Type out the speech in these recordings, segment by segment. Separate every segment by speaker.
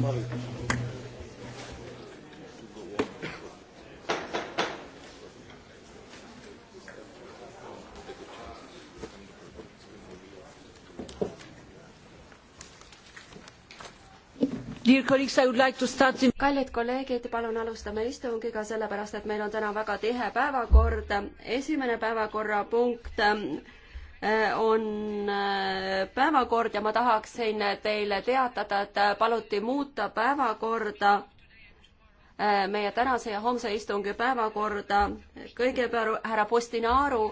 Speaker 1: kallid
Speaker 2: kolleegid, palun alustame istungiga, sellepärast et meil on täna väga tihe päevakord. esimene päevakorrapunkt Äh, on äh, päevakord ja ma tahaksin teile teatada, et äh, paluti muuta päevakorda, meie tänase ja homse istungi päevakorda. kõigepealt härra Postinaaru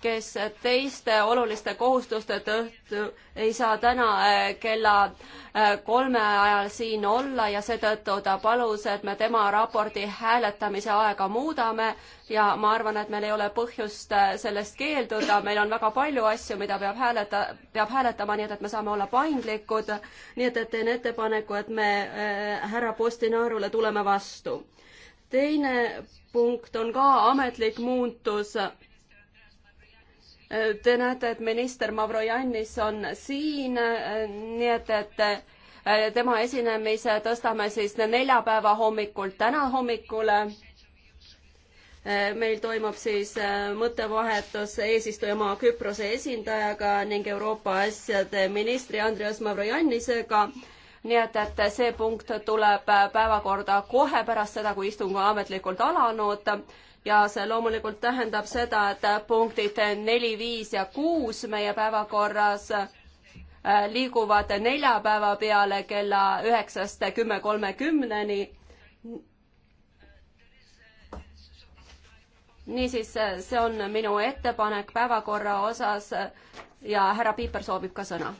Speaker 2: kes teiste oluliste kohustuste tõttu ei saa täna äh, kella äh, kolme ajal siin olla ja seetõttu ta palus, et me tema raporti hääletamise aega muudame ja ma arvan, et meil ei ole põhjust äh, sellest keelduda, meil on väga palju asju, mida peab hääleta, peab hääletama, nii et, et me saame olla paindlikud. nii et, et teen ettepaneku, et me äh, härra Postinaarule tuleme vastu. teine punkt on ka ametlik muutus Te näete, et minister Mavrojannis on siin, nii et, et eh, tema esinemise tõstame siis neljapäeva hommikult täna hommikule. Eh, meil toimub siis eh, mõttevahetus eesistujamaa Küprose esindajaga ning Euroopa asjade ministri Andreas Mavrojannisega nii et, et see punkt tuleb päevakorda kohe pärast seda, kui istung on ametlikult alanud ja see loomulikult tähendab seda, et punktid neli, viis ja kuus meie päevakorras äh, liiguvad neljapäeva peale kella üheksast kümme kolmekümneni niisiis, äh, see on minu ettepanek päevakorra osas äh, ja härra Piiper soovib ka sõna.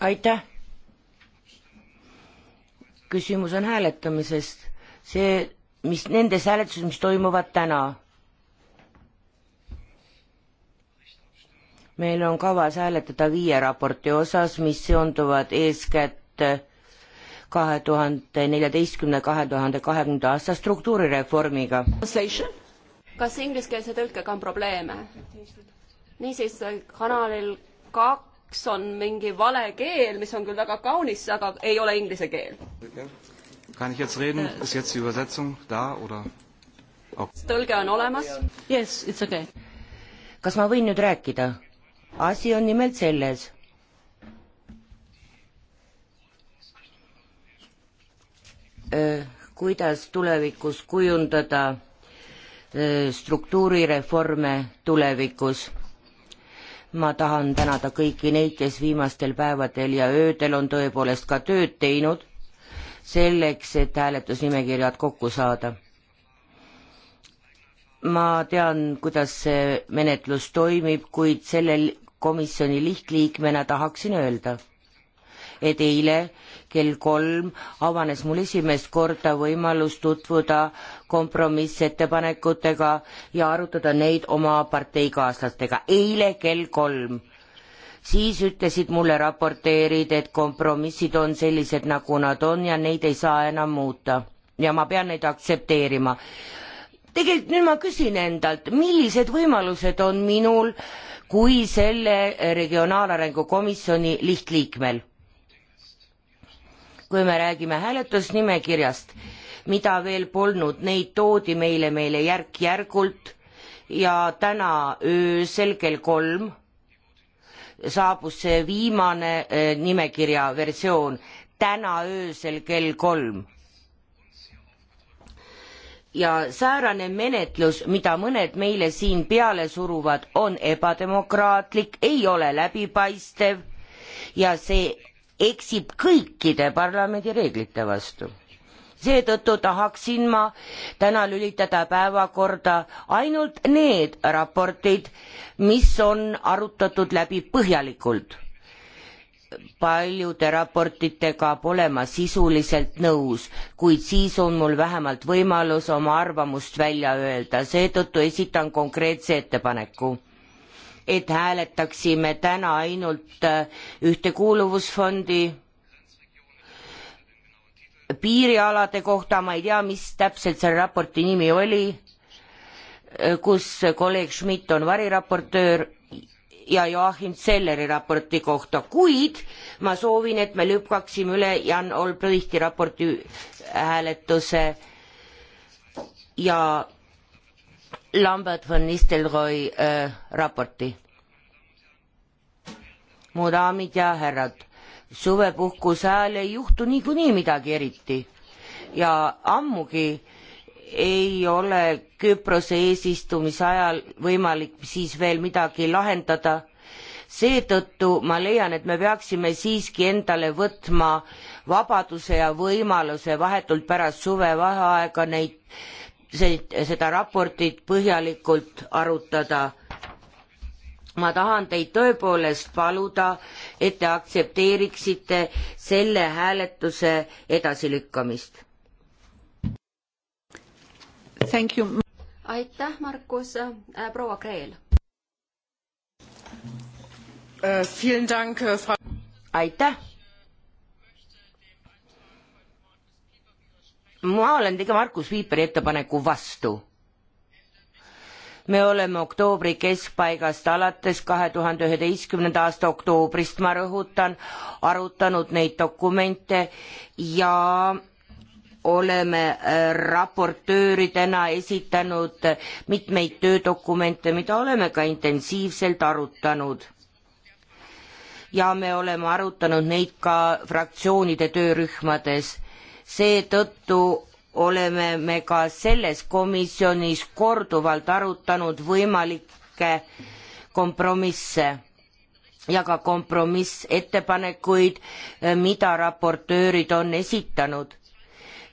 Speaker 3: aitäh küsimus on hääletamisest. see, mis nendes hääletuses, mis toimuvad täna. meil on kavas hääletada viie raporti osas, mis seonduvad eeskätt kahe tuhande neljateistkümne, kahe tuhande kahekümnenda aasta struktuurireformiga.
Speaker 2: kas ingliskeelse tõlkega on probleeme? niisiis, kanalil kaks kaks on mingi vale keel, mis on küll väga kaunis, aga ei ole inglise keel.
Speaker 1: Kann ich jetzt reden? Ist jetzt die Übersetzung da
Speaker 3: oder oh.?
Speaker 2: tõlge on olemas. Yes, it's okay.
Speaker 3: kas ma võin nüüd rääkida? asi on nimelt selles kuidas tulevikus kujundada struktuurireforme tulevikus ma tahan tänada kõiki neid, kes viimastel päevadel ja öödel on tõepoolest ka tööd teinud, selleks, et hääletusnimekirjad kokku saada. ma tean, kuidas see menetlus toimib, kuid sellel komisjoni lihtliikmena tahaksin öelda, et eile kell kolm avanes mul esimest korda võimalus tutvuda kompromissettepanekutega ja arutada neid oma parteikaaslastega. eile kell kolm siis ütlesid mulle raporteerid, et kompromissid on sellised, nagu nad on ja neid ei saa enam muuta ja ma pean neid aktsepteerima. tegelikult nüüd ma küsin endalt, millised võimalused on minul kui selle regionaalarengu komisjoni lihtliikmel? kui me räägime hääletusnimekirjast, mida veel polnud, neid toodi meile, meile järk-järgult ja täna öösel kell kolm saabus see viimane nimekirja versioon, täna öösel kell kolm ja säärane menetlus mida mõned meile siin peale suruvad on ebademokraatlik ei ole läbipaistev ja see eksib kõikide parlamendi reeglite vastu. seetõttu tahaksin ma täna lülitada päevakorda ainult need raportid, mis on arutatud läbi põhjalikult paljude raportitega pole ma sisuliselt nõus, kuid siis on mul vähemalt võimalus oma arvamust välja öelda, seetõttu esitan konkreetse ettepaneku et hääletaksime täna ainult äh, ühtekuuluvusfondi piirialade kohta, ma ei tea, mis täpselt selle raporti nimi oli, äh, kus kolleeg Schmidt on variraportöör ja Joachim Zelleri raporti kohta, kuid ma soovin, et me lükkaksime üle Jan Olbrichti raporti hääletuse ja Lambert von Nistelrooy äh, raporti. mu daamid ja härrad, suvepuhkuse ajal ei juhtu niikuinii midagi eriti ja ammugi ei ole Küprose eesistumise ajal võimalik siis veel midagi lahendada. seetõttu ma leian, et me peaksime siiski endale võtma vabaduse ja võimaluse vahetult pärast suvevaheaega neid seda raportit põhjalikult arutada. ma tahan teid tõepoolest paluda, et te aktsepteeriksite selle hääletuse edasilükkamist.
Speaker 2: aitäh, Markus, äh, proua Kreel
Speaker 3: äh,. äh aitäh ma olen tegelikult Markus Viiperi ettepaneku vastu me oleme oktoobri keskpaigast alates 2011 aasta oktoobrist ma rõhutan arutanud neid dokumente ja oleme äh, raportööridena esitanud mitmeid töödokumente mida oleme ka intensiivselt arutanud ja me oleme arutanud neid ka fraktsioonide töörühmades seetõttu oleme me ka selles komisjonis korduvalt arutanud võimalikke kompromisse ja ka kompromissettepanekuid, mida raportöörid on esitanud.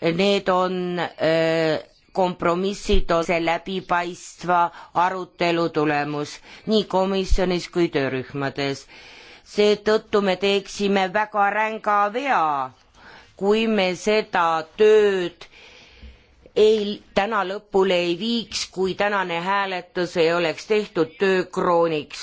Speaker 3: Need on äh, kompromissid on see läbipaistva arutelu tulemus nii komisjonis kui töörühmades. seetõttu me teeksime väga ränga vea, kui me seda tööd ei, täna lõpule ei viiks, kui tänane hääletus ei oleks tehtud töökrooniks.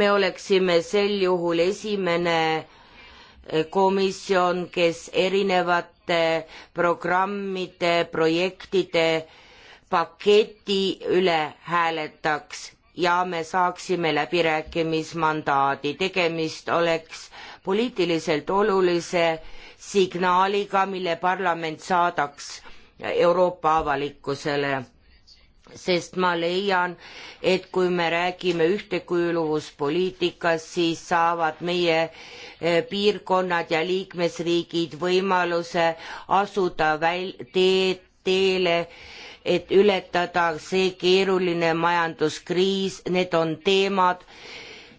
Speaker 3: me oleksime sel juhul esimene eh, komisjon, kes erinevate programmide, projektide paketi üle hääletaks ja me saaksime läbirääkimismandaadi, tegemist oleks äh, poliitiliselt olulise signaaliga, mille parlament saadaks Euroopa avalikkusele. sest ma leian, et kui me räägime ühtekuuluvuspoliitikast, siis saavad meie eh, piirkonnad ja liikmesriigid võimaluse asuda väl-, teed, teele et ületada see keeruline majanduskriis, need on teemad,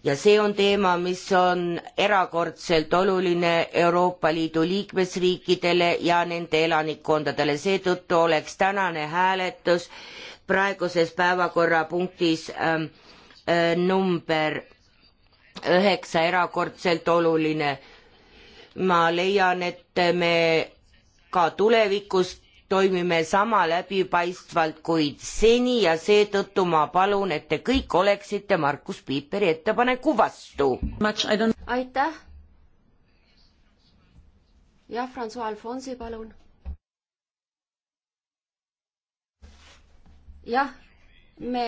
Speaker 3: ja see on teema, mis on erakordselt oluline Euroopa Liidu liikmesriikidele ja nende elanikkondadele, seetõttu oleks tänane hääletus praeguses päevakorrapunktis ähm, äh, number üheksa erakordselt oluline. ma leian, et me ka tulevikus toimime sama läbipaistvalt kui seni ja seetõttu ma palun, et te kõik oleksite Markus Piiperi ettepaneku vastu.
Speaker 2: aitäh. jah, Francois Alfonsi, palun. jah, me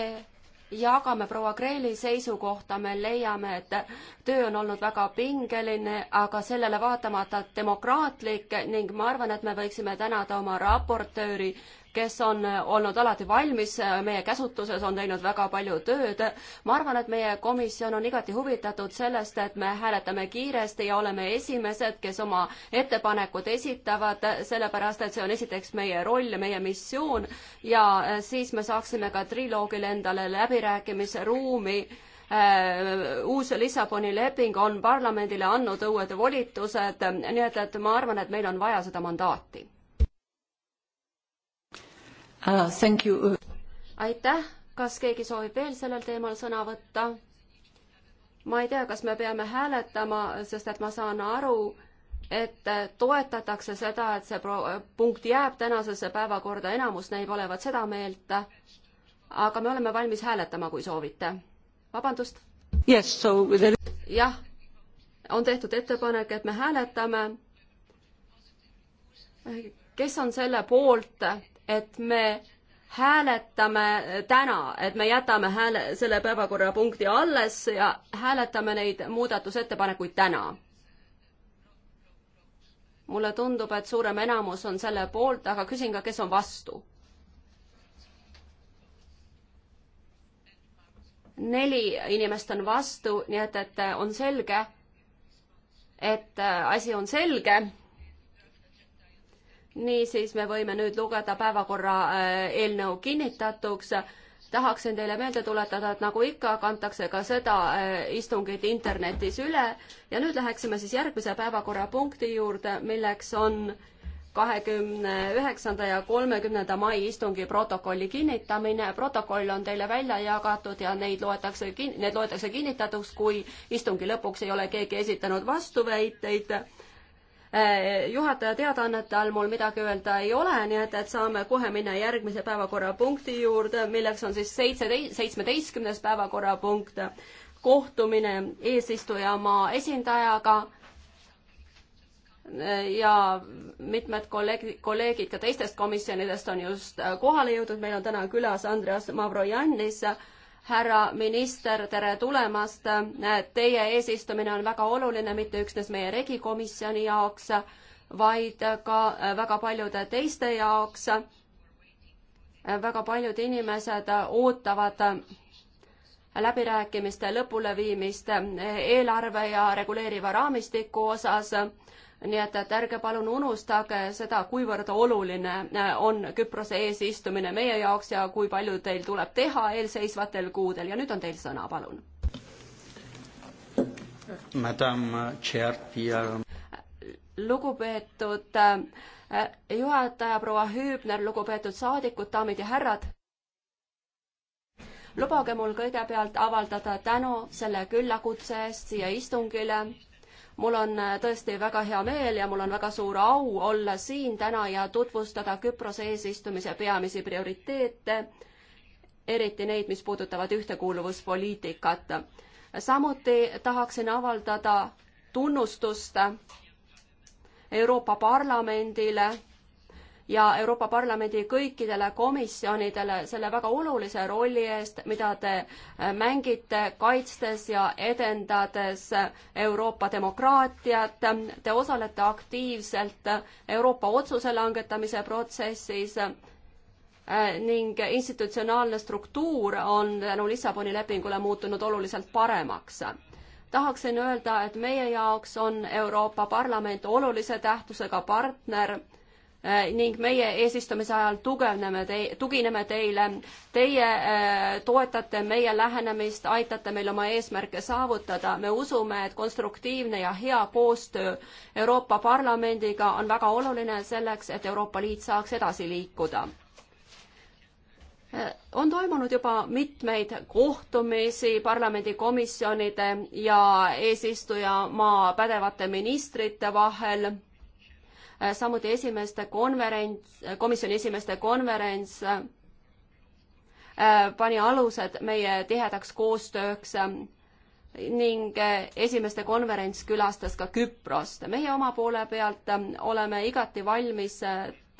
Speaker 2: jagame proua Kreeli seisukohta, me leiame, et töö on olnud väga pingeline, aga sellele vaatamata demokraatlik ning ma arvan, et me võiksime tänada oma raportööri kes on äh, olnud alati valmis äh, meie käsutuses, on teinud väga palju tööd. ma arvan, et meie komisjon on igati huvitatud sellest, et me hääletame kiiresti ja oleme esimesed, kes oma ettepanekud esitavad, sellepärast et see on esiteks meie roll ja meie missioon ja äh, siis me saaksime ka triloogile endale läbirääkimisruumi uus Lissaboni leping on parlamendile andnud uued volitused, nii et, et ma arvan, et meil on vaja seda mandaati uh,. aitäh, kas keegi soovib veel sellel teemal sõna võtta? ma ei tea, kas me peame hääletama, sest et ma saan aru, et toetatakse seda, et see punkt jääb tänasesse päevakorda, enamus neil olevat seda meelt. aga me oleme valmis hääletama, kui soovite. vabandust yes,? jah, on tehtud ettepanek, et me hääletame. kes on selle poolt, et me hääletame täna, et me jätame hääle, selle päevakorrapunkti alles ja hääletame neid muudatusettepanekuid täna. mulle tundub, et suurem enamus on selle poolt, aga küsin ka, kes on vastu? neli inimest on vastu, nii et, et on selge, et äh, asi on selge niisiis me võime nüüd lugeda päevakorra äh, eelnõu kinnitatuks. tahaksin teile meelde tuletada, et nagu ikka, kantakse ka seda äh, istungit internetis üle ja nüüd läheksime siis järgmise päevakorrapunkti juurde, milleks on kahekümne üheksanda ja kolmekümnenda mai istungi protokolli kinnitamine. protokoll on teile välja jagatud ja neid loetakse, need loetakse kinnitatuks, kui istungi lõpuks ei ole keegi esitanud vastuväiteid Eh, juhataja teadaannete all mul midagi öelda ei ole, nii et, et saame kohe minna järgmise päevakorrapunkti juurde, milleks on siis seitseteist, seitsmeteistkümnes päevakorrapunkt, kohtumine eesistujamaa esindajaga eh, ja mitmed kolleeg-, kolleegid ka teistest komisjonidest on just eh, kohale jõudnud, meil on täna külas Andreas Mavrojannis, härra minister, tere tulemast. Teie eesistumine on väga oluline mitte üksnes meie regikomisjoni jaoks, vaid ka äh, väga paljude teiste jaoks. Äh, väga paljud inimesed äh, ootavad läbirääkimiste lõpuleviimist eelarve ja reguleeriva raamistiku osas nii et, et ärge palun unustage seda, kuivõrd oluline äh, on Küprose eesistumine meie jaoks ja kui palju teil tuleb teha eelseisvatel kuudel ja nüüd on teil sõna, palun.
Speaker 4: Äh,
Speaker 2: lugupeetud äh, juhataja proua Hüübner, lugupeetud saadikud, daamid ja härrad lubage mul kõigepealt avaldada tänu selle küllakutse eest siia istungile mul on äh, tõesti väga hea meel ja mul on väga suur au olla siin täna ja tutvustada Küprose eesistumise peamisi prioriteete, eriti neid, mis puudutavad ühtekuuluvuspoliitikat. samuti tahaksin avaldada tunnustust Euroopa Parlamendile ja Euroopa Parlamendi kõikidele komisjonidele selle väga olulise rolli eest, mida te äh, mängite, kaitstes ja edendades äh, Euroopa demokraatiat. Te osalete aktiivselt äh, Euroopa otsuse langetamise protsessis ning institutsionaalne struktuur on tänu Lissaboni lepingule muutunud oluliselt paremaks. tahaksin öelda, et meie jaoks on Euroopa Parlament olulise tähtsusega partner Äh, ning meie eesistumise ajal tugevneme te, tugineme teile. Teie äh, toetate meie lähenemist, aitate meil oma eesmärke saavutada. me usume, et konstruktiivne ja hea koostöö Euroopa Parlamendiga on väga oluline selleks, et Euroopa Liit saaks edasi liikuda äh, on toimunud juba mitmeid kohtumisi parlamendikomisjonide ja eesistujamaa pädevate ministrite vahel Äh, samuti esimeeste konverents, äh, komisjoni esimeeste konverents äh, pani alused meie tihedaks koostööks ähm, ning esimeste konverents külastas ka Küprost. meie oma poole pealt ähm, oleme igati valmis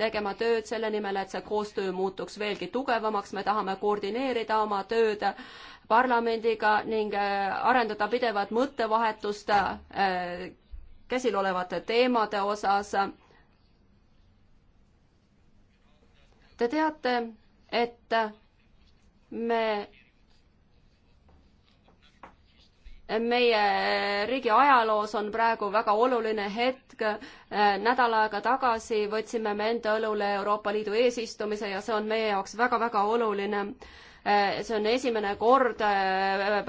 Speaker 2: tegema tööd selle nimel, et see koostöö muutuks veelgi tugevamaks, me tahame koordineerida oma tööd parlamendiga ning arendada pidevat mõttevahetust käsilolevate teemade osas Te teate, et me, meie riigi ajaloos on praegu väga oluline hetk. nädal aega tagasi võtsime me enda õlule Euroopa Liidu eesistumise ja see on meie jaoks väga-väga oluline see on esimene kord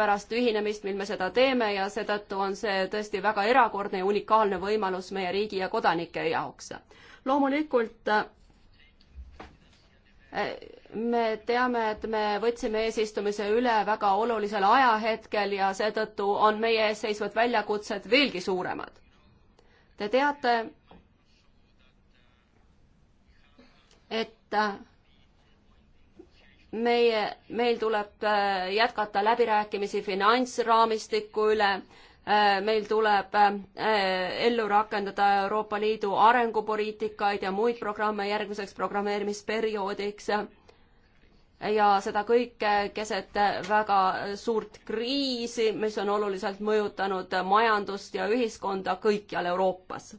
Speaker 2: pärast ühinemist, mil me seda teeme ja seetõttu on see tõesti väga erakordne ja unikaalne võimalus meie riigi ja kodanike jaoks. loomulikult me teame, et me võtsime eesistumise üle väga olulisel ajahetkel ja seetõttu on meie ees seisvad väljakutsed veelgi suuremad. Te teate, et meie, meil tuleb äh, jätkata läbirääkimisi finantsraamistiku üle Äh, meil tuleb äh, ellu rakendada Euroopa Liidu arengupoliitikaid ja muid programme järgmiseks programmeerimisperioodiks. ja seda kõike keset väga suurt kriisi, mis on oluliselt mõjutanud majandust ja ühiskonda kõikjal Euroopas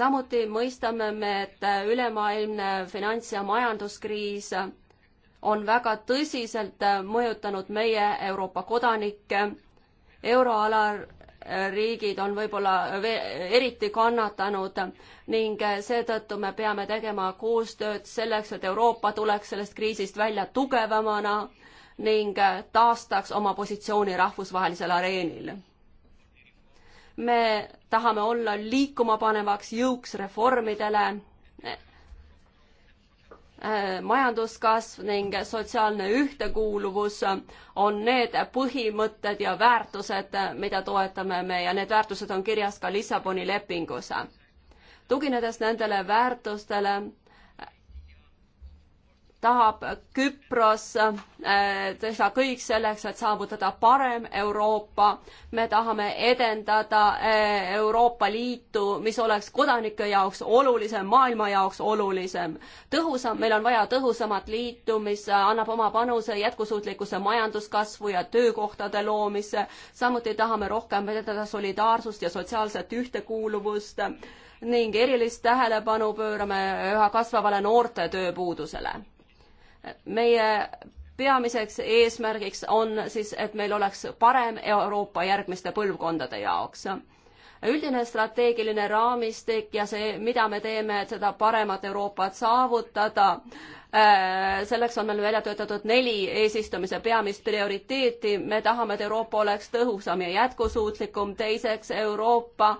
Speaker 2: samuti mõistame me, et ülemaailmne finants- ja majanduskriis on väga tõsiselt mõjutanud meie Euroopa kodanikke euroala riigid on võib-olla eriti kannatanud ning seetõttu me peame tegema koostööd selleks, et Euroopa tuleks sellest kriisist välja tugevamana ning taastaks oma positsiooni rahvusvahelisel areenil. me tahame olla liikumapanevaks jõuks reformidele Äh, majanduskasv ning sotsiaalne ühtekuuluvus on need põhimõtted ja väärtused, mida toetame me ja need väärtused on kirjas ka Lissaboni lepingus. tuginedes nendele väärtustele tahab Küpros äh, teha kõik selleks, et saavutada parem Euroopa. me tahame edendada äh, Euroopa Liitu, mis oleks kodanike jaoks olulisem, maailma jaoks olulisem. tõhusam, meil on vaja tõhusamat liitu, mis äh, annab oma panuse jätkusuutlikkuse majanduskasvu ja töökohtade loomisse. samuti tahame rohkem edendada solidaarsust ja sotsiaalset ühtekuuluvust ning erilist tähelepanu pöörame üha kasvavale noorte tööpuudusele meie peamiseks eesmärgiks on siis, et meil oleks parem Euroopa järgmiste põlvkondade jaoks. üldine strateegiline raamistik ja see, mida me teeme, et seda paremat Euroopat saavutada, äh, selleks on meil välja töötatud neli eesistumise peamist prioriteeti. me tahame, et Euroopa oleks tõhusam ja jätkusuutlikum, teiseks Euroopa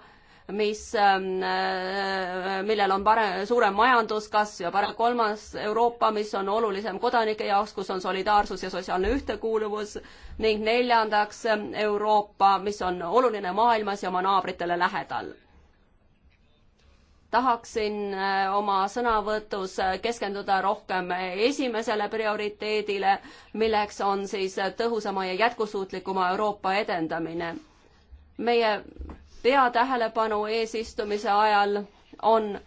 Speaker 2: mis, ähm, äh, millel on parem, suurem majanduskasv ja parem kolmas Euroopa, mis on olulisem kodanike jaoks, kus on solidaarsus ja sotsiaalne ühtekuuluvus ning neljandaks ähm, Euroopa, mis on oluline maailmas ja oma naabritele lähedal. tahaksin äh, oma sõnavõtus äh, keskenduda rohkem esimesele prioriteedile, milleks on siis tõhusama ja jätkusuutlikuma Euroopa edendamine meie peatähelepanu eesistumise ajal on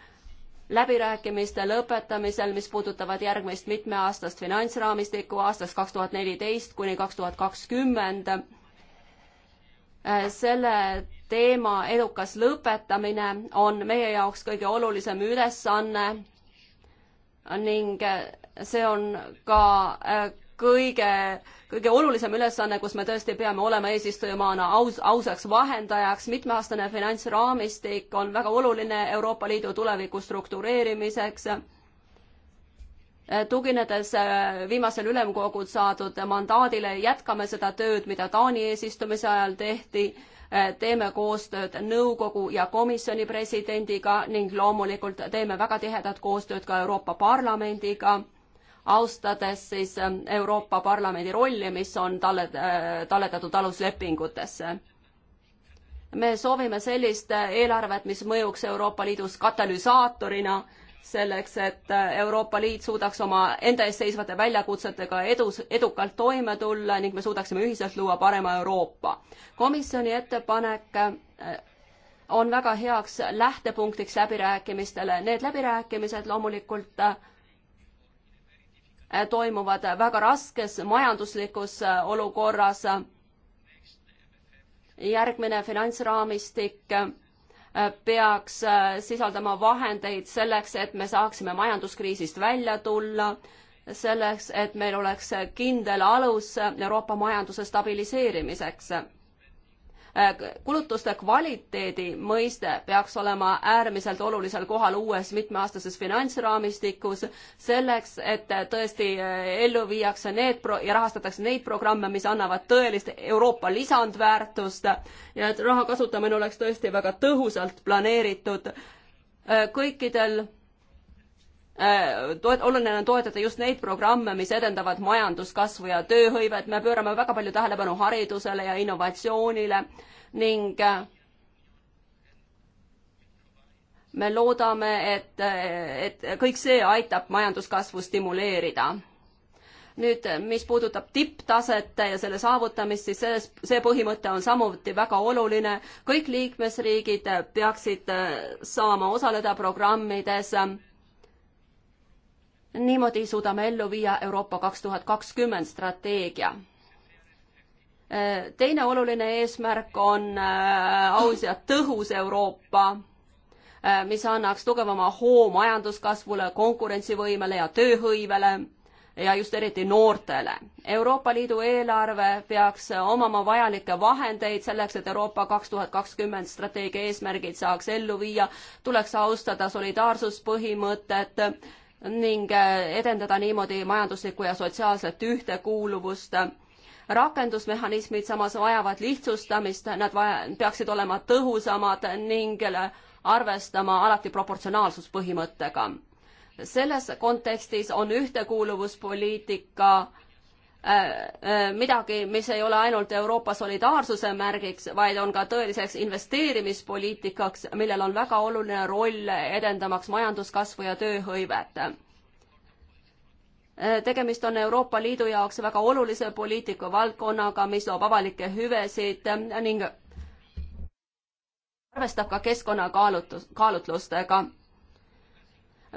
Speaker 2: läbirääkimiste lõpetamisel, mis puudutavad järgmist mitmeaastast finantsraamistikku aastast kaks tuhat neliteist kuni kaks tuhat kakskümmend. selle teema edukas lõpetamine on meie jaoks kõige olulisem ülesanne ning see on ka kõige, kõige olulisem ülesanne, kus me tõesti peame olema eesistujamaana aus, ausaks vahendajaks. mitmeaastane finantsraamistik on väga oluline Euroopa Liidu tuleviku struktureerimiseks. tuginedes äh, viimasel ülemkogul saadud mandaadile, jätkame seda tööd, mida Taani eesistumise ajal tehti äh, teeme koostööd nõukogu ja komisjoni presidendiga ning loomulikult teeme väga tihedat koostööd ka Euroopa Parlamendiga austades siis ähm, Euroopa Parlamendi rolli, mis on talle, äh, talletatud aluslepingutesse. me soovime sellist äh, eelarvet, mis mõjuks Euroopa Liidus katalüsaatorina, selleks, et äh, Euroopa Liit suudaks oma enda ees seisvate väljakutsetega edus, edukalt toime tulla ning me suudaksime ühiselt luua parema Euroopa. komisjoni ettepanek on väga heaks lähtepunktiks läbirääkimistele, need läbirääkimised loomulikult äh, Äh, toimuvad väga raskes majanduslikus äh, olukorras. järgmine finantsraamistik äh, peaks sisaldama vahendeid selleks, et me saaksime majanduskriisist välja tulla, selleks, et meil oleks kindel alus Euroopa majanduse stabiliseerimiseks Äh, kulutuste kvaliteedi mõiste peaks olema äärmiselt olulisel kohal uues mitmeaastases finantsraamistikus, selleks et tõesti äh, ellu viiakse need pro- ja rahastatakse neid programme, mis annavad tõelist Euroopa lisandväärtust ja et raha kasutamine oleks tõesti väga tõhusalt planeeritud äh, kõikidel Äh, toet-, oluline on toetada just neid programme, mis edendavad majanduskasvu ja tööhõivet, me pöörame väga palju tähelepanu haridusele ja innovatsioonile ning äh, me loodame, et, äh, et kõik see aitab majanduskasvu stimuleerida. nüüd, mis puudutab tipptaset ja selle saavutamist, siis selles, see põhimõte on samuti väga oluline. kõik liikmesriigid peaksid saama osaleda programmides niimoodi suudame ellu viia Euroopa kaks tuhat kakskümmend strateegia. teine oluline eesmärk on äh, aus ja tõhus Euroopa, äh, mis annaks tugevama hoo majanduskasvule, konkurentsivõimele ja tööhõivele ja just eriti noortele. Euroopa Liidu eelarve peaks omama vajalikke vahendeid selleks, et Euroopa kaks tuhat kakskümmend strateegia eesmärgid saaks ellu viia, tuleks austada solidaarsuspõhimõtet ning äh, edendada niimoodi majanduslikku ja sotsiaalset ühtekuuluvust. rakendusmehhanismid samas vajavad lihtsustamist, nad vaja, peaksid olema tõhusamad ning äh, arvestama alati proportsionaalsuspõhimõttega. selles kontekstis on ühtekuuluvuspoliitika Äh, äh, midagi, mis ei ole ainult Euroopa solidaarsuse märgiks, vaid on ka tõeliseks investeerimispoliitikaks, millel on väga oluline roll edendamaks majanduskasvu ja tööhõivet. Äh, tegemist on Euroopa Liidu jaoks väga olulise poliitika valdkonnaga, mis loob avalikke hüvesid ning arvestab ka keskkonnakaalutlus, kaalutlustega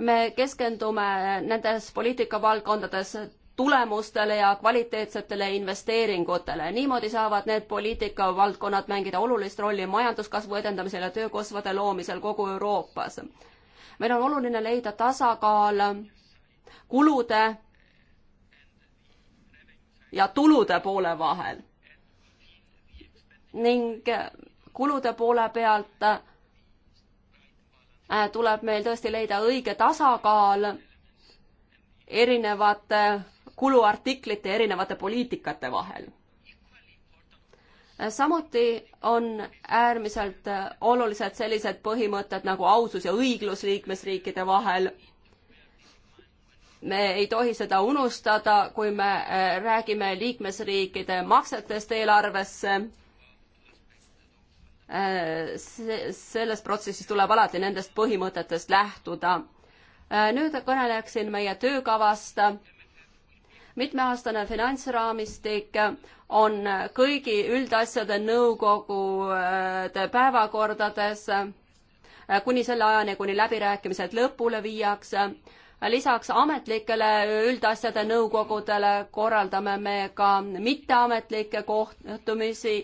Speaker 2: me keskendume nendes poliitikavaldkondades tulemustele ja kvaliteetsetele investeeringutele. niimoodi saavad need poliitikavaldkonnad mängida olulist rolli majanduskasvu edendamisel ja töökohtvade loomisel kogu Euroopas. meil on oluline leida tasakaal kulude ja tulude poole vahel. ning kulude poole pealt äh, tuleb meil tõesti leida õige tasakaal erinevate kuluartiklite erinevate poliitikate vahel. samuti on äärmiselt olulised sellised põhimõtted nagu ausus ja õiglus liikmesriikide vahel me ei tohi seda unustada, kui me äh, räägime liikmesriikide maksetest eelarvesse. Äh, selles protsessis tuleb alati nendest põhimõtetest lähtuda. Äh, nüüd kõneleksin meie töökavast mitmeaastane finantsraamistik on kõigi üldasjade nõukogude päevakordades kuni selle ajani, kuni läbirääkimised lõpule viiakse. lisaks ametlikele üldasjade nõukogudele korraldame me ka mitteametlikke kohtumisi,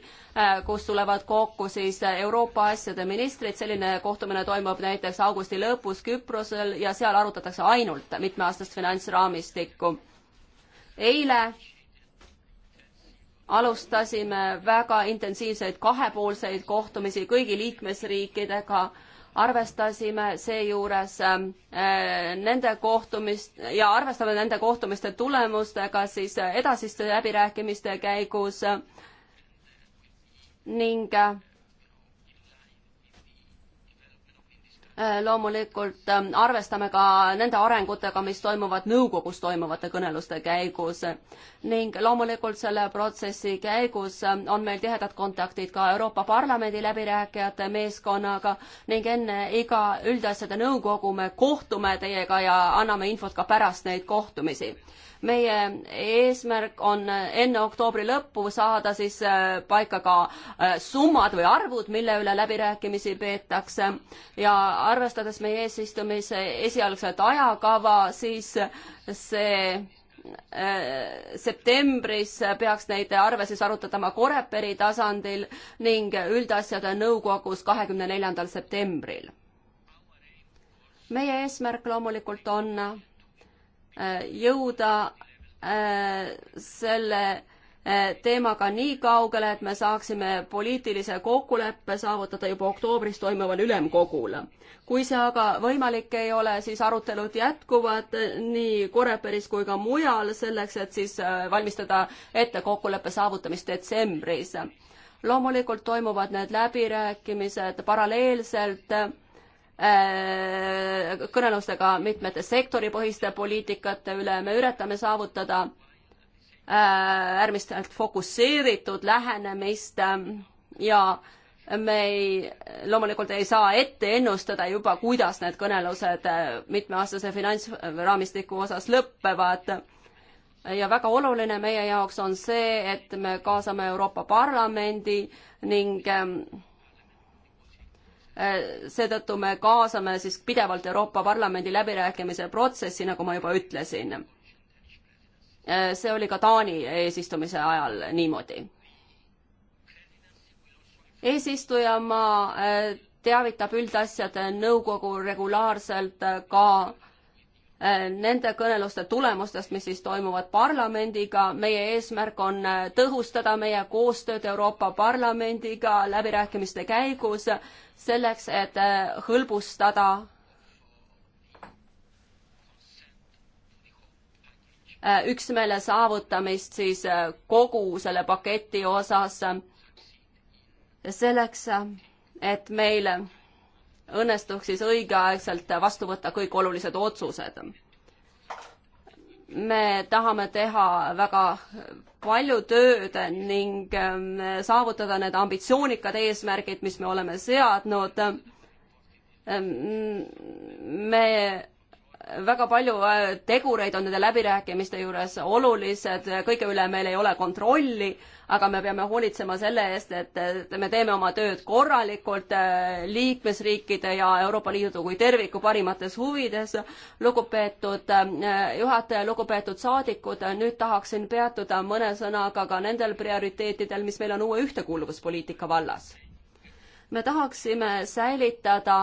Speaker 2: kus tulevad kokku siis Euroopa asjade ministrid, selline kohtumine toimub näiteks augusti lõpus Küprosel ja seal arutatakse ainult mitmeaastast finantsraamistikku eile alustasime väga intensiivseid kahepoolseid kohtumisi kõigi liikmesriikidega, arvestasime seejuures ähm, äh, nende kohtumist ja arvestame nende kohtumiste tulemustega siis äh, edasiste läbirääkimiste käigus ning äh, Äh, loomulikult ähm, arvestame ka nende arengutega, mis toimuvad nõukogus toimuvate kõneluste käigus ning loomulikult selle protsessi käigus ähm, on meil tihedad kontaktid ka Euroopa Parlamendi läbirääkijate meeskonnaga ning enne iga üldasjade nõukogu me kohtume teiega ja anname infot ka pärast neid kohtumisi meie eesmärk on enne oktoobri lõppu saada siis äh, paika ka äh, summad või arvud, mille üle läbirääkimisi peetakse ja arvestades meie eesistumise esialgset ajakava, siis see äh, septembris peaks neid arve siis arutatama Coreperi tasandil ning üldasjade nõukogus kahekümne neljandal septembril. meie eesmärk loomulikult on Äh, jõuda äh, selle äh, teemaga nii kaugele, et me saaksime poliitilise kokkuleppe saavutada juba oktoobris toimuval ülemkogul. kui see aga võimalik ei ole, siis arutelud jätkuvad nii Koreperis kui ka mujal, selleks et siis valmistada ette kokkuleppe saavutamist detsembris. loomulikult toimuvad need läbirääkimised paralleelselt Äh, kõnelustega mitmete sektoripõhiste poliitikate üle, me üritame saavutada äh, äärmiselt fokusseeritud lähenemist äh, ja me ei, loomulikult ei saa ette ennustada juba, kuidas need kõnelused mitmeaastase finantsraamistiku osas lõppevad. ja väga oluline meie jaoks on see, et me kaasame Euroopa Parlamendi ning ähm, Äh, seetõttu me kaasame siis pidevalt Euroopa Parlamendi läbirääkimise protsessi, nagu ma juba ütlesin. Äh, see oli ka Taani eesistumise ajal niimoodi. eesistujamaa äh, teavitab üldasjade nõukogu regulaarselt ka nende kõneluste tulemustest, mis siis toimuvad parlamendiga. meie eesmärk on tõhustada meie koostööd Euroopa Parlamendiga läbirääkimiste käigus selleks, et äh, hõlbustada äh, üksmeele saavutamist siis äh, kogu selle paketi osas. selleks, et meil õnnestuks siis õigeaegselt vastu võtta kõik olulised otsused me tahame teha väga palju tööd ning ähm, saavutada need ambitsioonikad eesmärgid, mis me oleme seadnud. Ähm, me väga palju äh, tegureid on nende läbirääkimiste juures olulised, kõige üle meil ei ole kontrolli, aga me peame hoolitsema selle eest, et me teeme oma tööd korralikult äh, liikmesriikide ja Euroopa Liidu kui terviku parimates huvides. lugupeetud äh, juhataja, lugupeetud saadikud, nüüd tahaksin peatuda mõne sõnaga ka nendel prioriteetidel, mis meil on uue ühtekuuluvuspoliitika vallas. me tahaksime säilitada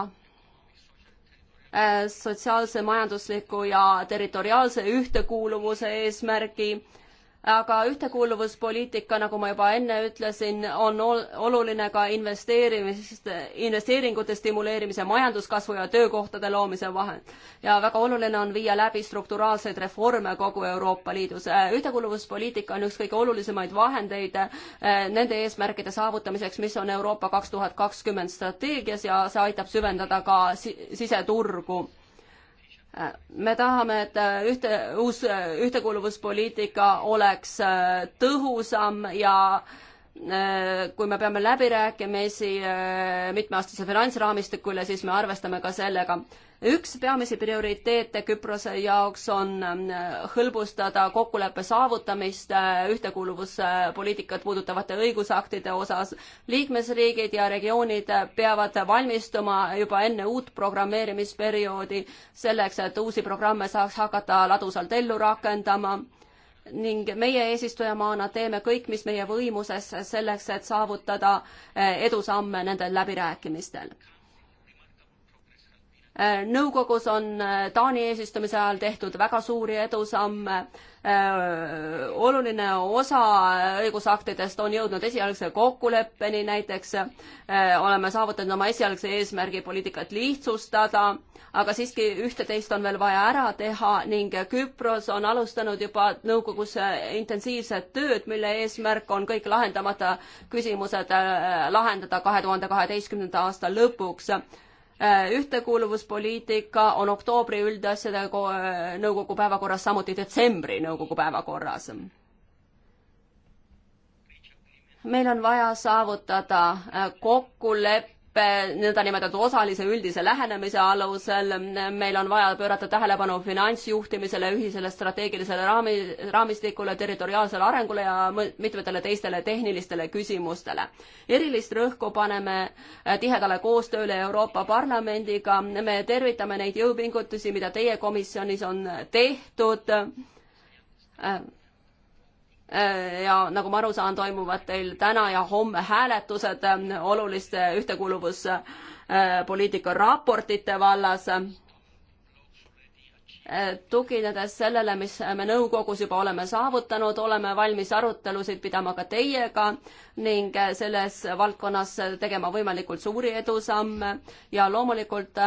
Speaker 2: Äh, sotsiaalse, majandusliku ja territoriaalse ühtekuuluvuse eesmärgi aga ühtekuuluvuspoliitika, nagu ma juba enne ütlesin, on ol oluline ka investeerimisest, investeeringute stimuleerimise, majanduskasvu ja töökohtade loomise vahel. ja väga oluline on viia läbi strukturaalseid reforme kogu Euroopa Liidus. Äh, ühtekuuluvuspoliitika on üks kõige olulisemaid vahendeid äh, nende eesmärkide saavutamiseks, mis on Euroopa kaks tuhat kakskümmend strateegias ja see aitab süvendada ka si siseturgu me tahame, et äh, ühte, uus äh, ühtekuuluvuspoliitika oleks äh, tõhusam ja äh, Äh, kui me peame läbirääkimisi äh, mitmeaastase finantsraamistikule, siis me arvestame ka sellega. üks peamisi prioriteete Küprose jaoks on äh, hõlbustada kokkuleppe saavutamist ühtekuuluvuspoliitikat puudutavate õigusaktide osas. liikmesriigid ja regioonid peavad valmistuma juba enne uut programmeerimisperioodi selleks, et uusi programme saaks hakata ladusalt ellu rakendama ning meie eesistujamaana teeme kõik, mis meie võimuses selleks, et saavutada eh, edusamme nendel läbirääkimistel nõukogus on äh, Taani eesistumise ajal tehtud väga suuri edusamme. Äh, oluline osa äh, õigusaktidest on jõudnud esialgse kokkuleppeni, näiteks oleme saavutanud oma esialgse eesmärgi poliitikat lihtsustada, aga siiski üht-teist on veel vaja ära teha ning Küpros on alustanud juba nõukogus intensiivset tööd, mille eesmärk on kõik lahendamata küsimused lahendada kahe tuhande kaheteistkümnenda aasta lõpuks Äh, ühtekuuluvuspoliitika on oktoobri üldasjade äh, nõukogu päevakorras, samuti detsembri nõukogu päevakorras. meil on vaja saavutada äh, kokkulepe nõndanimetatud osalise üldise lähenemise alusel, meil on vaja pöörata tähelepanu finantsjuhtimisele, ühisele strateegilisele raami, raamistikule, territoriaalsele arengule ja mitmetele teistele tehnilistele küsimustele. erilist rõhku paneme äh, tihedale koostööle Euroopa Parlamendiga, me tervitame neid jõupingutusi, mida teie komisjonis on tehtud äh, Äh, ja nagu ma aru saan, toimuvad teil täna ja homme hääletused ähm, oluliste ühtekuuluvuspoliitika raportite vallas. Äh, tuginedes sellele, mis me nõukogus juba oleme saavutanud, oleme valmis arutelusid pidama ka teiega ning äh, selles valdkonnas tegema võimalikult suuri edusamme ja loomulikult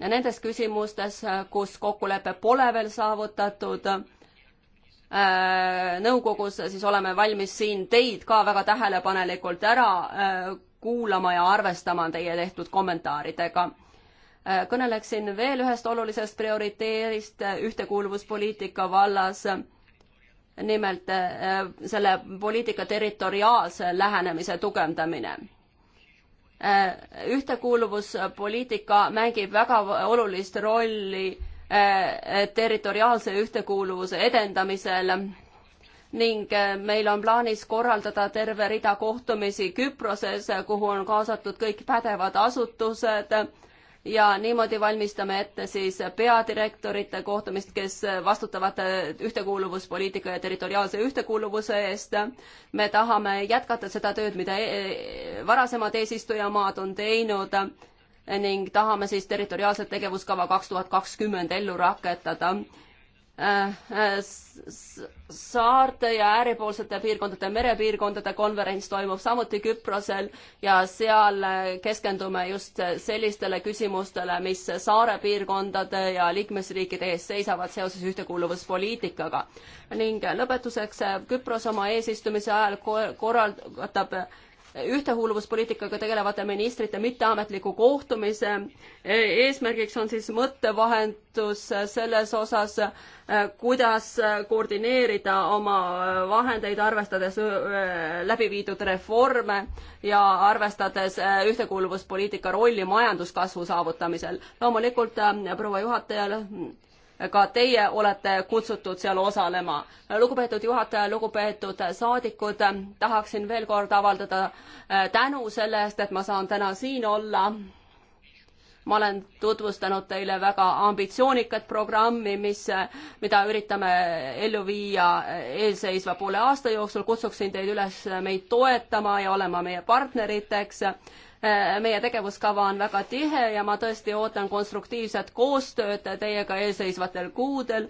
Speaker 2: nendes küsimustes, kus kokkulepe pole veel saavutatud Äh, nõukogus, siis oleme valmis siin teid ka väga tähelepanelikult ära äh, kuulama ja arvestama teie tehtud kommentaaridega. Äh, kõneleksin veel ühest olulisest prioriteedist ühtekuuluvuspoliitika vallas nimelt selle poliitika territoriaalse lähenemise tugevdamine. ühtekuuluvuspoliitika mängib väga olulist rolli Äh, territoriaalse ühtekuuluvuse edendamisel ning äh, meil on plaanis korraldada terve rida kohtumisi Küproses, kuhu on kaasatud kõik pädevad asutused ja niimoodi valmistame ette siis peadirektorite kohtumist, kes vastutavad äh, ühtekuuluvuspoliitika ja territoriaalse ühtekuuluvuse eest. me tahame jätkata seda tööd, mida varasemad eesistujamaad on teinud ning tahame siis territoriaalset tegevuskava kaks tuhat kakskümmend ellu rakendada. Äh, äh, saarte ja ääripoolsete piirkondade, merepiirkondade konverents toimub samuti Küprosel ja seal keskendume just sellistele küsimustele, mis saare piirkondade ja liikmesriikide ees seisavad seoses ühtekuuluvuspoliitikaga. ning lõpetuseks Küpros oma eesistumise ajal korraldab ühtekuuluvuspoliitikaga tegelevate ministrite mitteametliku kohtumise. E, eesmärgiks on siis mõttevahendus selles osas, e, kuidas koordineerida oma e, vahendeid, arvestades läbi viidud reforme ja arvestades ühtekuuluvuspoliitika rolli majanduskasvu saavutamisel. loomulikult proua juhatajale ka teie olete kutsutud seal osalema. lugupeetud juhataja, lugupeetud saadikud, tahaksin veel kord avaldada äh, tänu selle eest, et ma saan täna siin olla. ma olen tutvustanud teile väga ambitsioonikat programmi, mis, mida üritame ellu viia äh, eelseisva poole aasta jooksul. kutsuksin teid üles meid toetama ja olema meie partneriteks Äh, meie tegevuskava on väga tihe ja ma tõesti ootan konstruktiivset koostööd teiega eelseisvatel kuudel,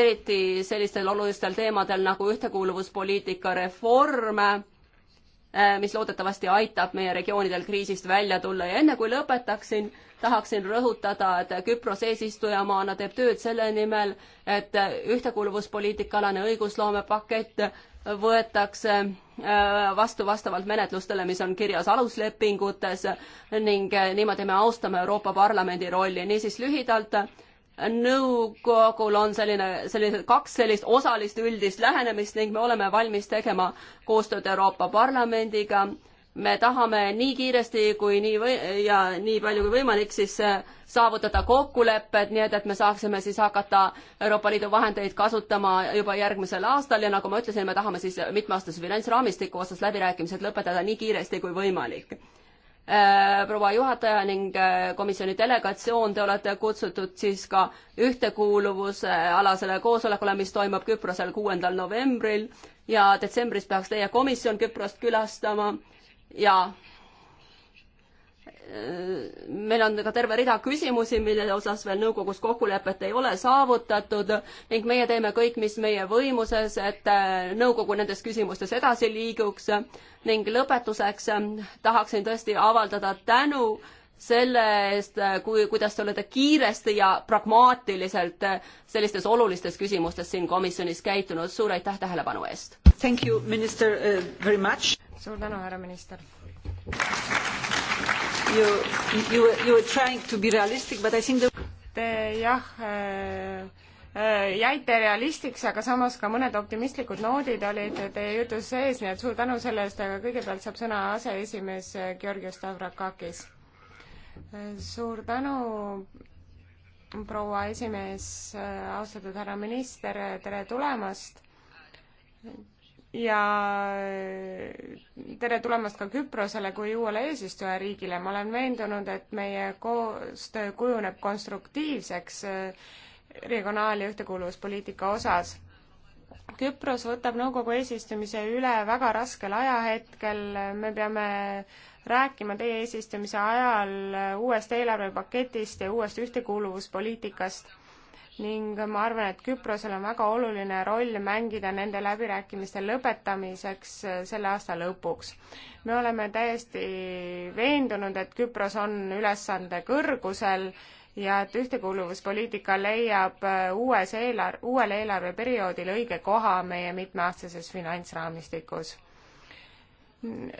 Speaker 2: eriti sellistel olulistel teemadel nagu ühtekuuluvuspoliitika reform, äh, mis loodetavasti aitab meie regioonidel kriisist välja tulla ja enne kui lõpetaksin, tahaksin rõhutada, et Küpros eesistujamaana teeb tööd selle nimel, et ühtekuuluvuspoliitika alane õigusloomepakett võetakse Äh, vastu vastavalt menetlustele, mis on kirjas aluslepingutes ning äh, niimoodi me austame Euroopa Parlamendi rolli, niisiis lühidalt nõukogul on selline, sellised kaks sellist osalist üldist lähenemist ning me oleme valmis tegema koostööd Euroopa Parlamendiga me tahame nii kiiresti kui nii või ja nii palju kui võimalik siis äh, saavutada kokkulepped, nii et, et me saaksime siis hakata Euroopa Liidu vahendeid kasutama juba järgmisel aastal ja nagu ma ütlesin, me tahame siis mitmeaastase finantsraamistiku osas läbirääkimised lõpetada nii kiiresti kui võimalik äh, proua juhataja ning äh, komisjoni delegatsioon, te olete kutsutud siis ka ühtekuuluvusalasele koosolekule, mis toimub Küprosel kuuendal novembril ja detsembris peaks teie komisjon Küprost külastama ja äh, meil on ka terve rida küsimusi, mille osas veel nõukogus kokkulepet ei ole saavutatud ning meie teeme kõik, mis meie võimuses, et äh, nõukogu nendes küsimustes edasi liiguks ning lõpetuseks äh, tahaksin tõesti avaldada tänu selle eest, kui, kuidas te olete kiiresti ja pragmaatiliselt sellistes olulistes küsimustes siin komisjonis käitunud. suur aitäh tähelepanu eest!
Speaker 4: Thank you, minister uh,, very much! suur tänu, härra minister.
Speaker 2: You, you,
Speaker 4: you were trying to be realistic, but I think the...
Speaker 5: Te jah äh, äh, jäite realistiks, aga samas ka mõned optimistlikud noodid olid teie jutus sees, nii et suur tänu selle eest, aga kõigepealt saab sõna aseesimees Georgios Stavrakakis. suur tänu, proua esimees, austatud härra minister, tere tulemast ja äh, tere tulemast ka Küprosele kui uuele eesistujariigile. ma olen veendunud, et meie koostöö kujuneb konstruktiivseks äh, regionaal- ja ühtekuuluvuspoliitika osas. Küpros võtab nõukogu eesistumise üle väga raskel ajahetkel, me peame rääkima teie eesistumise ajal äh, uuest eelarvepaketist ja uuest ühtekuuluvuspoliitikast ning ma arvan, et Küprosel on väga oluline roll mängida nende läbirääkimiste lõpetamiseks äh, selle aasta lõpuks. me oleme täiesti veendunud, et Küpros on ülesande kõrgusel ja et ühtekuuluvuspoliitika leiab äh, uues eelar-, uuel eelarveperioodil õige koha meie mitmeaastases finantsraamistikus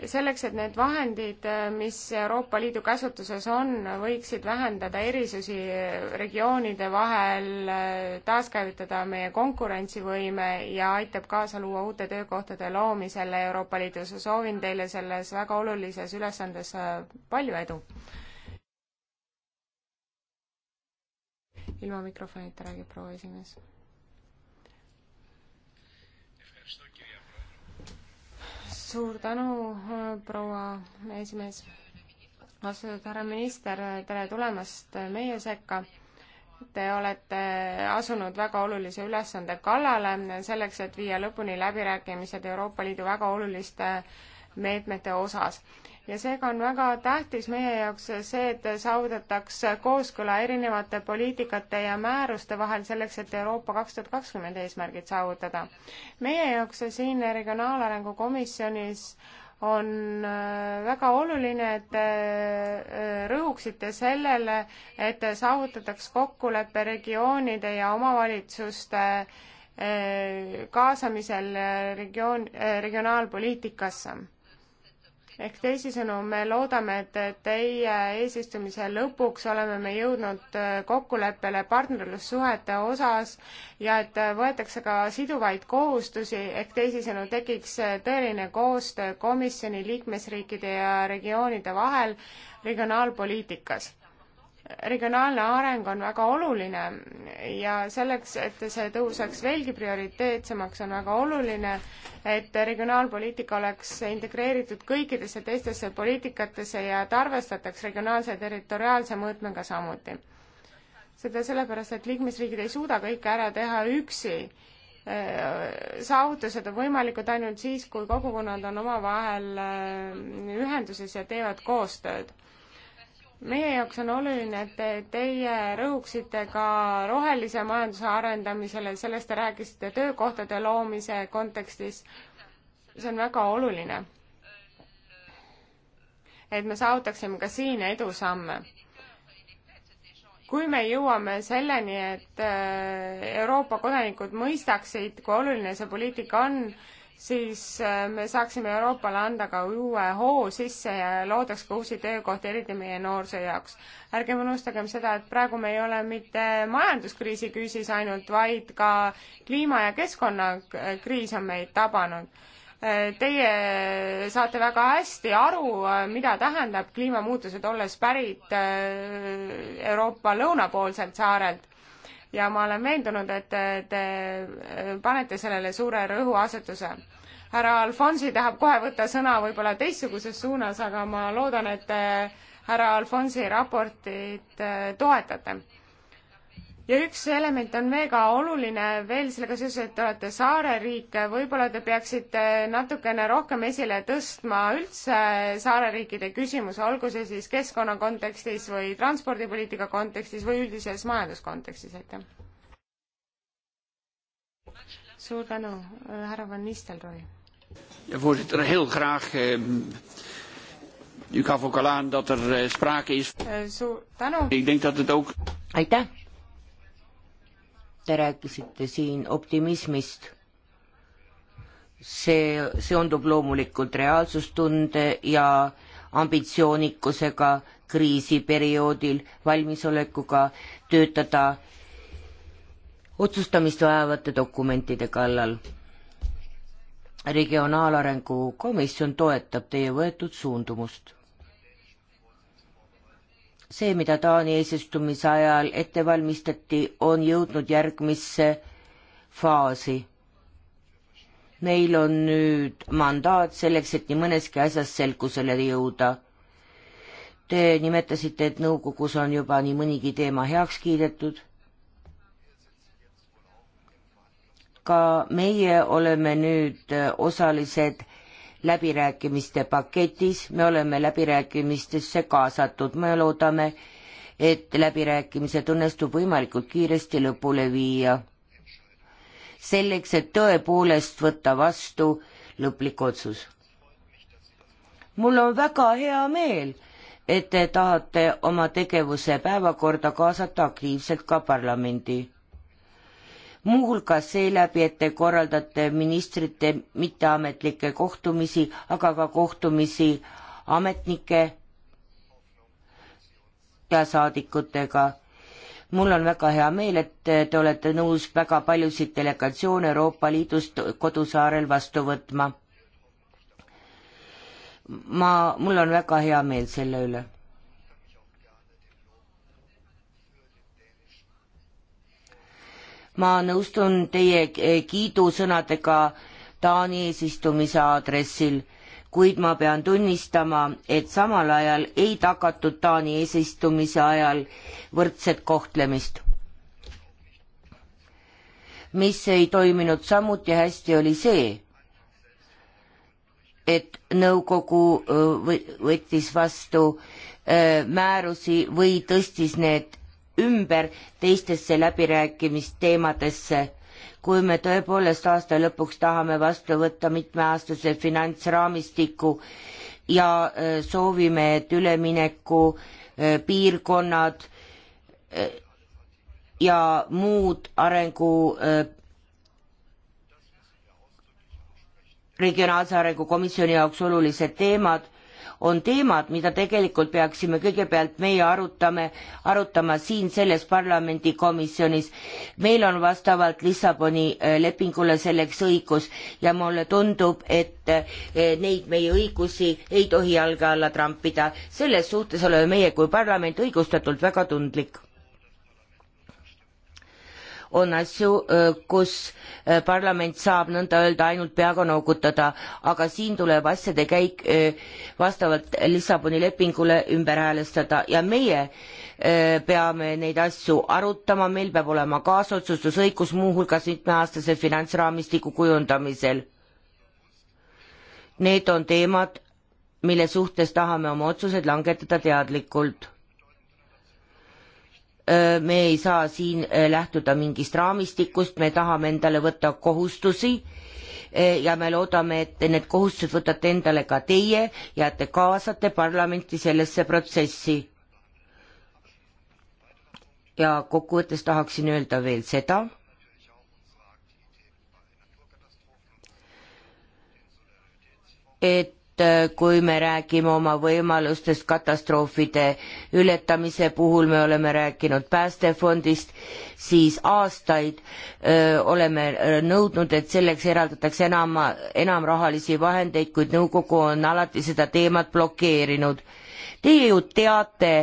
Speaker 5: selleks, et need vahendid, mis Euroopa Liidu käsutuses on, võiksid vähendada erisusi regioonide vahel, taaskäivitada meie konkurentsivõime ja aitab kaasa luua uute töökohtade loomisele Euroopa Liidus. soovin teile selles väga olulises ülesandes palju edu. ilma mikrofonita räägib proua esimees suur tänu, proua esimees. austatud härra minister, tere tulemast meie sekka. Te olete asunud väga olulise ülesande kallale selleks, et viia lõpuni läbirääkimised Euroopa Liidu väga oluliste meetmete osas ja seega on väga tähtis meie jaoks see, et saavutataks kooskõla erinevate poliitikate ja määruste vahel selleks, et Euroopa kaks tuhat kakskümmend eesmärgid saavutada. meie jaoks siin Regionaalarengu Komisjonis on äh, väga oluline, et te äh, rõhuksite sellele, et saavutataks kokkulepe regioonide ja omavalitsuste äh, kaasamisel regioon, regionaalpoliitikasse ehk teisisõnu, me loodame, et teie eesistumise lõpuks oleme me jõudnud äh, kokkuleppele partnerlussuhete osas ja et äh, võetakse ka siduvaid kohustusi, ehk teisisõnu, tekiks äh, tõeline koostöö komisjoni liikmesriikide ja regioonide vahel regionaalpoliitikas regionaalne areng on väga oluline ja selleks, et see tõuseks veelgi prioriteetsemaks, on väga oluline, et regionaalpoliitika oleks integreeritud kõikidesse teistesse poliitikatesse ja et arvestataks regionaalse ja territoriaalse mõõtmega samuti. seda sellepärast, et liikmesriigid ei suuda kõike ära teha üksi. saavutused on võimalikud ainult siis, kui kogukonnad on omavahel ühenduses ja teevad koostööd meie jaoks on oluline, et teie rõhuksite ka rohelise majanduse arendamisele, sellest te rääkisite töökohtade loomise kontekstis. see on väga oluline. et me saavutaksime ka siin edusamme. kui me jõuame selleni, et äh, Euroopa kodanikud mõistaksid, kui oluline see poliitika on, siis äh, me saaksime Euroopale anda ka uue hoo sisse ja loodaks ka uusi töökohti, eriti meie noorsoo jaoks. ärgem unustagem seda, et praegu me ei ole mitte majanduskriisi küüsis ainult, vaid ka kliima- ja keskkonnakriis on meid tabanud. Äh, teie saate väga hästi aru, äh, mida tähendab kliimamuutused, olles pärit Euroopa lõunapoolselt saarelt ja ma olen veendunud, et te panete sellele suure rõhuasetuse. härra Alfonsi tahab kohe võtta sõna võib-olla teistsuguses suunas, aga ma loodan, et te härra Alfonsi raportit äh, toetate ja üks element on väga oluline veel sellega seoses, et te olete saareriik, võib-olla te peaksite natukene rohkem esile tõstma üldse saareriikide küsimuse, olgu see siis keskkonna kontekstis või transpordipoliitika kontekstis või üldises majanduskontekstis, aitäh. suur tänu, härra Van Nistelrooy. voorzitter, heel
Speaker 4: graag ehm, U gaf ook al aan dat er eh, sprake is.
Speaker 5: Eh, suur tänu.
Speaker 4: Ik denk dat het ook.
Speaker 3: Aitäh Te rääkisite siin optimismist. see seondub loomulikult reaalsustunde ja ambitsioonikusega kriisiperioodil, valmisolekuga töötada otsustamist vajavate dokumentide kallal. regionaalarengu komisjon toetab teie võetud suundumust see, mida Taani eesistumise ajal ette valmistati, on jõudnud järgmisse faasi. meil on nüüd mandaat selleks, et nii mõneski asjas selgusele jõuda. Te nimetasite, et nõukogus on juba nii mõnigi teema heaks kiidetud. ka meie oleme nüüd osalised läbirääkimiste paketis, me oleme läbirääkimistesse kaasatud, me loodame, et läbirääkimised õnnestub võimalikult kiiresti lõpule viia. selleks, et tõepoolest võtta vastu lõplik otsus. mul on väga hea meel, et te tahate oma tegevuse päevakorda kaasata aktiivselt ka parlamendi muuhulgas seeläbi, et te korraldate ministrite mitteametlikke kohtumisi, aga ka kohtumisi ametnike ja saadikutega. mul on väga hea meel, et te olete nõus väga paljusid delegatsioone Euroopa Liidust kodusaarel vastu võtma. ma, mul on väga hea meel selle üle ma nõustun teie eh, kiidusõnadega Taani eesistumise aadressil, kuid ma pean tunnistama, et samal ajal ei tagatud Taani eesistumise ajal võrdset kohtlemist mis ei toiminud samuti hästi, oli see, et nõukogu eh, võttis vastu eh, määrusi või tõstis need ümber teistesse läbirääkimisteemadesse kui me tõepoolest aasta lõpuks tahame vastu võtta mitmeaastase finantsraamistiku ja e, soovime, et ülemineku e, piirkonnad e, ja muud arengu, regionaalse arengu komisjoni jaoks olulised teemad on teemad, mida tegelikult peaksime kõigepealt meie arutame, arutama siin selles parlamendikomisjonis. meil on vastavalt Lissaboni äh, lepingule selleks õigus ja mulle tundub, et äh, neid meie õigusi ei tohi jalge alla trampida. selles suhtes oleme meie kui parlament õigustatult väga tundlik on asju, äh, kus äh, parlament saab nõnda öelda ainult peaga noogutada, aga siin tuleb asjade käik äh, vastavalt Lissaboni lepingule ümber häälestada ja meie peame neid asju arutama, meil peab olema kaasotsustusõigus muuhulgas mitmeaastase finantsraamistiku kujundamisel. Need on teemad, mille suhtes tahame oma otsused langetada teadlikult me ei saa siin lähtuda mingist raamistikust, me tahame endale võtta kohustusi ja me loodame, et need kohustused võtate endale ka teie ja te kaasate parlamenti sellesse protsessi. ja kokkuvõttes tahaksin öelda veel seda, et Äh, kui me räägime oma võimalustest katastroofide ületamise puhul, me oleme rääkinud päästefondist, siis aastaid öö, äh, oleme äh, nõudnud, et selleks eraldatakse enam, enam rahalisi vahendeid, kuid nõukogu on alati seda teemat blokeerinud. Teie ju teate,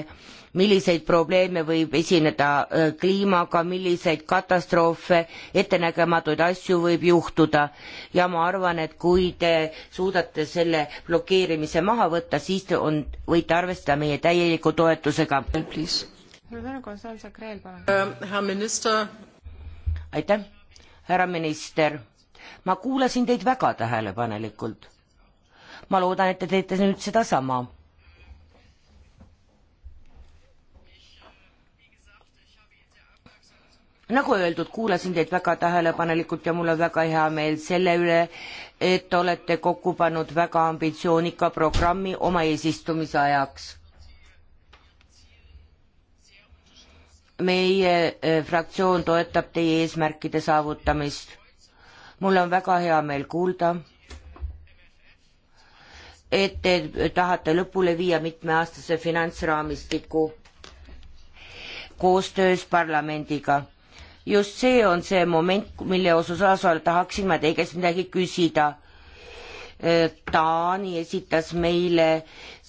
Speaker 3: milliseid probleeme võib esineda äh, kliimaga, milliseid katastroofe, ettenägematuid asju võib juhtuda ja ma arvan, et kui te suudate selle blokeerimise maha võtta, siis te on, võite arvestada meie täieliku toetusega. suur
Speaker 5: tänu, Konstantin Kreel, palun.
Speaker 3: Äh, aitäh, härra minister. ma kuulasin teid väga tähelepanelikult ma loodan, et te teete nüüd sedasama nagu öeldud, kuulasin teid väga tähelepanelikult ja mul on väga hea meel selle üle, et olete kokku pannud väga ambitsioonika programmi oma eesistumise ajaks. meie eh, fraktsioon toetab teie eesmärkide saavutamist. mul on väga hea meel kuulda, et te tahate lõpule viia mitmeaastase finantsraamistiku koostöös parlamendiga just see on see moment, mille osas tahaksin ma teie käest midagi küsida. Äh, Taani esitas meile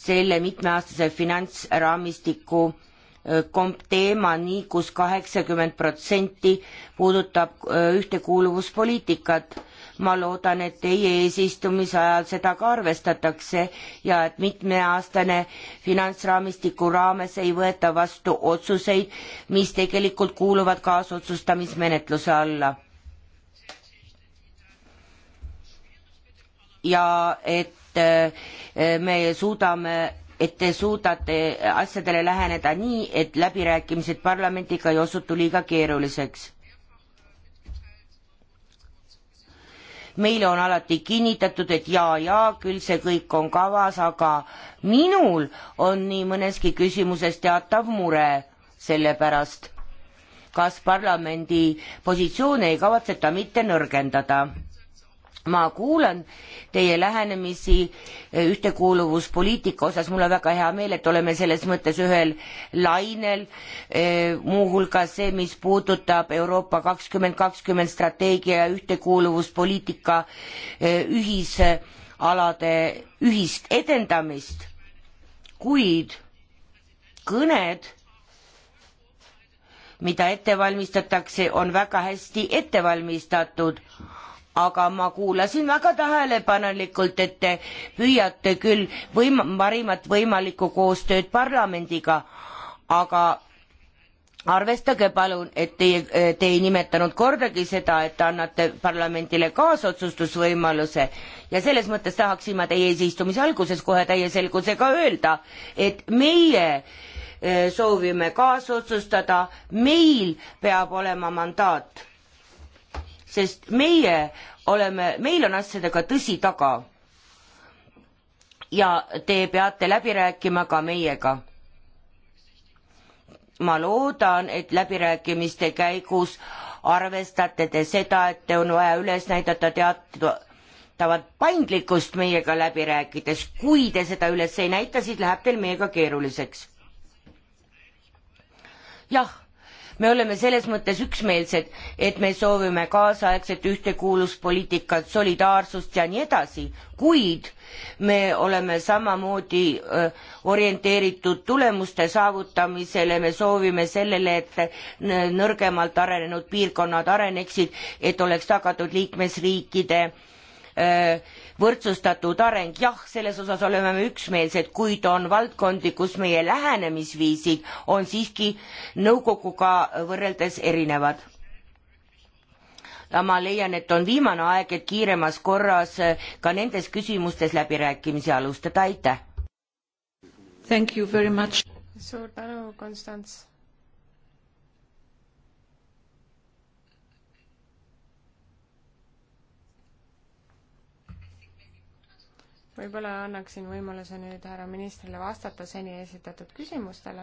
Speaker 3: selle mitmeaastase finantsraamistiku äh, teema nii kus, kus kaheksakümmend protsenti puudutab äh, ühtekuuluvuspoliitikat ma loodan, et teie eesistumise ajal seda ka arvestatakse ja et mitmeaastane finantsraamistiku raames ei võeta vastu otsuseid, mis tegelikult kuuluvad kaasotsustamismenetluse alla. ja et eh, me suudame et te suudate asjadele läheneda nii, et läbirääkimised parlamendiga ei osutu liiga keeruliseks meile on alati kinnitatud, et jaa, jaa, küll see kõik on kavas, aga minul on nii mõneski küsimuses teatav mure selle pärast, kas parlamendi positsioone ei kavatseta mitte nõrgendada ma kuulan teie lähenemisi eh, ühtekuuluvuspoliitika osas, mul on väga hea meel, et oleme selles mõttes ühel lainel, eh, muuhulgas see, mis puudutab Euroopa kakskümmend kakskümmend strateegia ja ühtekuuluvuspoliitika eh, ühisalade ühist edendamist, kuid kõned mida ette valmistatakse, on väga hästi ette valmistatud, aga ma kuulasin väga tähelepanelikult, et te püüate küll võim-, parimat võimalikku koostööd parlamendiga, aga arvestage palun, et teie, te ei nimetanud kordagi seda, et te annate parlamendile kaasotsustusvõimaluse ja selles mõttes tahaksin ma teie eesistumise alguses kohe täie selgusega öelda, et meie eh, soovime kaasotsustada, meil peab olema mandaat sest meie oleme, meil on asjadega tõsi taga. ja te peate läbi rääkima ka meiega. ma loodan, et läbirääkimiste käigus arvestate te seda, et on vaja üles näidata teatavat paindlikkust meiega läbi rääkides, kui te seda üles ei näita, siis läheb teil meiega keeruliseks. jah me oleme selles mõttes üksmeelsed, et me soovime kaasaegset ühtekuuluvuspoliitikat, solidaarsust ja nii edasi, kuid me oleme samamoodi äh, orienteeritud tulemuste saavutamisele, me soovime sellele, et nõrgemalt arenenud piirkonnad areneksid, et oleks tagatud liikmesriikide öö, äh, võrdsustatud areng, jah, selles osas oleme me üksmeelsed, kuid on valdkondi, kus meie lähenemisviisid on siiski nõukoguga võrreldes erinevad ja ma leian, et on viimane aeg, et kiiremas korras ka nendes küsimustes läbirääkimisi alustada, aitäh!
Speaker 5: suur tänu, Konstants! võib-olla annaksin võimaluse nüüd härra ministrile vastata seni esitatud küsimustele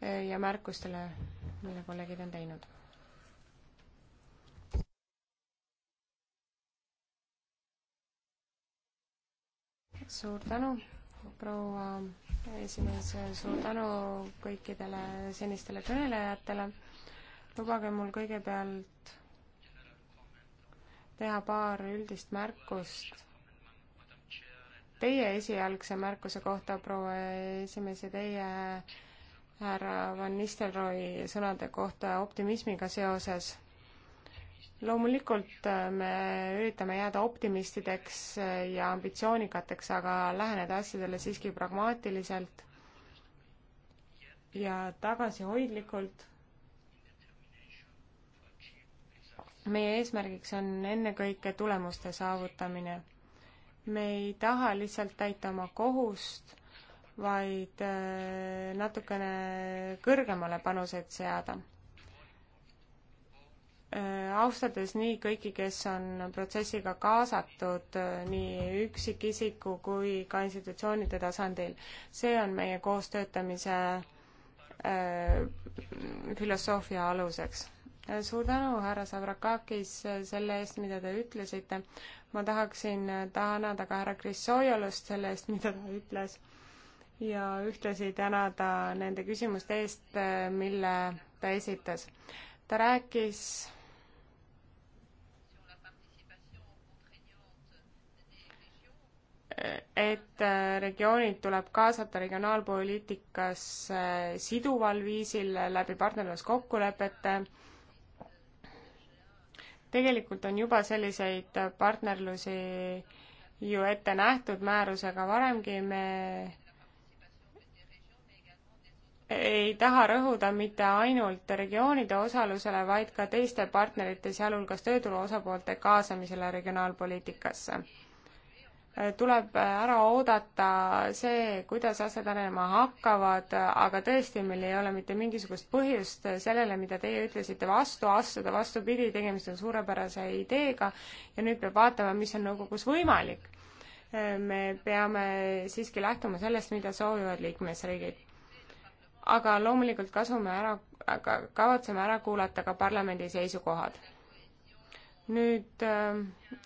Speaker 5: eh, ja märkustele, mille kolleegid on teinud. suur tänu, proua esimees, suur tänu kõikidele senistele kõnelejatele. lubage mul kõigepealt teha paar üldist märkust teie esialgse märkuse kohta, proua esimees, ja teie härra Van Nistelrooy sõnade kohta optimismiga seoses. loomulikult äh, me üritame jääda optimistideks äh, ja ambitsioonikateks, aga läheneda asjadele siiski pragmaatiliselt ja tagasihoidlikult. meie eesmärgiks on ennekõike tulemuste saavutamine me ei taha lihtsalt täita oma kohust, vaid äh, natukene kõrgemale panuseid seada. Äh, austades nii kõiki, kes on protsessiga kaasatud äh, nii üksikisiku kui ka institutsioonide tasandil, see on meie koostöötamise filosoofia aluseks. suur tänu, härra Savrakakis, selle eest, mida te ütlesite ma tahaksin tänada ka härra Krissojolust selle eest, mida ta ütles ja ühtlasi tänada nende küsimuste eest, mille ta esitas. ta rääkis et regioonid tuleb kaasata regionaalpoliitikasse siduval viisil läbi partnerluskokkulepete tegelikult on juba selliseid partnerlusi ju ette nähtud määrusega varemgi, me ei taha rõhuda mitte ainult regioonide osalusele, vaid ka teiste partnerite, sealhulgas tööturu osapoolte kaasamisele regionaalpoliitikasse tuleb äh, ära oodata see, kuidas asjad arenema hakkavad, aga tõesti, meil ei ole mitte mingisugust põhjust sellele, mida teie ütlesite, vastu astuda, vastupidi, tegemist on suurepärase ideega ja nüüd peab vaatama, mis on nõukogus võimalik. Äh, me peame siiski lähtuma sellest, mida soovivad liikmesriigid. aga loomulikult kasume ära, aga kavatseme ära kuulata ka parlamendi seisukohad nüüd äh,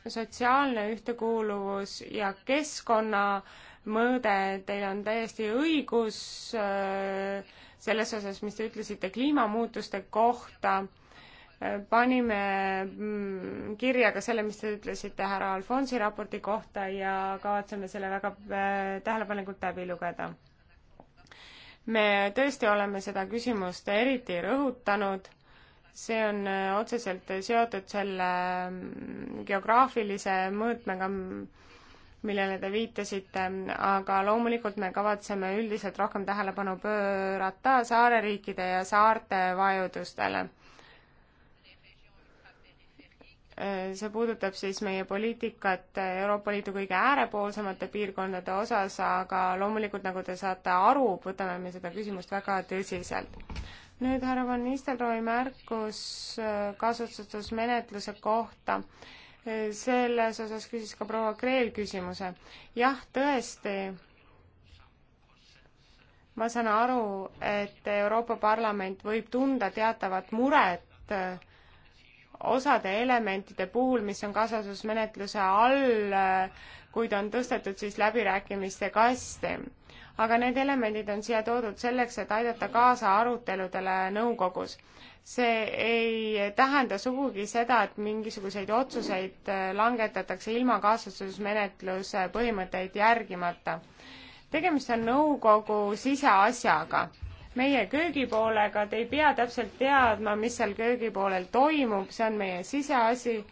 Speaker 5: sotsiaalne ühtekuuluvus ja keskkonnamõõde, teil on täiesti õigus äh, selles osas, mis te ütlesite kliimamuutuste kohta, äh, panime mm, kirja ka selle, mis te ütlesite härra Alfonsi raporti kohta ja kavatseme selle väga tähelepanelikult läbi lugeda. me tõesti oleme seda küsimust eriti rõhutanud see on äh, otseselt seotud selle mm, geograafilise mõõtmega, mm, millele te viitasite, aga loomulikult me kavatseme üldiselt rohkem tähelepanu pöörata saareriikide ja saarte vajadustele. Äh, see puudutab siis meie poliitikat Euroopa Liidu kõige äärepoolsemate piirkondade osas, aga loomulikult, nagu te saate aru, võtame me seda küsimust väga tõsiselt nüüd härra Van Nistelrooy märkus äh, kasutusmenetluse kohta. Äh, selles osas küsis ka proua Kreel küsimuse. jah, tõesti, ma saan aru, et Euroopa Parlament võib tunda teatavat muret äh, osade elementide puhul, mis on kasutusmenetluse all, kuid on tõstetud siis läbirääkimiste kasti aga need elemendid on siia toodud selleks, et aidata kaasa aruteludele nõukogus. see ei tähenda sugugi seda, et mingisuguseid otsuseid äh, langetatakse ilma kaasatusmenetluse põhimõtteid järgimata. tegemist on nõukogu siseasjaga meie köögipoolega, te ei pea täpselt teadma, mis seal köögipoolel toimub, see on meie siseasi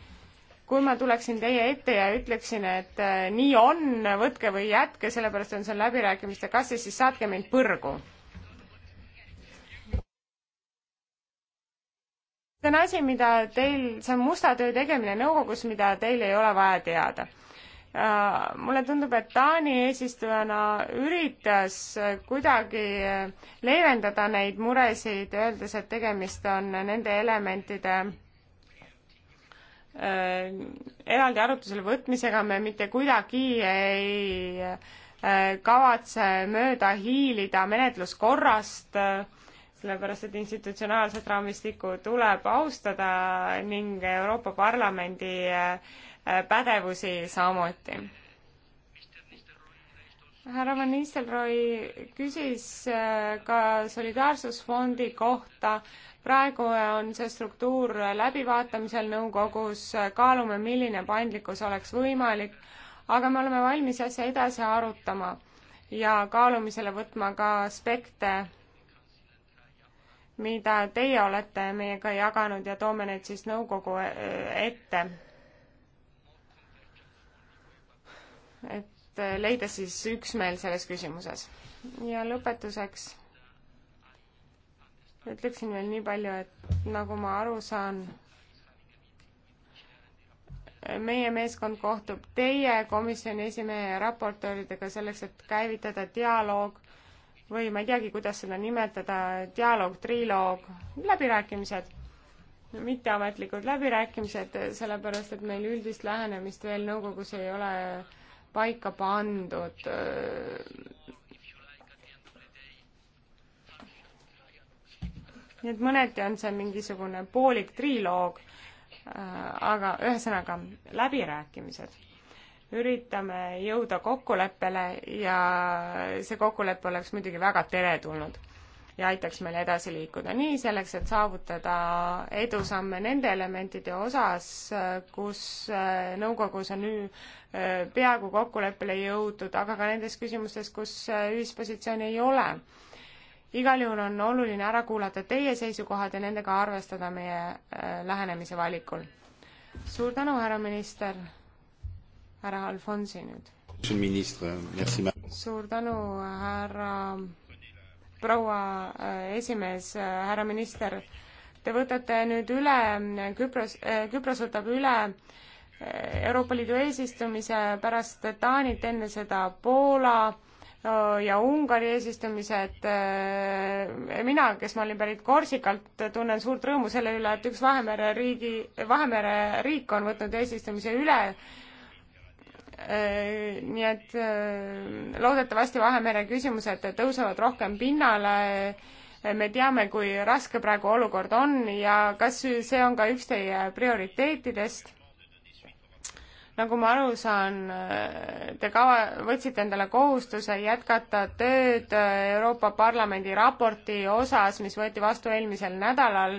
Speaker 5: kui ma tuleksin teie ette ja ütleksin, et äh, nii on, võtke või jätke, sellepärast on seal läbirääkimiste kassis, siis saatke mind põrgu. see on asi, mida teil, see on musta töö tegemine nõukogus, mida teil ei ole vaja teada äh, mulle tundub, et Taani eesistujana üritas kuidagi äh, leevendada neid muresid, öeldes, et tegemist on nende elementide Äh, eraldi arutusele võtmisega me mitte kuidagi ei äh, kavatse mööda hiilida menetluskorrast, äh, sellepärast et institutsionaalset raamistikku tuleb austada ning Euroopa Parlamendi pädevusi samuti härra Van Nistelrooy küsis äh, ka Solidaarsusfondi kohta. praegu on see struktuur läbivaatamisel nõukogus, kaalume, milline paindlikkus oleks võimalik, aga me oleme valmis asja edasi arutama ja kaalumisele võtma ka aspekte, mida teie olete meiega jaganud ja toome need siis nõukogu äh, ette. et et leida siis üksmeel selles küsimuses. ja lõpetuseks ütleksin veel nii palju, et nagu ma aru saan, meie meeskond kohtub teie komisjoni esimehe ja raportööridega selleks, et käivitada dialoog või ma ei teagi, kuidas seda nimetada, dialoog, triloog, läbirääkimised, mitteametlikud läbirääkimised, sellepärast et meil üldist lähenemist veel nõukogus ei ole äh, paika pandud äh, nii et mõneti on see mingisugune poolik triloog, äh, aga ühesõnaga, läbirääkimised. üritame jõuda kokkuleppele ja see kokkulepe oleks muidugi väga teretulnud ja aitaks meil edasi liikuda. nii selleks, et saavutada edusamme nende elementide osas, kus äh, nõukogus on äh, peaaegu kokkuleppele jõudnud, aga ka nendes küsimustes, kus äh, ühispositsiooni ei ole igal juhul on oluline ära kuulata teie seisukohad ja nendega arvestada meie lähenemise valikul. suur tänu, härra minister, härra Alfonsi nüüd. suur tänu, härra proua äh, esimees, äh, härra minister, te võtate nüüd üle, äh, Küpros, Küpros võtab üle Euroopa Liidu eesistumise pärast Taanit, enne seda Poola ja Ungari eesistumised, mina, kes ma olin pärit Korsikalt, tunnen suurt rõõmu selle üle, et üks Vahemere riigi, Vahemere riik on võtnud eesistumise üle Äh, nii et äh, loodetavasti Vahemere küsimused tõusevad rohkem pinnale. me teame, kui raske praegu olukord on ja kas see on ka üks teie prioriteetidest? nagu ma aru saan, äh, te kava, võtsite endale kohustuse jätkata tööd Euroopa Parlamendi raporti osas, mis võeti vastu eelmisel nädalal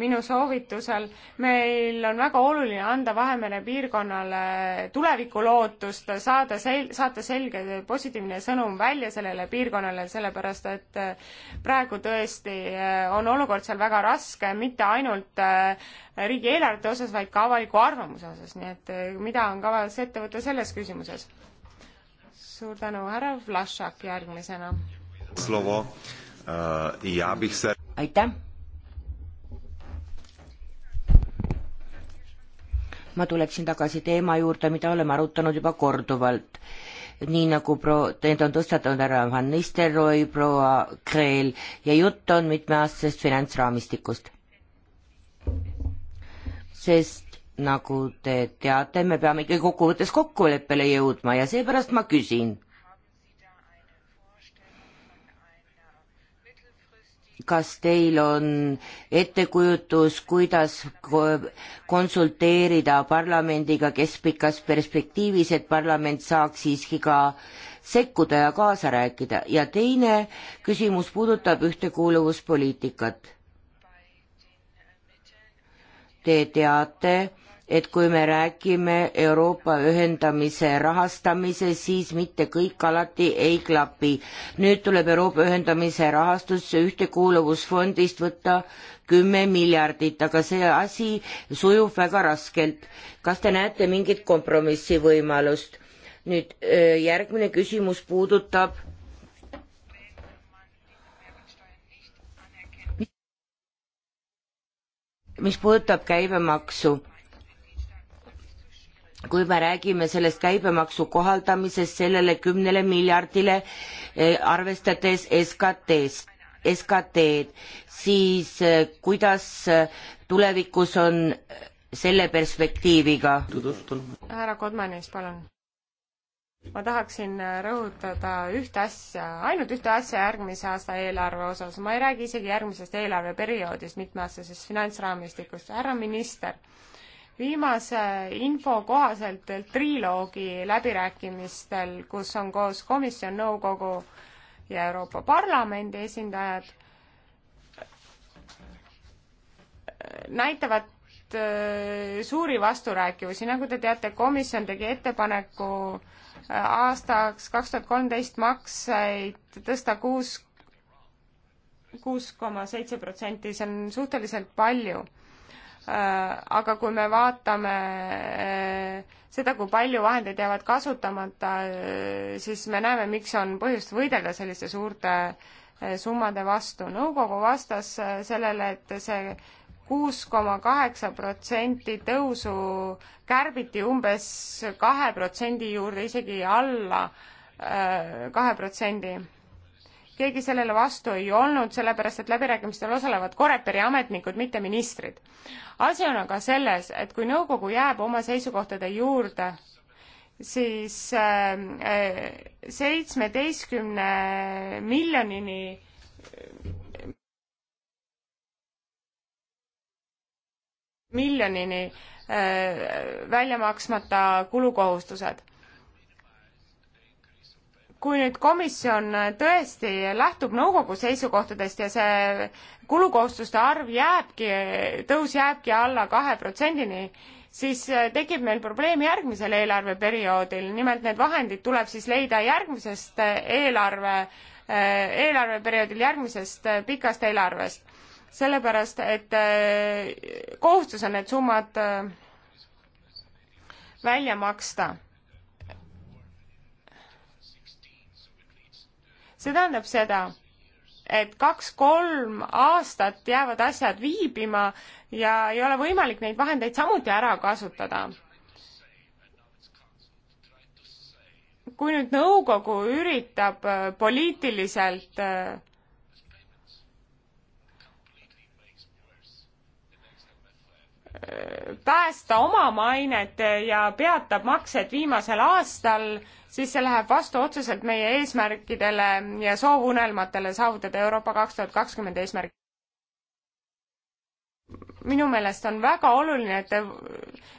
Speaker 5: minu soovitusel. meil on väga oluline anda Vahemere piirkonnale tulevikulootust, saada sel-, saata selge positiivne sõnum välja sellele piirkonnale, sellepärast et äh, praegu tõesti äh, on olukord seal väga raske, mitte ainult äh, riigieelarvete osas, vaid ka avaliku arvamuse osas, nii et mida on kavas ette võtta selles küsimuses? suur tänu, härra Vlašak järgmisena.
Speaker 2: Slovo ja Bihser. aitäh
Speaker 3: ma tuleksin tagasi teema juurde, mida oleme arutanud juba korduvalt. nii nagu pro-, need on tõstatanud härra Van Nistelrooy, proua Kreel ja jutt on mitmeaastasest finantsraamistikust. sest nagu te teate, me peame ikkagi kokkuvõttes kokkuleppele jõudma ja seepärast ma küsin kas teil on ettekujutus, kuidas konsulteerida parlamendiga keskpikas perspektiivis, et parlament saaks siiski ka sekkuda ja kaasa rääkida ja teine küsimus puudutab ühtekuuluvuspoliitikat. Te teate, et kui me räägime Euroopa ühendamise rahastamise, siis mitte kõik alati ei klapi. nüüd tuleb Euroopa ühendamise rahastusse ühtekuuluvusfondist võtta kümme miljardit, aga see asi sujub väga raskelt. kas te näete mingit kompromissivõimalust? nüüd järgmine küsimus puudutab mis puudutab käibemaksu kui me räägime sellest käibemaksu kohaldamisest sellele kümnele miljardile, eh, arvestades SKT-st, SKT-d, siis eh, kuidas eh, tulevikus on selle perspektiiviga?
Speaker 5: härra Kodmanis, palun. ma tahaksin rõhutada ühte asja, ainult ühte asja järgmise aasta eelarve osas, ma ei räägi isegi järgmisest eelarveperioodist, mitmeaastasest finantsraamistikust, härra minister viimase info kohaselt triloogi läbirääkimistel, kus on koos komisjon, nõukogu ja Euroopa Parlamendi esindajad, näitavad äh, suuri vasturääkivusi, nagu te teate, komisjon tegi ettepaneku äh, aastaks kaks tuhat kolmteist makseid tõsta kuus, kuus koma seitse protsenti, see on suhteliselt palju Äh, aga kui me vaatame äh, seda, kui palju vahendeid jäävad kasutamata, äh, siis me näeme, miks on põhjust võidelda selliste suurte summade vastu. nõukogu vastas sellele, et see kuus koma kaheksa protsenti tõusu kärbiti umbes kahe protsendi juurde, isegi alla kahe protsendi keegi sellele vastu ei olnud, sellepärast et läbirääkimistel osalevad Coreperi ametnikud, mitte ministrid. asi on aga selles, et kui nõukogu jääb oma seisukohtade juurde, siis ähm, äh, seitsmeteistkümne äh, miljonini miljonini äh, välja maksmata kulukohustused kui nüüd komisjon tõesti lähtub nõukogu seisukohtadest ja see kulukohustuste arv jääbki, tõus jääbki alla kahe protsendini, siis tekib meil probleem järgmisel eelarveperioodil, nimelt need vahendid tuleb siis leida järgmisest eelarve, eelarveperioodil järgmisest pikast eelarvest. sellepärast, et eh, kohustus on need summad eh, välja maksta see tähendab seda, et kaks-kolm aastat jäävad asjad viibima ja ei ole võimalik neid vahendeid samuti ära kasutada. kui nüüd nõukogu üritab äh, poliitiliselt äh, päästa oma mainet ja peatab maksed viimasel aastal, siis see läheb vastu otseselt meie eesmärkidele ja soovunelmatele saavutada Euroopa kaks tuhat kakskümmend eesmärk. minu meelest on väga oluline, et te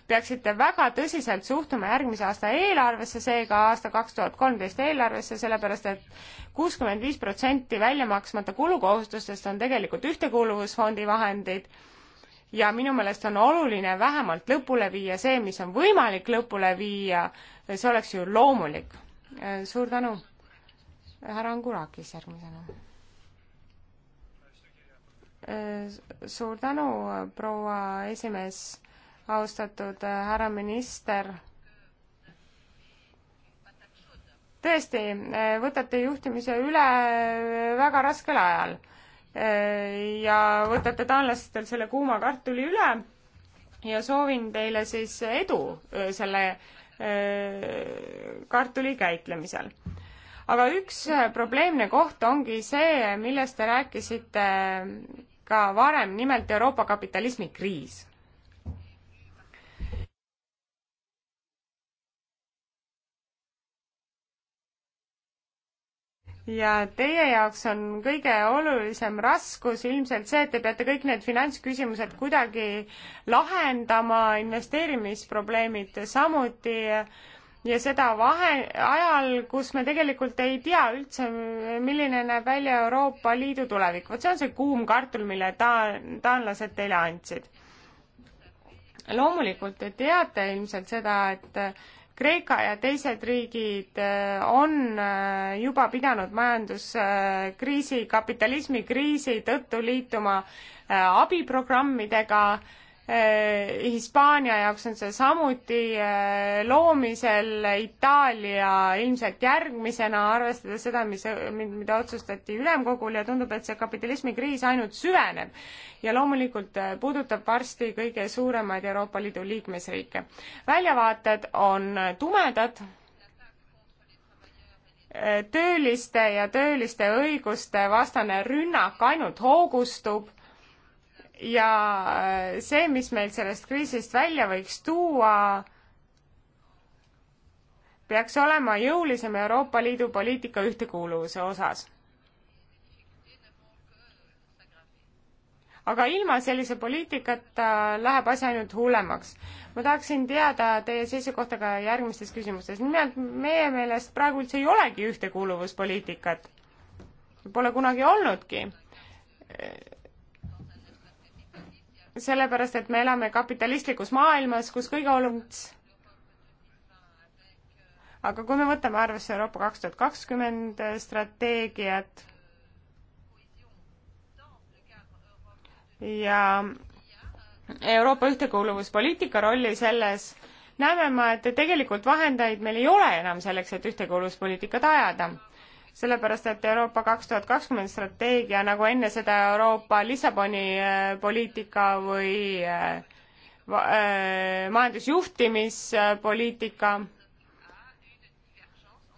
Speaker 5: peaksite väga tõsiselt suhtuma järgmise aasta eelarvesse, seega aasta kaks tuhat kolmteist eelarvesse, sellepärast et kuuskümmend viis protsenti välja maksmata kulukohustustest on tegelikult ühtekuuluvusfondi vahendid ja minu meelest on oluline vähemalt lõpule viia see, mis on võimalik lõpule viia äh, see oleks ju loomulik. suur tänu. härra Angurakis järgmisena. suur tänu, proua esimees, austatud härra minister. tõesti, võtate juhtimise üle väga raskel ajal ja võtate taanlastel selle kuuma kartuli üle ja soovin teile siis edu selle Äh, kartuli käitlemisel. aga üks äh, probleemne koht ongi see, millest te rääkisite ka varem, nimelt Euroopa kapitalismi kriis. ja teie jaoks on kõige olulisem raskus ilmselt see, et te peate kõik need finantsküsimused kuidagi lahendama, investeerimisprobleemid samuti ja seda vahe, ajal, kus me tegelikult ei tea üldse, milline näeb välja Euroopa Liidu tulevik. vot see on see kuum kartul, mille ta-, taanlased teile andsid. loomulikult te teate ilmselt seda, et Kreeka ja teised riigid äh, on äh, juba pidanud majanduskriisi, kapitalismikriisi tõttu liituma äh, abiprogrammidega Eh, Hispaania jaoks on see samuti eh, loomisel, Itaalia ilmselt järgmisena, arvestades seda, mis, mida otsustati ülemkogul ja tundub, et see kapitalismikriis ainult süveneb. ja loomulikult eh, puudutab varsti kõige suuremaid Euroopa Liidu liikmesriike. väljavaated on tumedad, tööliste ja tööliste õiguste vastane rünnak ainult hoogustub ja äh, see, mis meil sellest kriisist välja võiks tuua, peaks olema jõulisem Euroopa Liidu poliitika ühtekuuluvuse osas. aga ilma sellise poliitikata läheb asi ainult hullemaks. ma tahaksin teada teie seisukohta ka järgmistes küsimustes. nimelt meie meelest praegu üldse ei olegi ühtekuuluvuspoliitikat. Pole kunagi olnudki sellepärast, et me elame kapitalistlikus maailmas, kus kõige olulis-. aga kui me võtame arvesse Euroopa kaks tuhat kakskümmend strateegiat ja Euroopa ühtekuuluvuspoliitika rolli selles, näeme ma, et tegelikult vahendeid meil ei ole enam selleks, et ühtekuuluvuspoliitikat ajada sellepärast, et Euroopa kaks tuhat kakskümmend strateegia nagu enne seda Euroopa Lissaboni äh, poliitika või äh, äh, majandusjuhtimispoliitika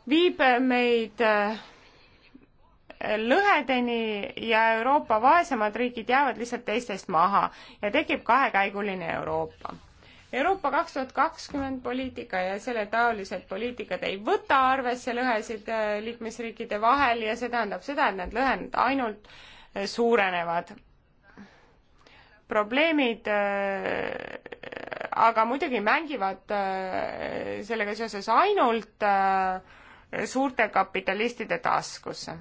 Speaker 5: viib meid lõhedeni ja Euroopa vaesemad riigid jäävad lihtsalt teistest maha ja tekib kahekäiguline Euroopa Euroopa kaks tuhat kakskümmend poliitika ja selle taolised poliitikad ei võta arvesse lõhesid äh, liikmesriikide vahel ja see tähendab seda, et need lõhed ainult äh, suurenevad. probleemid äh, aga muidugi mängivad sellega seoses ainult suurte kapitalistide taskusse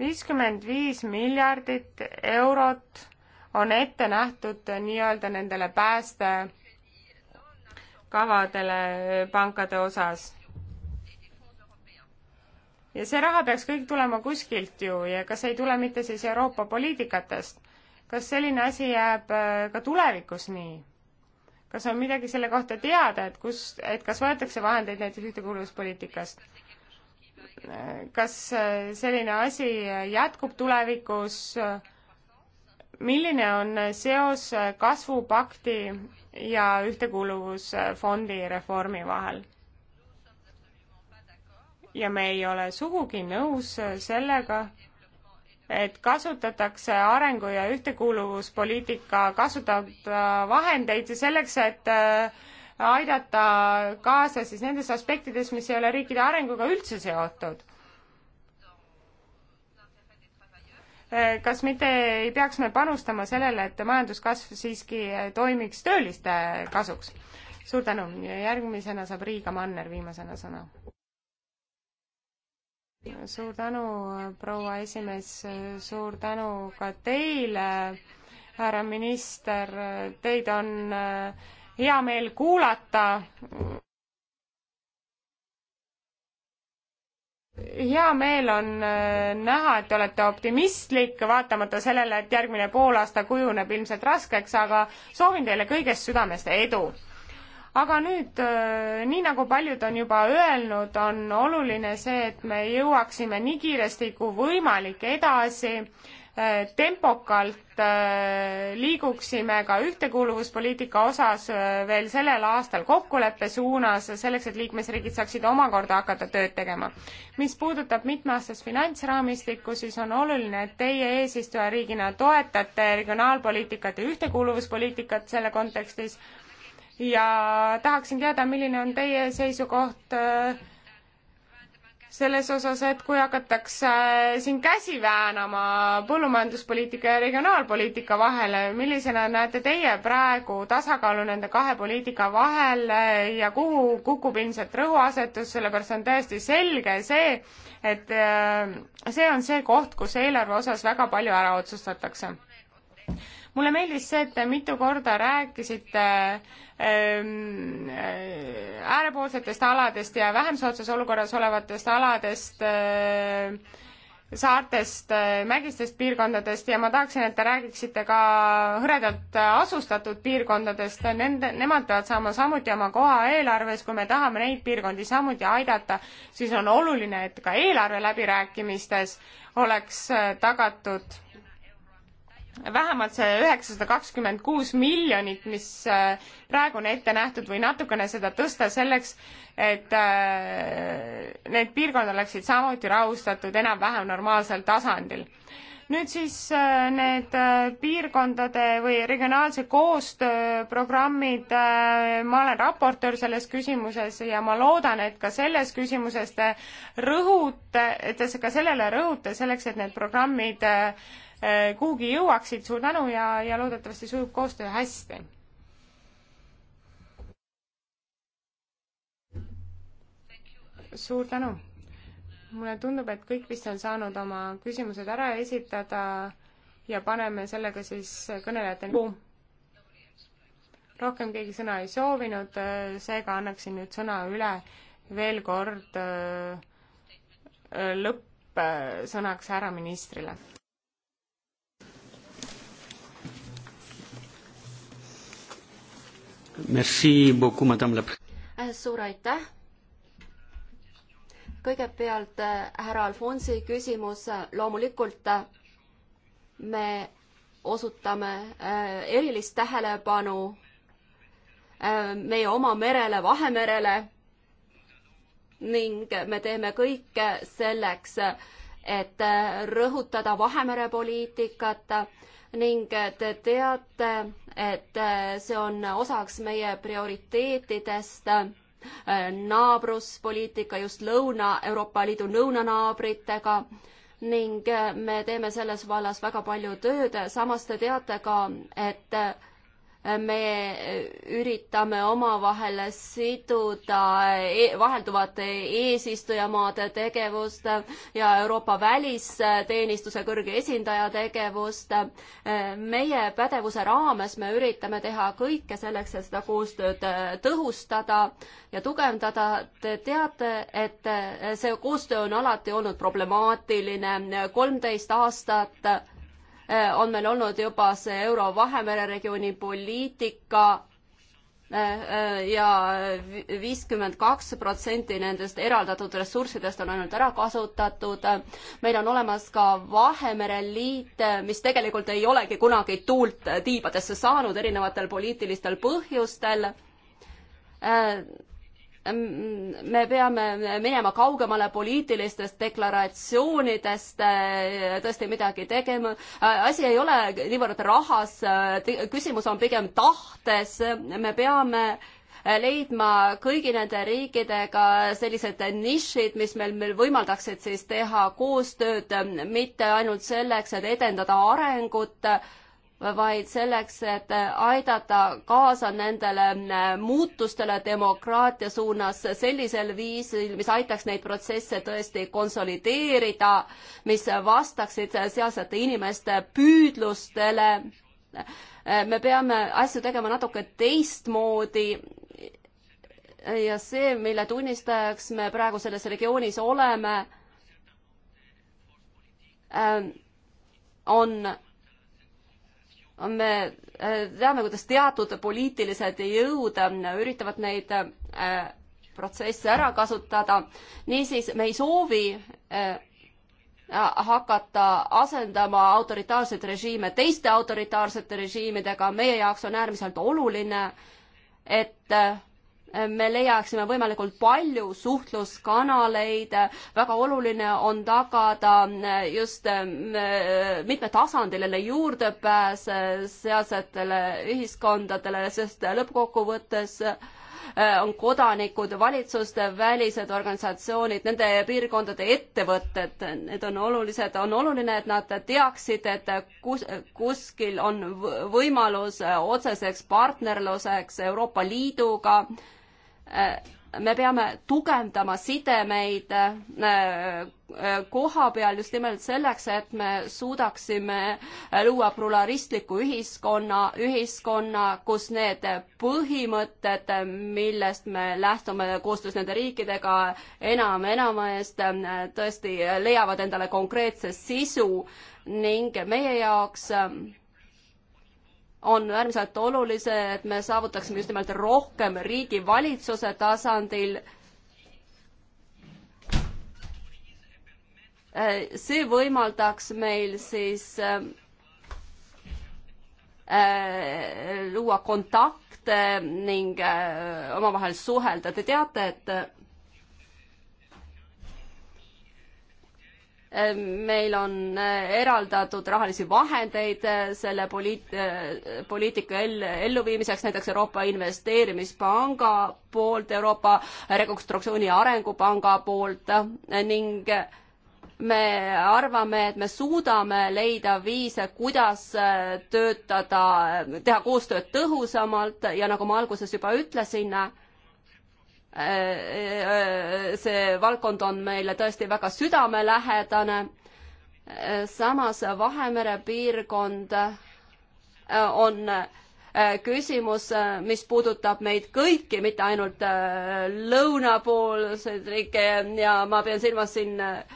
Speaker 5: viiskümmend viis miljardit eurot on ette nähtud nii-öelda nendele päästekavadele pankade osas. ja see raha peaks kõik tulema kuskilt ju ja kas ei tule mitte siis Euroopa poliitikatest? kas selline asi jääb äh, ka tulevikus nii? kas on midagi selle kohta teada, et kus, et kas võetakse vahendeid näiteks ühtekuuluvuspoliitikast? Äh, kas äh, selline asi jätkub tulevikus äh, milline on seos kasvupakti ja ühtekuuluvusfondi reformi vahel? ja me ei ole sugugi nõus sellega, et kasutatakse arengu- ja ühtekuuluvuspoliitika kasutada vahendeid selleks, et äh, aidata kaasa siis nendes aspektides, mis ei ole riikide arenguga üldse seotud. kas mitte ei peaks me panustama sellele, et majanduskasv siiski toimiks tööliste kasuks? suur tänu, järgmisena saab Riiga Manner viimasena sõna. suur tänu, proua esimees, suur tänu ka teile, härra minister, teid on äh, hea meel kuulata hea meel on äh, näha, et te olete optimistlik, vaatamata sellele, et järgmine poolaasta kujuneb ilmselt raskeks, aga soovin teile kõigest südamest edu. aga nüüd, äh, nii nagu paljud on juba öelnud, on oluline see, et me jõuaksime nii kiiresti kui võimalik edasi Äh, tempokalt äh, liiguksime ka ühtekuuluvuspoliitika osas äh, veel sellel aastal kokkuleppe suunas, selleks et liikmesriigid saaksid omakorda hakata tööd tegema. mis puudutab mitmeaastast finantsraamistikku, siis on oluline, et teie eesistujariigina toetate regionaalpoliitikat ja ühtekuuluvuspoliitikat selle kontekstis ja tahaksin teada, milline on teie seisukoht äh, selles osas, et kui hakatakse äh, siin käsi väänama põllumajanduspoliitika ja regionaalpoliitika vahele, millisena näete teie praegu tasakaalu nende kahe poliitika vahel äh, ja kuhu kukub ilmselt rõhuasetus, sellepärast on täiesti selge see, et äh, see on see koht, kus eelarve osas väga palju ära otsustatakse mulle meeldis see, et te mitu korda rääkisite ähm, äh, äärepoolsetest aladest ja vähem soodsas olukorras olevatest aladest äh, saartest, äh, mägistest piirkondadest ja ma tahaksin, et te räägiksite ka hõredalt asustatud piirkondadest, nende, nemad peavad saama samuti oma koha eelarves, kui me tahame neid piirkondi samuti aidata, siis on oluline, et ka eelarve läbirääkimistes oleks äh, tagatud vähemalt see üheksasada kakskümmend kuus miljonit, mis äh, praegu on ette nähtud või natukene seda tõsta selleks, et äh, need piirkonnad oleksid samuti rahustatud enam-vähem normaalsel tasandil. nüüd siis äh, need piirkondade või regionaalse koostöö programmid, ma olen raportöör selles küsimuses ja ma loodan, et ka selles küsimuses te rõhute, et te ka sellele rõhute selleks, et need programmid äh, Eh, kuhugi jõuaksid, suur tänu ja, ja loodetavasti sujub koostöö hästi. suur tänu. mulle tundub, et kõik vist on saanud oma küsimused ära esitada ja paneme sellega siis kõnelejateni. rohkem keegi sõna ei soovinud, eh, seega annaksin nüüd sõna üle veel kord eh, lõppsõnaks härra ministrile
Speaker 3: Merci beaucoup, madame la
Speaker 2: äh, suur aitäh! kõigepealt äh, härra Alfonsi küsimus, loomulikult äh, me osutame erilist tähelepanu meie oma merele, Vahemerele ning me teeme kõike selleks, et rõhutada Vahemere poliitikat ning te teate, et see on osaks meie prioriteetidest äh, naabruspoliitika just Lõuna, Euroopa Liidu lõunanaabritega ning äh, me teeme selles vallas väga palju tööd, samas te teate ka, et me üritame omavahel siduda e-, vahelduvate eesistujamaade tegevust ja Euroopa välisteenistuse kõrge esindaja tegevust. meie pädevuse raames me üritame teha kõike selleks, et seda koostööd tõhustada ja tugevdada. Te teate, et see koostöö on alati olnud problemaatiline, kolmteist aastat Äh, on meil olnud juba see Euro Vahemere regiooni poliitika äh, äh, ja viiskümmend kaks protsenti nendest eraldatud ressurssidest on ainult ära kasutatud. meil on olemas ka Vahemere liit, mis tegelikult ei olegi kunagi tuult tiibadesse saanud erinevatel poliitilistel põhjustel me peame minema kaugemale poliitilistest deklaratsioonidest, eh, tõesti midagi tegema. Äh, asi ei ole niivõrd rahas, äh, küsimus on pigem tahtes, me peame äh, leidma kõigi nende riikidega sellised nišid, mis meil, meil võimaldaksid siis teha koostööd mitte ainult selleks, et edendada arengut, vaid selleks, et aidata kaasa nendele äh, muutustele demokraatia suunas sellisel viisil, mis aitaks neid protsesse tõesti konsolideerida, mis vastaksid sealsete inimeste püüdlustele. Äh, me peame asju tegema natuke teistmoodi ja see, mille tunnistajaks me praegu selles regioonis oleme, äh, on me äh, teame, kuidas teatud poliitilised jõud äh, üritavad neid äh, protsesse ära kasutada. niisiis, me ei soovi hakata asendama autoritaarseid režiime teiste autoritaarsete režiimidega, meie jaoks on äärmiselt oluline, et me leiaksime võimalikult palju suhtluskanaleid, väga oluline on tagada just ähm, mitmetasandiline juurdepääs sealsetele ühiskondadele, sest lõppkokkuvõttes äh, on kodanikud, valitsuste välised organisatsioonid, nende piirkondade ettevõtted, need on olulised, on oluline, et nad teaksid, et kus, kuskil on võimalus otseseks partnerluseks Euroopa Liiduga Äh, me peame tugevdama sidemeid äh, äh, koha peal just nimelt selleks, et me suudaksime luua pluralistliku ühiskonna, ühiskonna, kus need põhimõtted, millest me lähtume koostöös nende riikidega enam enama eest, tõesti leiavad endale konkreetse sisu ning meie jaoks on äärmiselt olulise, et me saavutaksime just nimelt rohkem riigivalitsuse tasandil. see võimaldaks meil siis äh, äh, luua kontakte ning äh, omavahel suhelda. Te teate, et Ehm, meil on eh, eraldatud rahalisi vahendeid eh, selle poliit-, eh, poliitika ell-, elluviimiseks, näiteks Euroopa Investeerimispanga poolt, Euroopa Rekonstruktsiooni ja Arengupanga poolt ning me arvame, et me suudame leida viise, kuidas töötada, teha koostööd tõhusamalt ja nagu ma alguses juba ütlesin, see valdkond on meile tõesti väga südamelähedane. samas Vahemere piirkond on küsimus, mis puudutab meid kõiki, mitte ainult äh, lõunapoolseid riike ja ma pean silmas siin äh,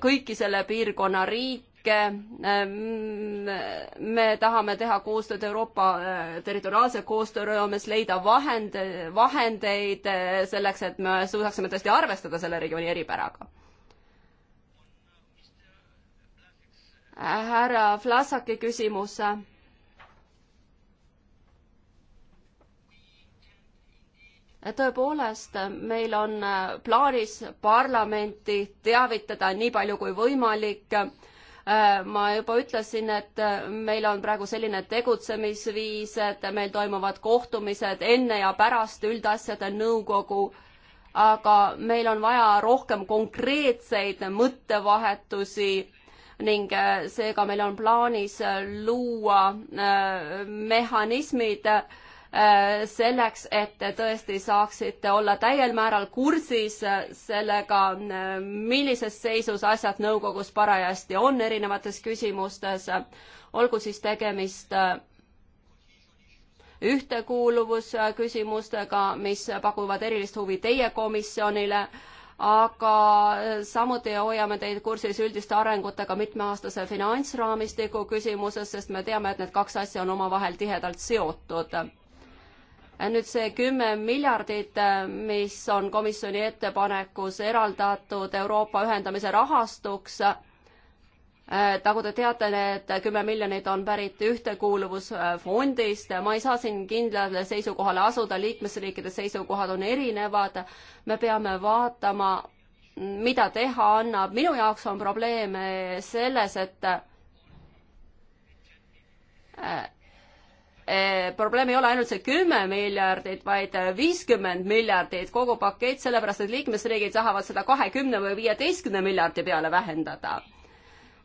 Speaker 2: kõiki selle piirkonna riike kõike. Äh, mm, me tahame teha koostööd Euroopa äh, territoriaalse koostöö raames, leida vahend, vahendeid äh, selleks, et me suudaksime tõesti arvestada selle regiooni eripäraga härra Vlasaki küsimus. tõepoolest, meil on plaanis parlamenti teavitada nii palju kui võimalik Äh, ma juba ütlesin, et äh, meil on praegu selline tegutsemisviis, et meil toimuvad kohtumised enne ja pärast üldasjade nõukogu, aga meil on vaja rohkem konkreetseid mõttevahetusi ning äh, seega meil on plaanis luua mehhanismid äh, Äh, selleks, et te tõesti saaksite olla täiel määral kursis äh, sellega, äh, millises seisus asjad nõukogus parajasti on erinevates küsimustes, olgu siis tegemist ühtekuuluvusküsimustega, mis pakuvad erilist huvi teie komisjonile, aga samuti hoiame teid kursis üldiste arengutega mitmeaastase finantsraamistiku küsimuses, sest me teame, et need kaks asja on omavahel tihedalt seotud nüüd see kümme miljardit, mis on komisjoni ettepanekus eraldatud Euroopa ühendamise rahastuks, äh, nagu te teate, need kümme miljonit on pärit ühtekuuluvusfondist, ma ei saa siin kindlale seisukohale asuda, liikmesriikide seisukohad on erinevad, me peame vaatama, mida teha annab, minu jaoks on probleem selles, et äh, Eh, probleem ei ole ainult see kümme miljardit, vaid viiskümmend miljardit, kogu pakett, sellepärast et liikmesriigid tahavad seda kahekümne või viieteistkümne miljardi peale vähendada.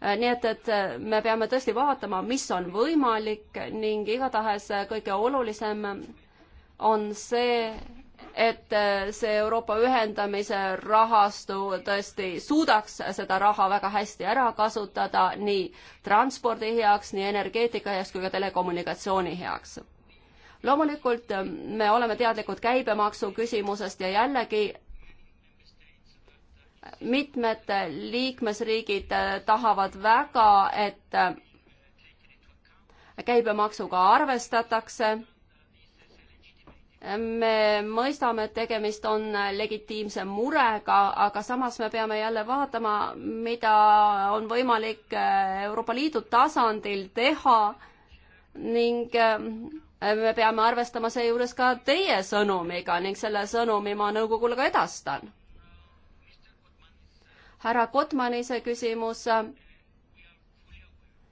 Speaker 2: Eh, nii et, et eh, me peame tõesti vaatama, mis on võimalik ning igatahes kõige olulisem on see, et äh, see Euroopa ühendamise rahastu tõesti suudaks seda raha väga hästi ära kasutada nii transpordi heaks, nii energeetika heaks kui ka telekommunikatsiooni heaks. loomulikult äh, me oleme teadlikud käibemaksu küsimusest ja jällegi mitmed liikmesriigid äh, tahavad väga, et käibemaksuga arvestatakse me mõistame, et tegemist on legitiimse murega, aga samas me peame jälle vaatama, mida on võimalik eh, Euroopa Liidu tasandil teha ning eh, me peame arvestama seejuures ka teie sõnumiga ning selle sõnumi ma nõukogule ka edastan. härra Kotmani see küsimus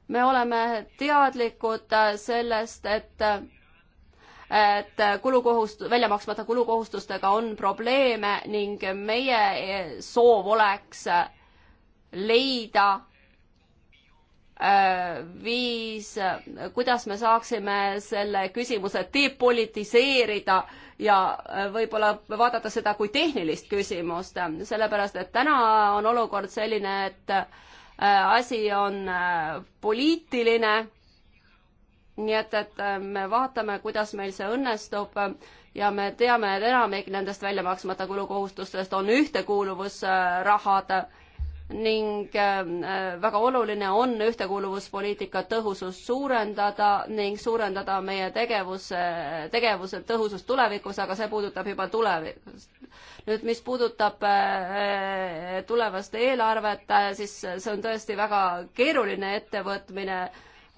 Speaker 2: me oleme teadlikud sellest, et et kulukohust-, välja maksmata kulukohustustega on probleeme ning meie eh, soov oleks eh, leida eh, viis, kuidas me saaksime selle küsimuse depolitiseerida ja võib-olla vaadata seda kui tehnilist küsimust, sellepärast et täna on olukord selline, et asi on poliitiline nii et, et äh, me vaatame, kuidas meil see õnnestub äh, ja me teame, et enamik nendest välja maksmata kulukohustustest on ühtekuuluvusrahad ning äh, väga oluline on ühtekuuluvuspoliitika tõhusust suurendada ning suurendada meie tegevuse, tegevuse tõhusust tulevikus, aga see puudutab juba tulevikust. nüüd, mis puudutab tulevast eelarvet, siis see on tõesti väga keeruline ettevõtmine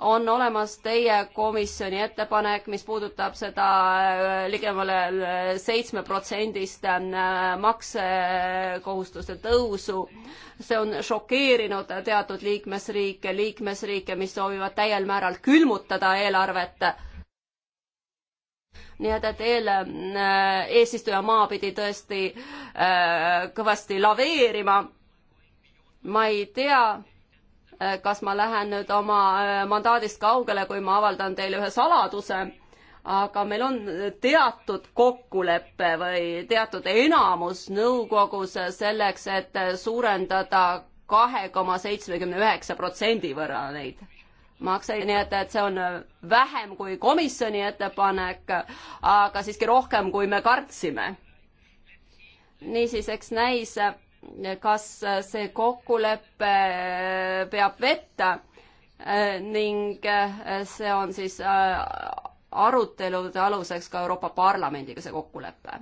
Speaker 2: on olemas teie komisjoni ettepanek, mis puudutab seda äh, ligemale äh, seitsmeprotsendist äh, maksekohustuste tõusu. see on šokeerinud teatud liikmesriike, liikmesriike, mis soovivad täiel määral külmutada eelarvet nii et, et eel äh,, eesistujamaa pidi tõesti äh, kõvasti laveerima. ma ei tea Äh, kas ma lähen nüüd oma äh, mandaadist kaugele, kui ma avaldan teile ühe saladuse, aga meil on teatud kokkulepe või teatud enamus nõukogus selleks, et suurendada kahe koma seitsmekümne üheksa protsendi võrra neid makseid, nii et, et see on vähem kui komisjoni ettepanek, aga siiski rohkem, kui me kartsime. niisiis, eks näis kas see kokkulepe äh, peab vett äh, ning äh, see on siis arutelude aluseks ka Euroopa Parlamendiga, see kokkulepe.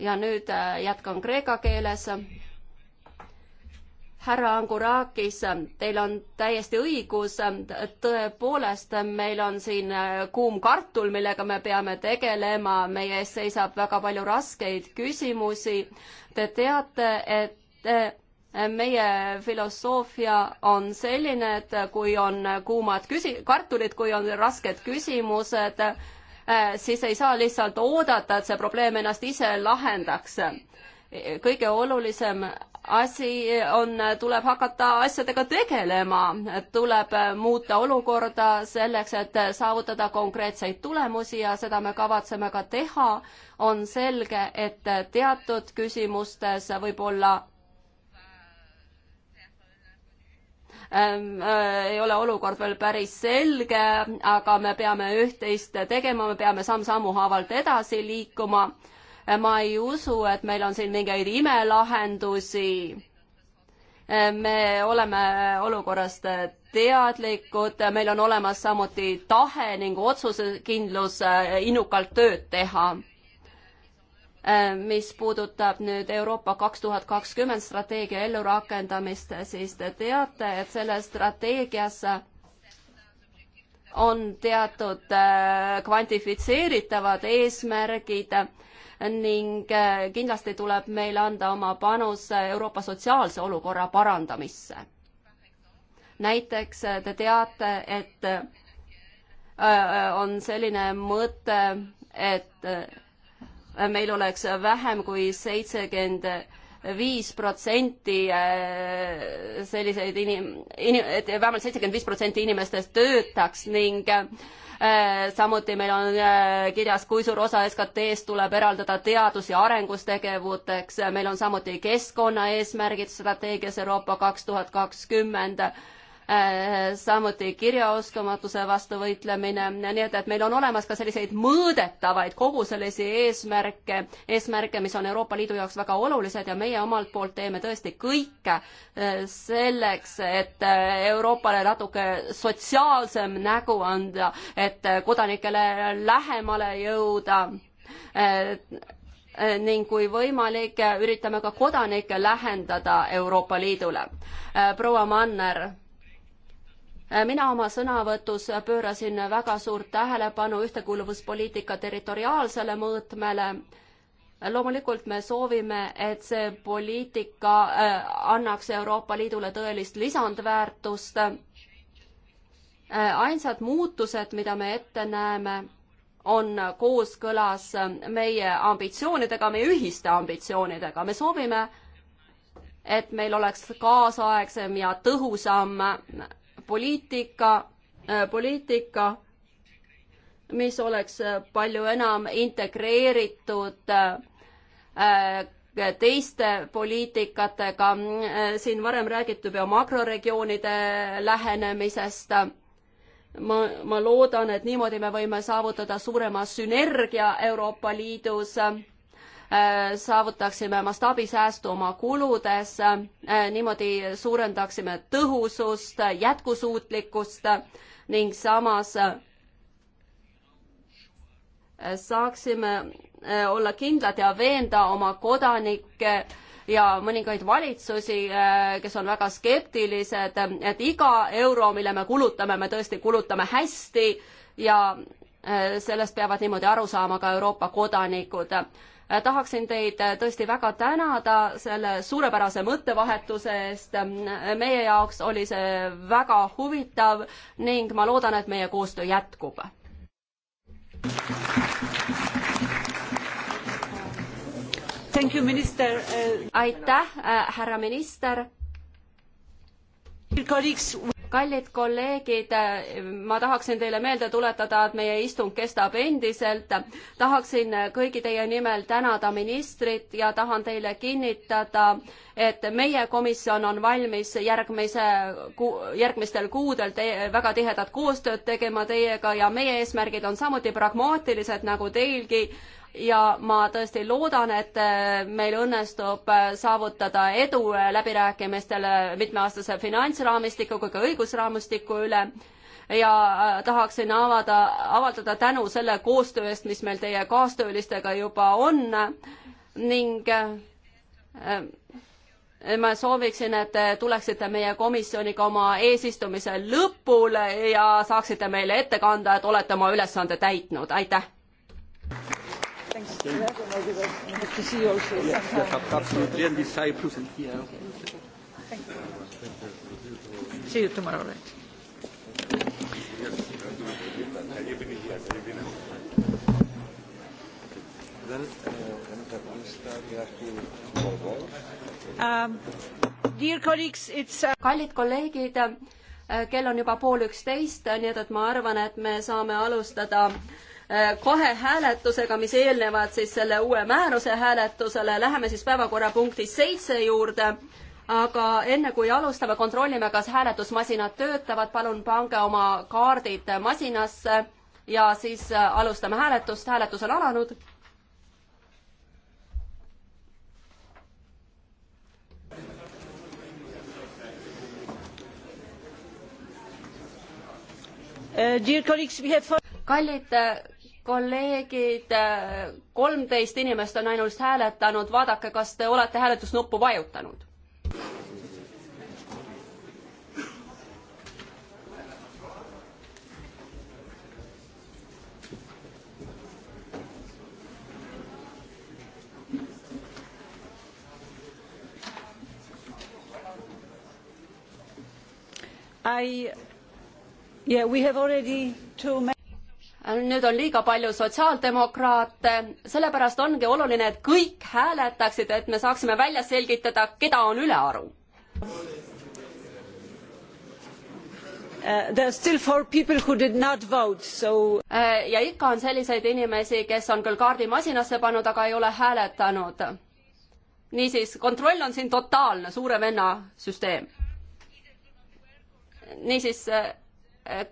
Speaker 2: ja nüüd jätkan kreeka keeles härra Angurakis, teil on täiesti õigus, tõepoolest, meil on siin äh, kuum kartul, millega me peame tegelema, meie ees seisab väga palju raskeid küsimusi. Te teate, et äh, meie filosoofia on selline, et kui on kuumad küsi-, kartulid, kui on rasked küsimused, äh, siis ei saa lihtsalt oodata, et see probleem ennast ise lahendaks kõige olulisem asi on, tuleb hakata asjadega tegelema, tuleb muuta olukorda selleks, et saavutada konkreetseid tulemusi ja seda me kavatseme ka teha. on selge, et teatud küsimustes võib-olla ähm, äh, ei ole olukord veel päris selge, aga me peame üht-teist tegema, me peame samm-sammu haavalt edasi liikuma Äh, ma ei usu, et meil on siin mingeid imelahendusi. Äh, me oleme äh, olukorrast teadlikud, meil on olemas samuti tahe ning otsusekindlus innukalt tööd teha mis puudutab nüüd Euroopa kaks tuhat kakskümmend strateegia ellurakendamist, siis te teate, et selles strateegias on teatud kvantifitseeritavad eesmärgid ning äh, kindlasti tuleb meil anda oma panus äh, Euroopa sotsiaalse olukorra parandamisse. näiteks äh, te teate, et on selline mõte, et meil oleks vähem kui seitsekümmend viis protsenti selliseid inim-, inim-, et vähemalt seitsekümmend viis protsenti inimestest töötaks ning Äh, samuti meil on äh, kirjas, kui suur osa SKT-st tuleb eraldada teadus- ja arengustegevuteks, meil on samuti keskkonnaeesmärgid strateegias Euroopa kaks tuhat kakskümmend Äh, samuti kirjaoskamatuse vastu võitlemine, nii et, et meil on olemas ka selliseid mõõdetavaid kogu sellisi eesmärke, eesmärke, mis on Euroopa Liidu jaoks väga olulised ja meie omalt poolt teeme tõesti kõike äh, selleks, et äh, Euroopale natuke sotsiaalsem nägu anda, et kodanikele lähemale jõuda ning kui võimalik, üritame ka kodanikke lähendada Euroopa Liidule. proua Manner mina oma sõnavõtus pöörasin väga suurt tähelepanu ühtekuuluvuspoliitika territoriaalsele mõõtmele. loomulikult me soovime, et see poliitika äh, annaks Euroopa Liidule tõelist lisandväärtust. Äh, ainsad muutused, mida me ette näeme, on kooskõlas meie ambitsioonidega, meie ühiste ambitsioonidega. me soovime, et meil oleks kaasaegsem ja tõhusam poliitika, äh, poliitika, mis oleks palju enam integreeritud äh, teiste poliitikatega. siin varem räägiti juba makroregioonide lähenemisest. ma, ma loodan, et niimoodi me võime saavutada suurema sünergia Euroopa Liidus. Äh, saavutaksime mastaabisäästu oma kuludes, äh, niimoodi suurendaksime tõhusust, jätkusuutlikkust ning samas äh, saaksime olla kindlad ja veenda oma kodanikke ja mõningaid valitsusi, kes on väga skeptilised, et iga euro, mille me kulutame, me tõesti kulutame hästi ja sellest peavad niimoodi aru saama ka Euroopa kodanikud tahaksin teid äh, tõesti väga tänada selle suurepärase mõttevahetuse eest. meie jaoks oli see väga huvitav ning ma loodan, et meie koostöö jätkub. Thank you, minister. aitäh, äh, härra minister kallid kolleegid, ma tahaksin teile meelde tuletada, et meie istung kestab endiselt. tahaksin kõigi teie nimel tänada ministrit ja tahan teile kinnitada, et meie komisjon on valmis järgmise, järgmistel kuudel te, väga tihedat koostööd tegema teiega ja meie eesmärgid on samuti pragmaatilised nagu teilgi ja ma tõesti loodan, et äh, meil õnnestub äh, saavutada edu äh, läbirääkimistel mitmeaastase finantsraamistiku kui ka õigusraamistiku üle ja tahaksin avada, avaldada tänu selle koostöö eest, mis meil teie kaastöölistega juba on ning ma sooviksin, et te tuleksite meie komisjoniga oma eesistumise lõpul ja saaksite meile ette kanda, et olete oma ülesande täitnud, aitäh!
Speaker 4: Thanks. Thank you. I hope to see you also yes, sometime. Yes, absolutely. And this I approve it here. Thank
Speaker 1: you.
Speaker 4: See you tomorrow, right?
Speaker 2: Um, uh, kallid kolleegid, äh, kell on juba pool üksteist, nii et, et ma arvan, et me saame alustada äh, Äh, kahe hääletusega, mis eelnevad siis selle uue määruse hääletusele. Läheme siis päevakorrapunkti seitse juurde. aga enne kui alustame, kontrollime, kas hääletusmasinad töötavad. palun pange oma kaardid masinasse ja siis äh, alustame hääletust. hääletus on alanud. Äh, kallid kolleegid, kolmteist inimest on ainult hääletanud, vaadake, kas te olete hääletusnuppu vajutanud. I, yeah, we have already two nüüd on liiga palju sotsiaaldemokraate, sellepärast ongi oluline, et kõik hääletaksid, et me saaksime välja selgitada, keda on ülearu uh,. So... Uh, ja ikka on selliseid inimesi, kes on küll kaardi masinasse pannud, aga ei ole hääletanud. niisiis, kontroll on siin totaalne, suure venna süsteem. niisiis uh,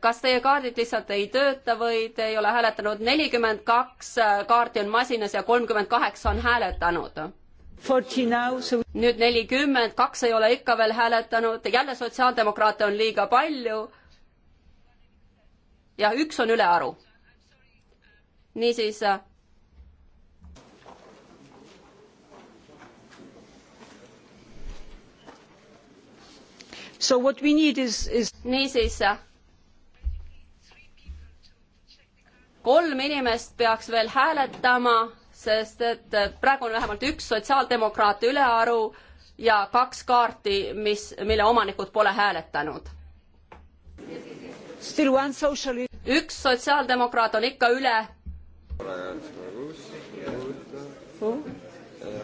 Speaker 2: kas teie kaardid lihtsalt ei tööta või te ei ole hääletanud, nelikümmend kaks kaarti on masinas ja kolmkümmend kaheksa on hääletanud. nüüd nelikümmend, kaks ei ole ikka veel hääletanud, jälle sotsiaaldemokraate on liiga palju. ja üks on ülearu. niisiis. So what we need is, is niisiis kolm inimest peaks veel hääletama, sest et praegu on vähemalt üks sotsiaaldemokraat ülearu ja kaks kaarti, mis, mille omanikud pole hääletanud. üks sotsiaaldemokraat on ikka üle.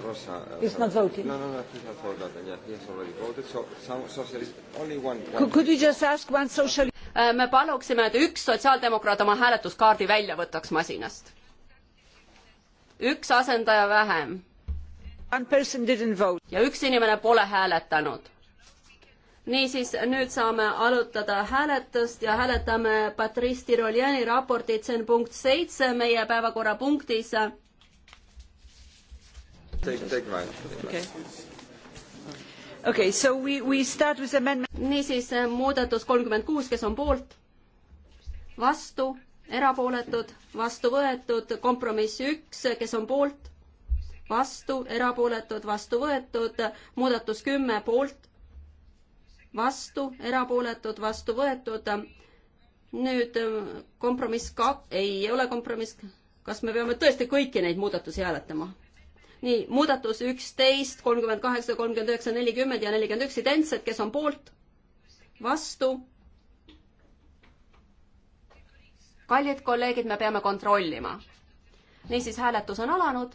Speaker 1: Rosa, uh, it's not voting. No, no, no, he's not forgotten. Yeah, he has already voted. So, some socialist, only one. Could,
Speaker 2: could we just ask one socialist? Äh, me paluksime, et üks sotsiaaldemokraat oma hääletuskaardi välja võtaks masinast. üks asendaja vähem. ja üks inimene pole hääletanud. niisiis, nüüd saame arutada hääletust ja hääletame Patrice Tiroljani raportit, see on punkt seitse meie päevakorrapunktis. Take,
Speaker 4: take mine. Okay
Speaker 2: okay, so we, we start with amendment. niisiis äh, muudatus kolmkümmend kuus, kes on poolt? vastu, erapooletud, vastu võetud, kompromiss üks, kes on poolt? vastu, erapooletud, vastu võetud, muudatus kümme poolt, vastu, erapooletud, vastu võetud. nüüd äh, kompromiss ka-, ei ole kompromiss, kas me peame tõesti kõiki neid muudatusi hääletama? nii, muudatus üksteist, kolmkümmend kaheksa, kolmkümmend üheksa, nelikümmend ja nelikümmend üks identsed, kes on poolt, vastu. kallid kolleegid, me peame kontrollima. niisiis, hääletus on alanud.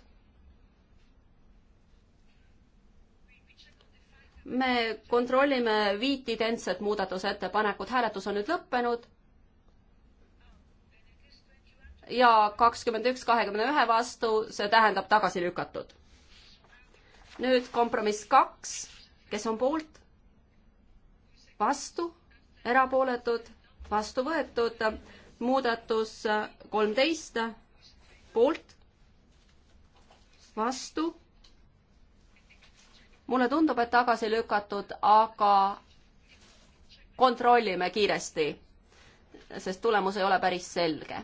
Speaker 2: me kontrollime viit identset muudatusettepanekut, hääletus on nüüd lõppenud ja kakskümmend üks kahekümne ühe vastu, see tähendab tagasi lükatud nüüd kompromiss kaks, kes on poolt, vastu, erapooletud, vastu võetud, muudatus kolmteist, poolt, vastu. mulle tundub, et tagasi lükatud, aga kontrollime kiiresti, sest tulemus ei ole päris selge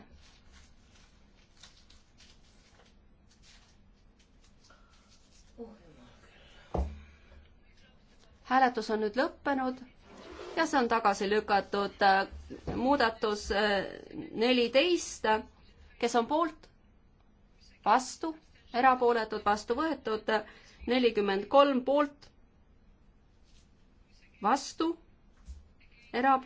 Speaker 2: hääletus on nüüd lõppenud ja see on tagasi lükatud. muudatus äh, neliteist, kes on poolt, vastu, erapooletud, vastu võetud, nelikümmend kolm poolt, vastu, era-,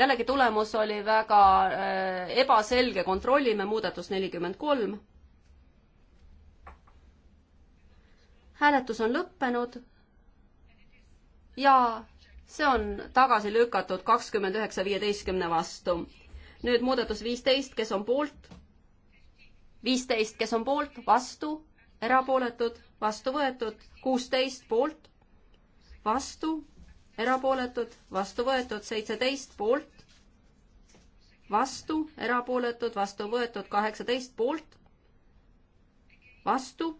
Speaker 2: jällegi tulemus oli väga äh, ebaselge, kontrollime muudatus nelikümmend kolm. hääletus on lõppenud ja see on tagasi lükatud kakskümmend üheksa viieteistkümne vastu. nüüd muudatus viisteist, kes on poolt? viisteist, kes on poolt, vastu, erapooletud, vastu võetud, kuusteist poolt, vastu, erapooletud, vastu võetud, seitseteist poolt, vastu, erapooletud, vastu võetud, kaheksateist poolt, vastu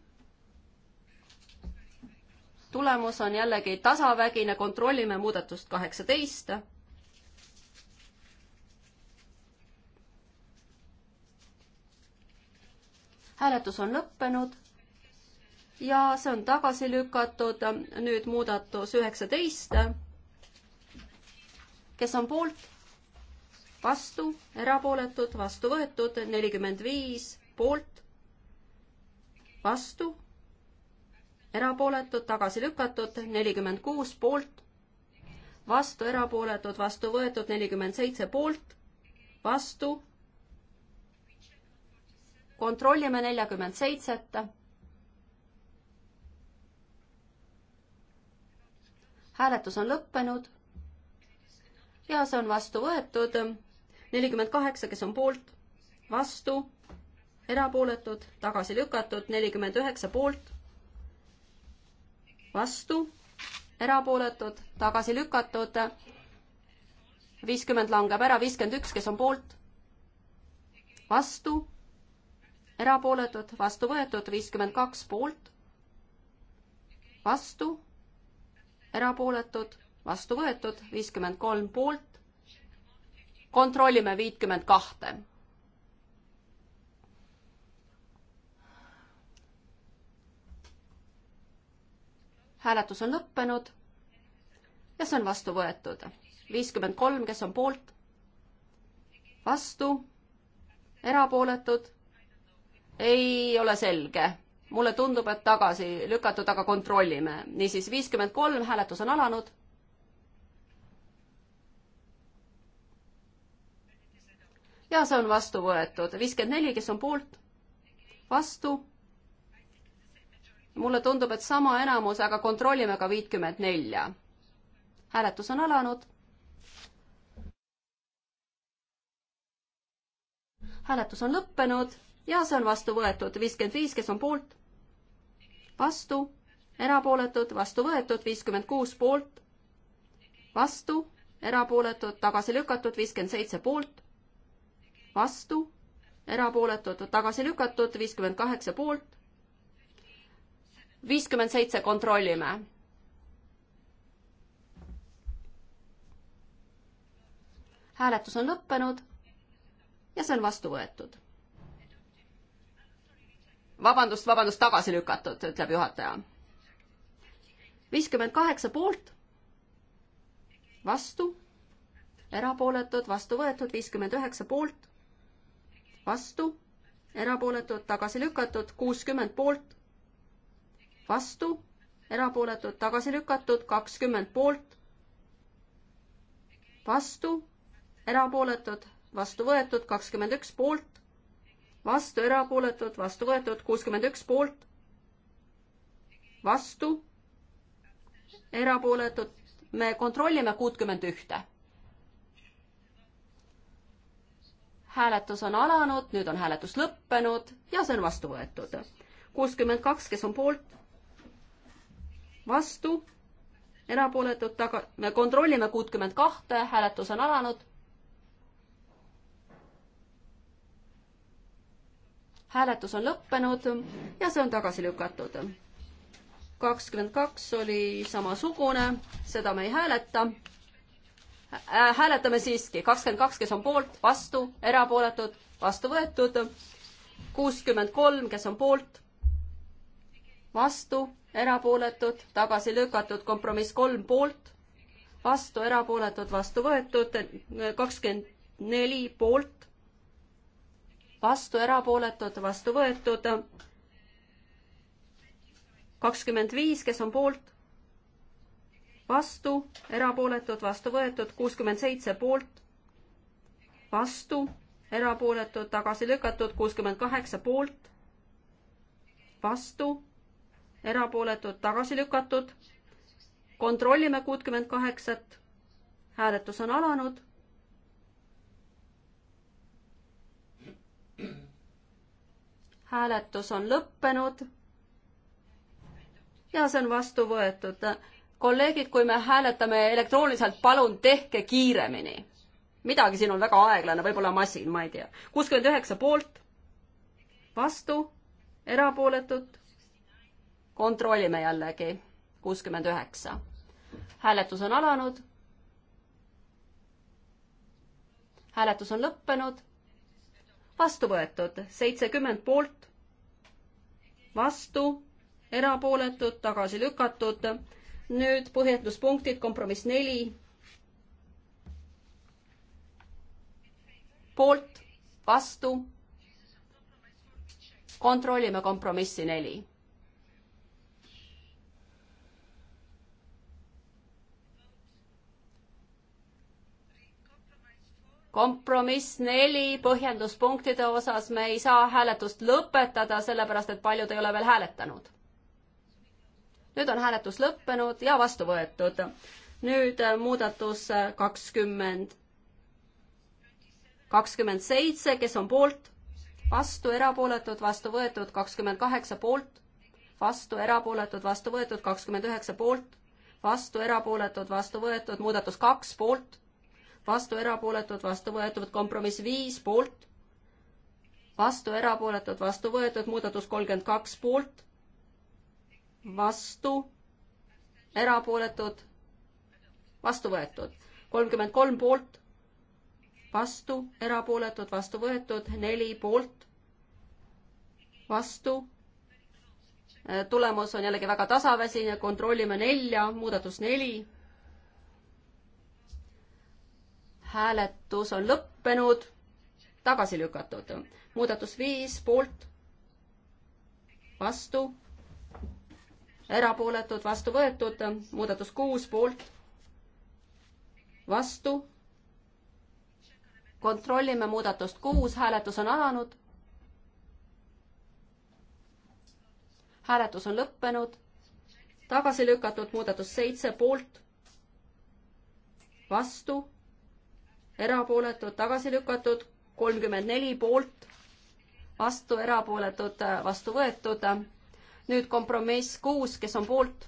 Speaker 2: tulemus on jällegi tasavägine, kontrollime muudatust kaheksateist. hääletus on lõppenud ja see on tagasi lükatud, nüüd muudatus üheksateist. kes on poolt? vastu, erapooletud, vastu võetud, nelikümmend viis poolt, vastu erapooletud, tagasi lükatud, nelikümmend kuus poolt, vastu erapooletud, vastu võetud, nelikümmend seitse poolt, vastu. kontrollime neljakümmend seitset. hääletus on lõppenud ja see on vastu võetud. nelikümmend kaheksa, kes on poolt, vastu, erapooletud, tagasi lükatud, nelikümmend üheksa poolt vastu, erapooletud, tagasi lükatud, viiskümmend langeb ära, viiskümmend üks, kes on poolt, vastu, erapooletud, vastu võetud, viiskümmend kaks poolt, vastu, erapooletud, vastu võetud, viiskümmend kolm poolt, kontrollime viitkümmend kahte hääletus on lõppenud ja see on vastu võetud. viiskümmend kolm, kes on poolt, vastu, erapooletud, ei ole selge. mulle tundub, et tagasi lükatud, aga kontrollime. niisiis, viiskümmend kolm, hääletus on alanud. ja see on vastu võetud. viiskümmend neli, kes on poolt, vastu mulle tundub, et sama enamus, aga kontrollime ka viitkümmet nelja. hääletus on alanud. hääletus on lõppenud ja see on vastu võetud viiskümmend viis, kes on poolt, vastu, erapooletud, vastu võetud, viiskümmend kuus poolt, vastu, erapooletud, tagasi lükatud, viiskümmend seitse poolt, vastu, erapooletud, tagasi lükatud, viiskümmend kaheksa poolt viiskümmend seitse kontrollime. hääletus on lõppenud ja see on vastu võetud. vabandust, vabandust, tagasi lükatud, ütleb juhataja. viiskümmend kaheksa poolt, vastu, erapooletud, vastu võetud, viiskümmend üheksa poolt, vastu, erapooletud, tagasi lükatud, kuuskümmend poolt vastu, erapooletud, tagasi lükatud, kakskümmend poolt, vastu, erapooletud, vastu võetud, kakskümmend üks poolt, vastu, erapooletud, vastu võetud, kuuskümmend üks poolt, vastu, erapooletud, me kontrollime kuutkümmend ühte. hääletus on alanud, nüüd on hääletus lõppenud ja see on vastu võetud. kuuskümmend kaks, kes on poolt vastu, erapooletud taga, me kontrollime kuutkümmend kahte, hääletus on alanud. hääletus on lõppenud ja see on tagasi lükatud. kakskümmend kaks oli samasugune, seda me ei hääleta. hääletame siiski, kakskümmend kaks, kes on poolt, vastu, erapooletud, vastu võetud. kuuskümmend kolm, kes on poolt, vastu erapooletud, tagasi lükatud, kompromiss kolm poolt, vastu erapooletud, vastu võetud, kakskümmend neli poolt, vastu erapooletud, vastu võetud, kakskümmend viis, kes on poolt, vastu, erapooletud, vastu võetud, kuuskümmend seitse poolt, vastu, erapooletud, tagasi lükatud, kuuskümmend kaheksa poolt, vastu erapooletud, tagasi lükatud. kontrollime kuutkümmend kaheksat. hääletus on alanud. hääletus on lõppenud. ja see on vastu võetud. kolleegid, kui me hääletame elektrooniliselt, palun tehke kiiremini. midagi siin on väga aeglane, võib-olla masin, ma ei tea. kuuskümmend üheksa poolt, vastu, erapooletud kontrollime jällegi, kuuskümmend üheksa. hääletus on alanud. hääletus on lõppenud. vastu võetud seitsekümmend poolt, vastu, erapooletud, tagasi lükatud. nüüd põhjenduspunktid, kompromiss neli. poolt, vastu kontrollime kompromissi neli. kompromiss neli põhjenduspunktide osas me ei saa hääletust lõpetada, sellepärast et paljud ei ole veel hääletanud. nüüd on hääletus lõppenud ja vastu võetud. nüüd äh, muudatus äh, kakskümmend, kakskümmend seitse, kes on poolt, vastu, erapooletud, vastu võetud, kakskümmend kaheksa poolt, vastu, erapooletud, vastu võetud, kakskümmend üheksa poolt, vastu, erapooletud, vastu võetud, muudatus kaks poolt vastu erapooletud, vastu võetud, kompromiss viis poolt, vastu erapooletud, vastu võetud, muudatus kolmkümmend kaks poolt, vastu erapooletud, vastu võetud, kolmkümmend kolm poolt, vastu erapooletud, vastu võetud, neli poolt, vastu tulemus on jällegi väga tasaväsine, kontrollime nelja, muudatus neli. hääletus on lõppenud, tagasi lükatud. muudatus viis poolt, vastu, erapooletud, vastu võetud, muudatus kuus poolt, vastu. kontrollime muudatust kuus, hääletus on alanud. hääletus on lõppenud, tagasi lükatud muudatus seitse poolt, vastu erapooletud, tagasi lükatud, kolmkümmend neli poolt, vastu, erapooletud, vastu võetud. nüüd kompromiss kuus, kes on poolt,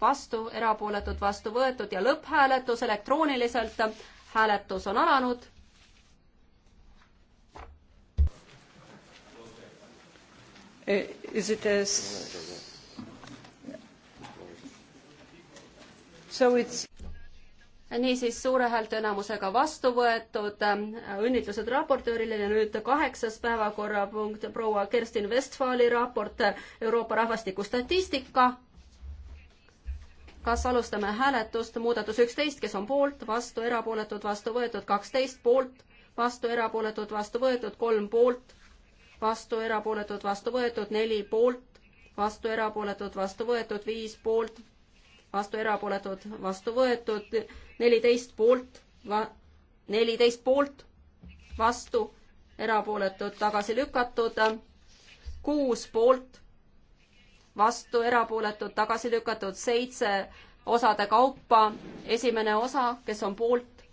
Speaker 2: vastu, erapooletud, vastu võetud ja lõpphääletus elektrooniliselt. hääletus on alanud. Eh, is it as So it's niisiis suure häälteenamusega vastu võetud. Äh, õnnitlused raportöörile ja nüüd kaheksas päevakorrapunkt, proua Kerstin Westfali raport äh, Euroopa rahvastikustatistika. kas alustame hääletust, muudatus üksteist, kes on poolt, vastu, erapooletud, vastu võetud, kaksteist poolt, vastu, erapooletud, vastu võetud, kolm poolt, vastu, erapooletud, vastu võetud, neli poolt, vastu, erapooletud, vastu võetud, viis poolt vastu erapooletud, vastu võetud, neliteist poolt, neliteist poolt, vastu erapooletud, tagasi lükatud, kuus poolt, vastu erapooletud, tagasi lükatud, seitse osade kaupa, esimene osa, kes on poolt,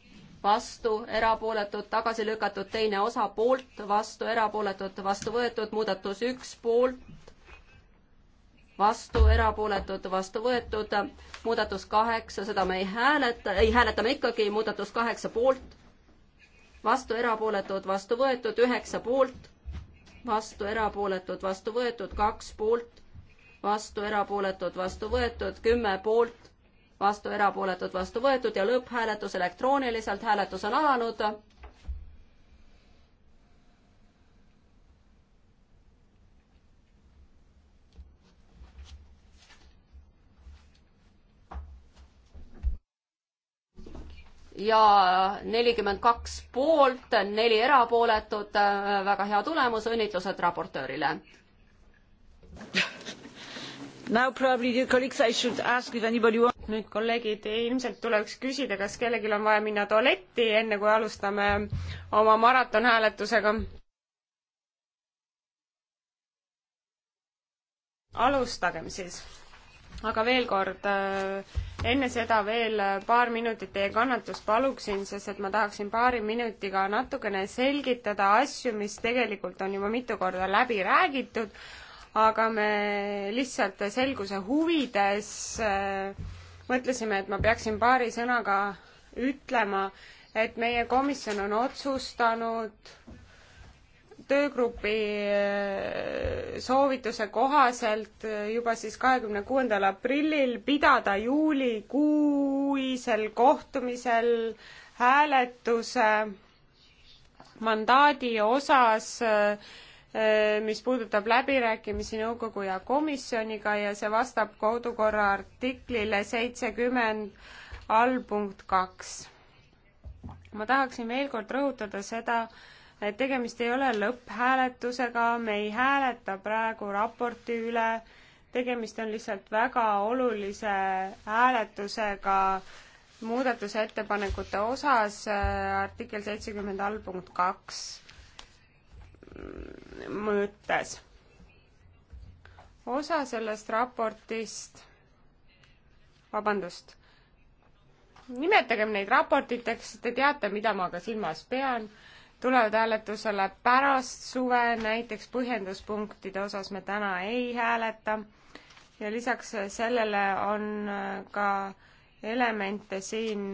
Speaker 2: vastu, erapooletud, tagasi lükatud, teine osa poolt, vastu, erapooletud, vastu võetud, muudatus üks poolt, vastu, erapooletud, vastu võetud, muudatus kaheksa, seda me ei hääleta, ei hääletame ikkagi, muudatus kaheksa poolt, vastu erapooletud, vastu võetud, üheksa poolt, vastu erapooletud, vastu võetud, kaks poolt, vastu erapooletud, vastu võetud, kümme poolt, vastu erapooletud, vastu võetud ja lõpphääletus elektrooniliselt, hääletus on alanud ja nelikümmend kaks poolt, neli erapooletut, väga hea tulemus, õnnitlused raportöörile.
Speaker 5: nüüd kolleegid, ilmselt tuleks küsida, kas kellelgi on vaja minna tualetti, enne kui alustame oma maratonhääletusega. alustagem siis, aga veel kord äh, enne seda veel paar minutit teie kannatust paluksin, sest et ma tahaksin paari minutiga natukene selgitada asju, mis tegelikult on juba mitu korda läbi räägitud, aga me lihtsalt selguse huvides äh, mõtlesime, et ma peaksin paari sõnaga ütlema, et meie komisjon on otsustanud töögrupi äh, soovituse kohaselt äh, juba siis kahekümne kuuendal aprillil pidada juulikuisel kohtumisel hääletuse mandaadi osas, äh, mis puudutab läbirääkimisi nõukogu ja komisjoniga ja see vastab kodukorra artiklile seitsekümmend allpunkt kaks. ma tahaksin veel kord rõhutada seda, et tegemist ei ole lõpphääletusega, me ei hääleta praegu raporti üle, tegemist on lihtsalt väga olulise hääletusega muudatusettepanekute osas äh, artikkel seitsekümmend all punkt kaks mm, mõttes. osa sellest raportist, vabandust, nimetagem neid raportiteks, te teate, mida ma ka silmas pean tulevad hääletusele pärast suve, näiteks põhjenduspunktide osas me täna ei hääleta ja lisaks sellele on ka elemente siin,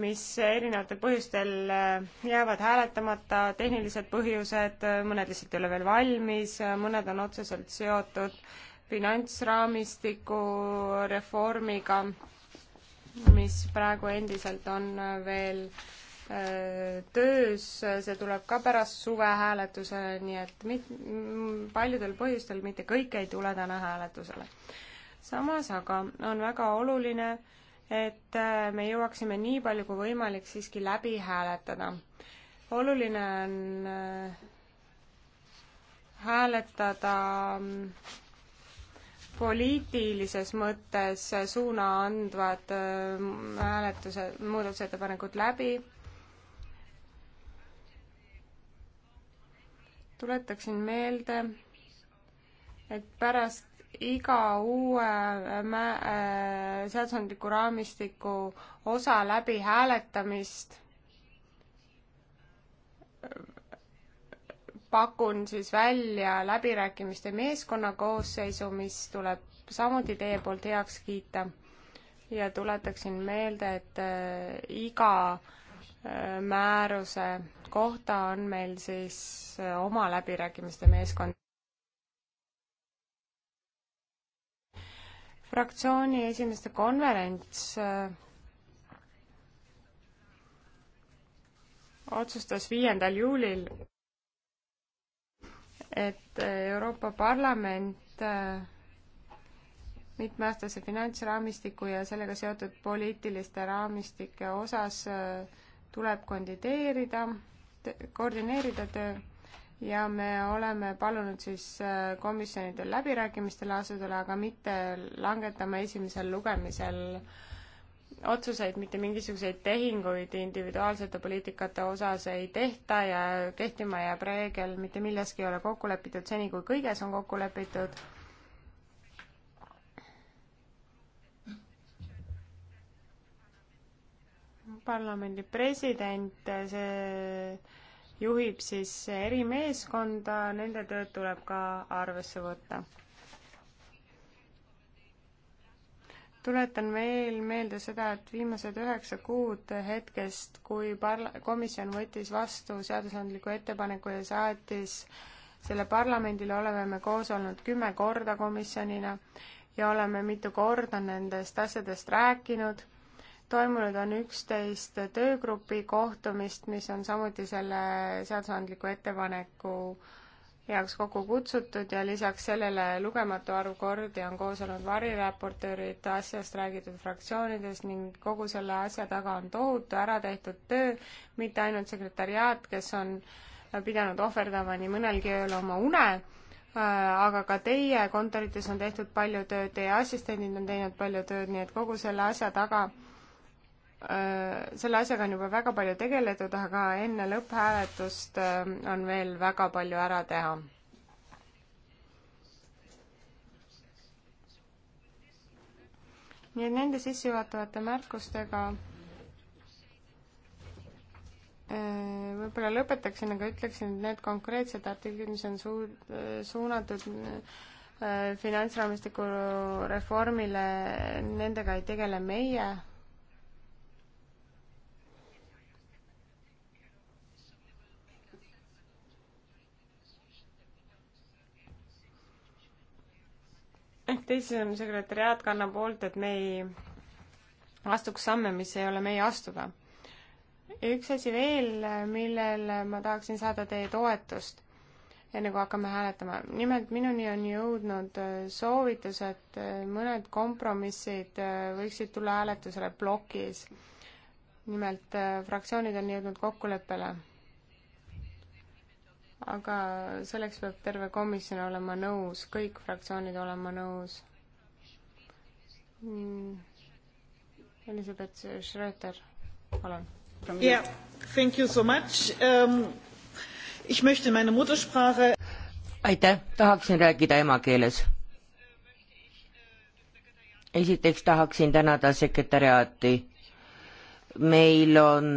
Speaker 5: mis erinevatel põhjustel jäävad hääletamata, tehnilised põhjused, mõned lihtsalt ei ole veel valmis, mõned on otseselt seotud finantsraamistiku reformiga, mis praegu endiselt on veel äh, Äh, töös, äh, see tuleb ka pärast suve hääletusele, nii et mit-, paljudel põhjustel mitte kõik ei tule täna hääletusele. samas aga on väga oluline, et äh, me jõuaksime nii palju kui võimalik siiski läbi hääletada. oluline on hääletada mm, poliitilises mõttes suuna andvad hääletuse, muudatusettepanekud läbi tuletaksin meelde, et pärast iga uue mä-, äh, seadusandliku raamistiku osa läbi hääletamist pakun siis välja läbirääkimiste meeskonna koosseisu, mis tuleb samuti teie poolt heaks kiita. ja tuletaksin meelde, et äh, iga äh, määruse kohta on meil siis äh, oma läbirääkimiste meeskond. fraktsiooni esimeste konverents äh, otsustas viiendal juulil, et äh, Euroopa Parlament mitmeaastase finantsraamistiku ja sellega seotud poliitiliste raamistike osas tuleb kandideerida koordineerida töö ja me oleme palunud siis äh, komisjonidel läbirääkimistele asuda, aga mitte langetama esimesel lugemisel otsuseid, mitte mingisuguseid tehinguid individuaalsete poliitikate osas ei tehta ja kehtima jääb reegel, mitte milleski ei ole kokku lepitud, seni kui kõiges on kokku lepitud parlamendi president, see juhib siis erimeeskonda, nende tööd tuleb ka arvesse võtta. tuletan veel meelde seda, et viimased üheksa kuud hetkest, kui parla-, komisjon võttis vastu seadusandliku ettepaneku ja saatis selle parlamendile, oleme me koos olnud kümme korda komisjonina ja oleme mitu korda nendest asjadest rääkinud toimunud on üksteist töögrupi kohtumist, mis on samuti selle seadusandliku ettepaneku heaks kokku kutsutud ja lisaks sellele lugematu arv kordi on koos olnud variraportöörid, asjast räägitud fraktsioonides ning kogu selle asja taga on tohutu ära tehtud töö, mitte ainult sekretäriaat, kes on pidanud ohverdama nii mõnelgi ööl oma une, äh, aga ka teie kontorites on tehtud palju tööd, teie assistendid on teinud palju tööd, nii et kogu selle asja taga Äh, selle asjaga on juba väga palju tegeletud, aga enne lõpphääletust äh, on veel väga palju ära teha. nii et nende sissejuhatavate märkustega äh, võib-olla lõpetaksin, aga ütleksin, et need konkreetsed artiklid, mis on suu-, suunatud finantsraamistiku reformile, nendega ei tegele meie ehk teisisõnu, sekretäriaat kannab hoolt, et me ei astuks samme, mis ei ole meie astuda. ja üks asi veel, millele ma tahaksin saada teie toetust, enne kui hakkame hääletama. nimelt minuni on jõudnud äh, soovitus, et äh, mõned kompromissid äh, võiksid tulla hääletusele plokis. nimelt fraktsioonid on jõudnud kokkuleppele aga selleks peab terve komisjon olema nõus, kõik fraktsioonid olema nõus mm.. Elizabeth Schröter, palun. Yeah,
Speaker 4: thank you so much um,. Ich möchte meine
Speaker 3: Muttersprache aitäh, tahaksin rääkida emakeeles. esiteks tahaksin tänada sekretäriaati. meil on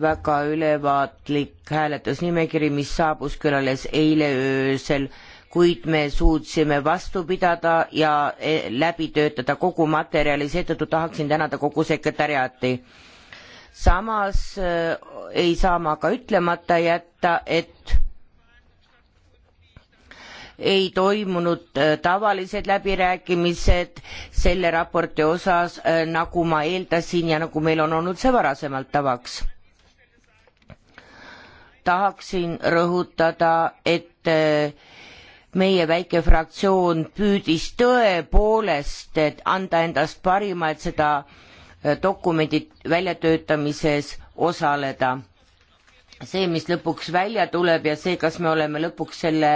Speaker 3: väga ülevaatlik hääletusnimekiri, mis saabus küll alles eile öösel, kuid me suutsime vastu pidada ja e, läbi töötada kogu materjali, seetõttu tahaksin tänada kogu sekretäriaati. samas e, ei saa ma ka ütlemata jätta, et ei toimunud e, tavalised läbirääkimised selle raporti osas, nagu ma eeldasin ja nagu meil on olnud see varasemalt tavaks tahaksin rõhutada, et äh, meie väike fraktsioon püüdis tõepoolest anda endast parima, et seda äh, dokumendi väljatöötamises osaleda. see, mis lõpuks välja tuleb ja see, kas me oleme lõpuks selle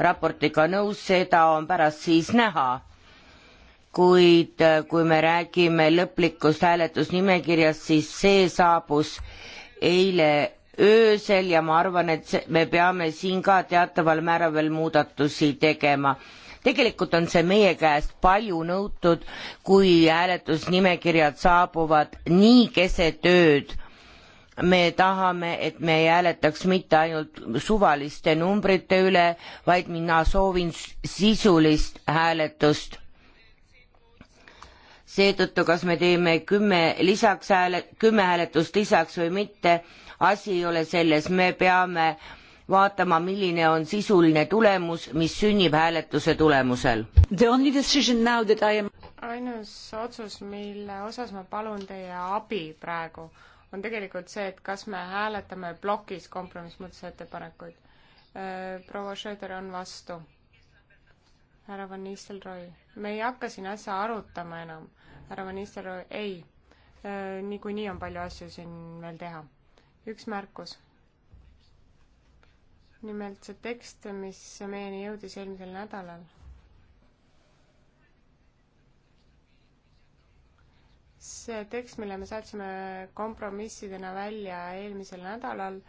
Speaker 3: raportiga nõus, seda on pärast siis näha kuid äh, kui me räägime lõplikust hääletusnimekirjast, siis see saabus eile öösel ja ma arvan, et see, me peame siin ka teataval määral veel muudatusi tegema tegelikult on see meie käest palju nõutud, kui hääletusnimekirjad saabuvad nii keset ööd. me tahame, et me ei hääletaks mitte ainult suvaliste numbrite üle, vaid mina soovin sisulist hääletust seetõttu, kas me teeme kümme lisaks hääle, kümme hääletust lisaks või mitte asi ei ole selles, me peame vaatama, milline on sisuline tulemus, mis sünnib hääletuse tulemusel. Am...
Speaker 5: ainus otsus, mille osas ma palun teie abi praegu, on tegelikult see, et kas me hääletame plokis kompromissmuudatusettepanekuid. Äh, proua Schröder on vastu. härra Van Nistelrooy, me ei hakka siin asja arutama enam. härra Van Nistelrooy, ei. Äh, niikuinii on palju asju siin veel teha üks märkus. nimelt see tekst, mis meieni jõudis eelmisel nädalal. see tekst, mille me saatsime kompromissidena välja eelmisel nädalal,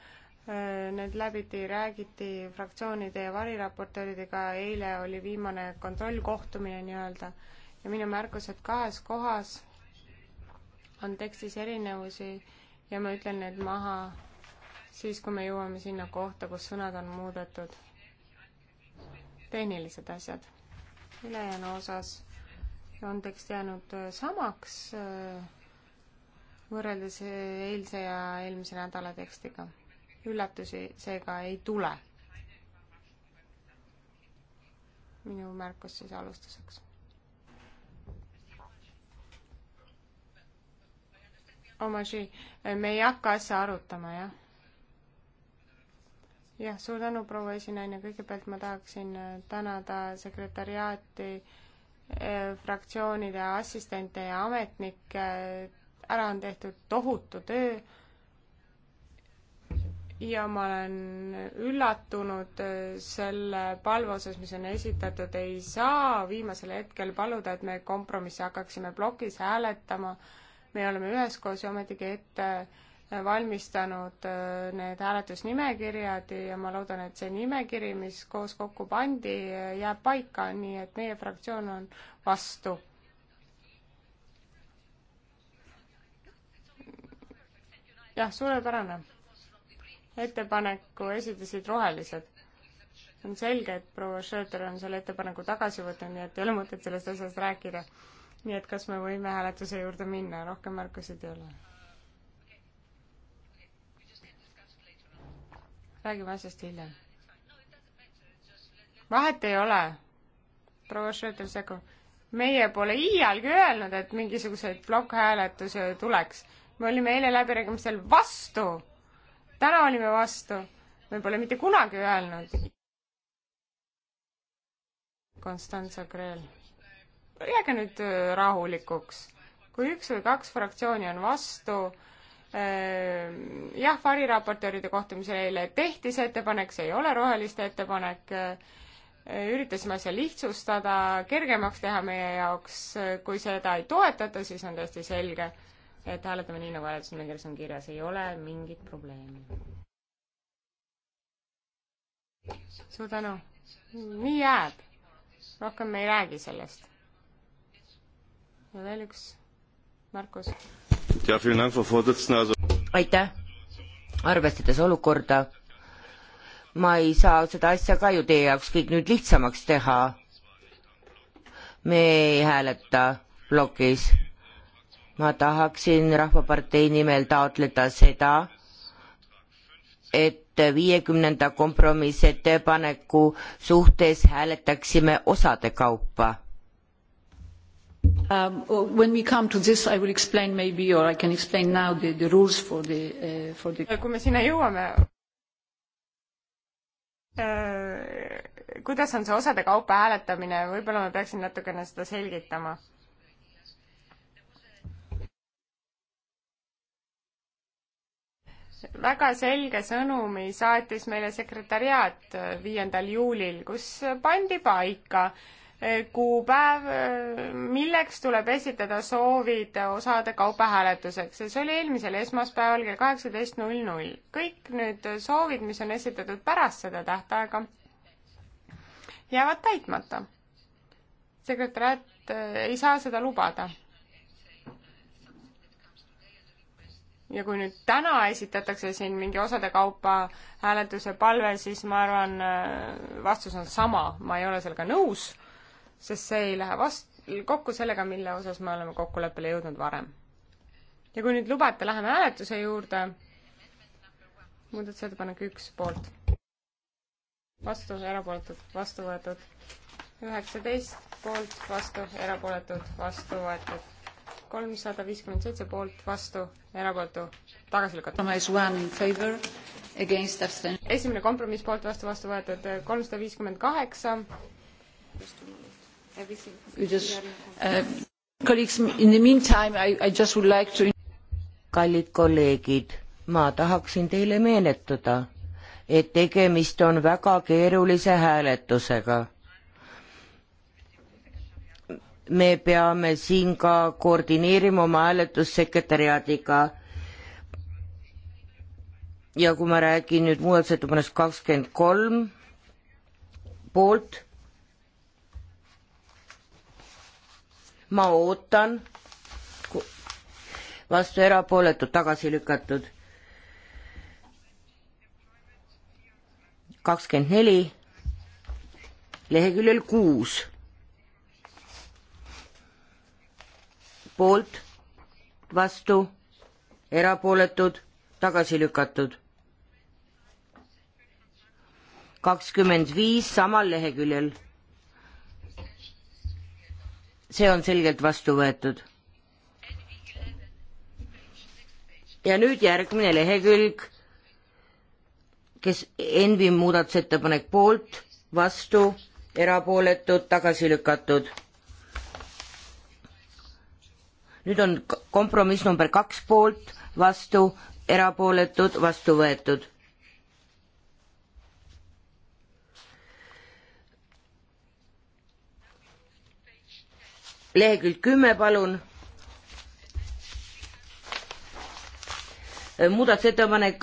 Speaker 5: eh, Need läbiti, räägiti fraktsioonide ja variraportööridega, eile oli viimane kontrollkohtumine nii-öelda ja minu märkus, et kahes kohas on tekstis erinevusi ja ma ütlen need maha siis, kui me jõuame sinna kohta, kus sõnad on muudetud. tehnilised asjad. ülejäänu osas on tekst jäänud äh, samaks äh, võrreldes äh, eilse ja eelmise nädala tekstiga. üllatusi seega ei tule. minu märkus siis alustuseks Omaži, me ei hakka asja arutama, jah? jah, suur tänu, proua esinaine, kõigepealt ma tahaksin äh, tänada sekretäriaati äh, fraktsioonide assistente ja ametnikke, ära on tehtud tohutu töö ja ma olen üllatunud äh, selle palve osas, mis on esitatud, ei saa viimasel hetkel paluda, et me kompromisse hakkaksime plokis hääletama äh, me oleme üheskoos ju ometigi ette äh, valmistanud äh, need hääletusnimekirjad ja ma loodan, et see nimekiri, mis koos kokku pandi, äh, jääb paika, nii et meie fraktsioon on vastu jah, suurepärane. ettepaneku esitasid rohelised. on selge, et proua Schröter on selle ettepaneku tagasi võtnud, nii et ei ole mõtet sellest asjast rääkida nii et kas me võime hääletuse juurde minna, rohkem märkusi ei ole. räägime asjast hiljem. vahet ei ole, proua Schröter segu. meie pole iialgi öelnud, et mingisuguseid plokkhääletusi tuleks. me olime eile läbirääkimistel vastu. täna olime vastu. me pole mitte kunagi öelnud. Konstantse Kreel jääge nüüd äh, rahulikuks. kui üks või kaks fraktsiooni on vastu, äh, jah, variraportööride kohtumisel eile tehti see ettepanek, see ei ole roheliste ettepanek, äh, üritasime asja lihtsustada, kergemaks teha meie jaoks, kui seda ei toetata, siis on täiesti selge, et hääletame nii, nagu hääletusnimekirjas on kirjas, ei ole mingit probleemi. suur tänu. nii jääb. rohkem me ei räägi sellest ja veel üks märkus.
Speaker 3: aitäh, arvestades olukorda, ma ei saa seda asja ka ju teie jaoks kõik nüüd lihtsamaks teha. me ei hääleta plokis. ma tahaksin Rahvapartei nimel taotleda seda, et viiekümnenda kompromissettepaneku suhtes hääletaksime osade kaupa
Speaker 4: Um, when we come to this, I will explain maybe or I can explain now the, the
Speaker 5: rules for the uh,, for the. kui me sinna jõuame äh,. kuidas on see osade kaupa hääletamine, võib-olla ma peaksin natukene seda selgitama väga selge sõnumi saatis meile sekretariaat äh, viiendal juulil, kus pandi paika äh, kuupäev, milleks tuleb esitada soovid osade kaupa hääletuseks ja see oli eelmisel esmaspäeval kell kaheksateist null null. kõik nüüd soovid, mis on esitatud pärast seda tähtaega, jäävad täitmata. sekretäriat äh, ei saa seda lubada. ja kui nüüd täna esitatakse siin mingi osade kaupa hääletuse palve, siis ma arvan, äh, vastus on sama, ma ei ole sellega nõus sest see ei lähe vast-, kokku sellega, mille osas me oleme kokkuleppele jõudnud varem. ja kui nüüd lubate, läheme hääletuse juurde. muudatusettepanek üks poolt. vastu, erapooletud, vastu võetud. üheksateist poolt, vastu, erapooletud, vastu võetud. kolmsada viiskümmend seitse poolt, vastu, erapooletu, tagasi lükatud. esimene kompromiss poolt, vastu, vastu võetud. kolmsada viiskümmend kaheksa Uh,
Speaker 3: kallid kolleegid, ma tahaksin teile meenutada, et tegemist on väga keerulise hääletusega. me peame siin ka koordineerima oma hääletussekretäriaadiga ja kui ma räägin nüüd muudatusettepanekust kakskümmend kolm poolt, ma ootan vastu erapooletud tagasi lükatud. kakskümmend neli, leheküljel kuus. poolt, vastu, erapooletud, tagasi lükatud. kakskümmend viis samal leheküljel see on selgelt vastu võetud. ja nüüd järgmine lehekülg, kes Envi muudatusettepanek poolt, vastu, erapooletud, tagasi lükatud. nüüd on kompromiss number kaks poolt, vastu, erapooletud, vastu võetud lehekülg kümme, palun. muudatusettepanek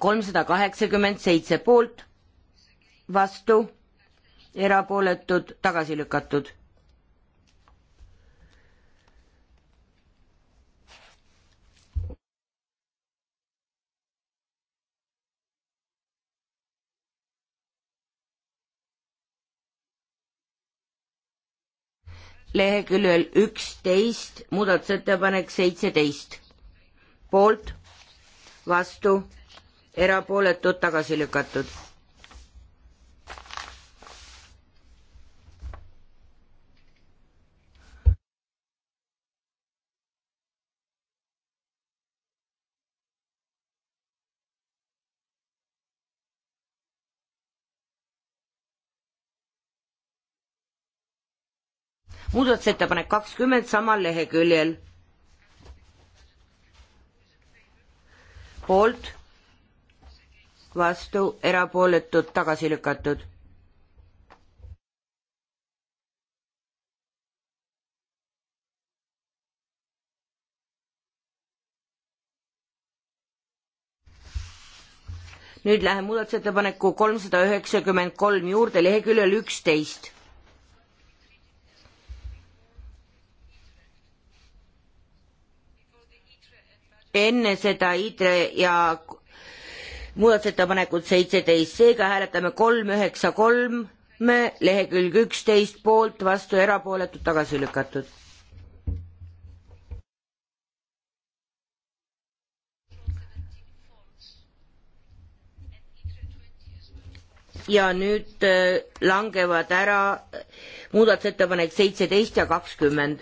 Speaker 3: kolmsada kaheksakümmend seitse poolt, vastu, erapooletud, tagasi lükatud. leheküljel üksteist, muudatusettepanek seitseteist. poolt, vastu, erapooletud, tagasi lükatud muudatusettepanek kakskümmend samal leheküljel. poolt, vastu, erapooletud, tagasi lükatud. nüüd läheme muudatusettepaneku kolmsada üheksakümmend kolm juurde leheküljel üksteist enne seda IDRE ja muudatusettepanekut seitseteist, seega hääletame kolm üheksa kolme lehekülg üksteist poolt, vastu erapooletud, tagasi lükatud. ja nüüd äh, langevad ära äh, muudatusettepanek seitseteist ja kakskümmend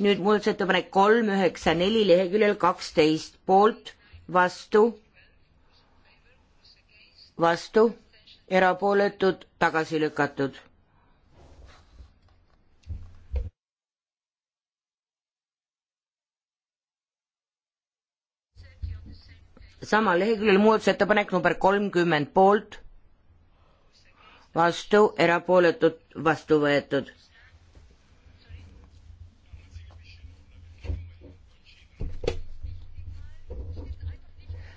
Speaker 3: nüüd muudatusettepanek kolm üheksa neli leheküljel kaksteist poolt, vastu, vastu, erapooletud, tagasi lükatud. samal leheküljel muudatusettepanek number kolmkümmend poolt, vastu, erapooletud, vastu võetud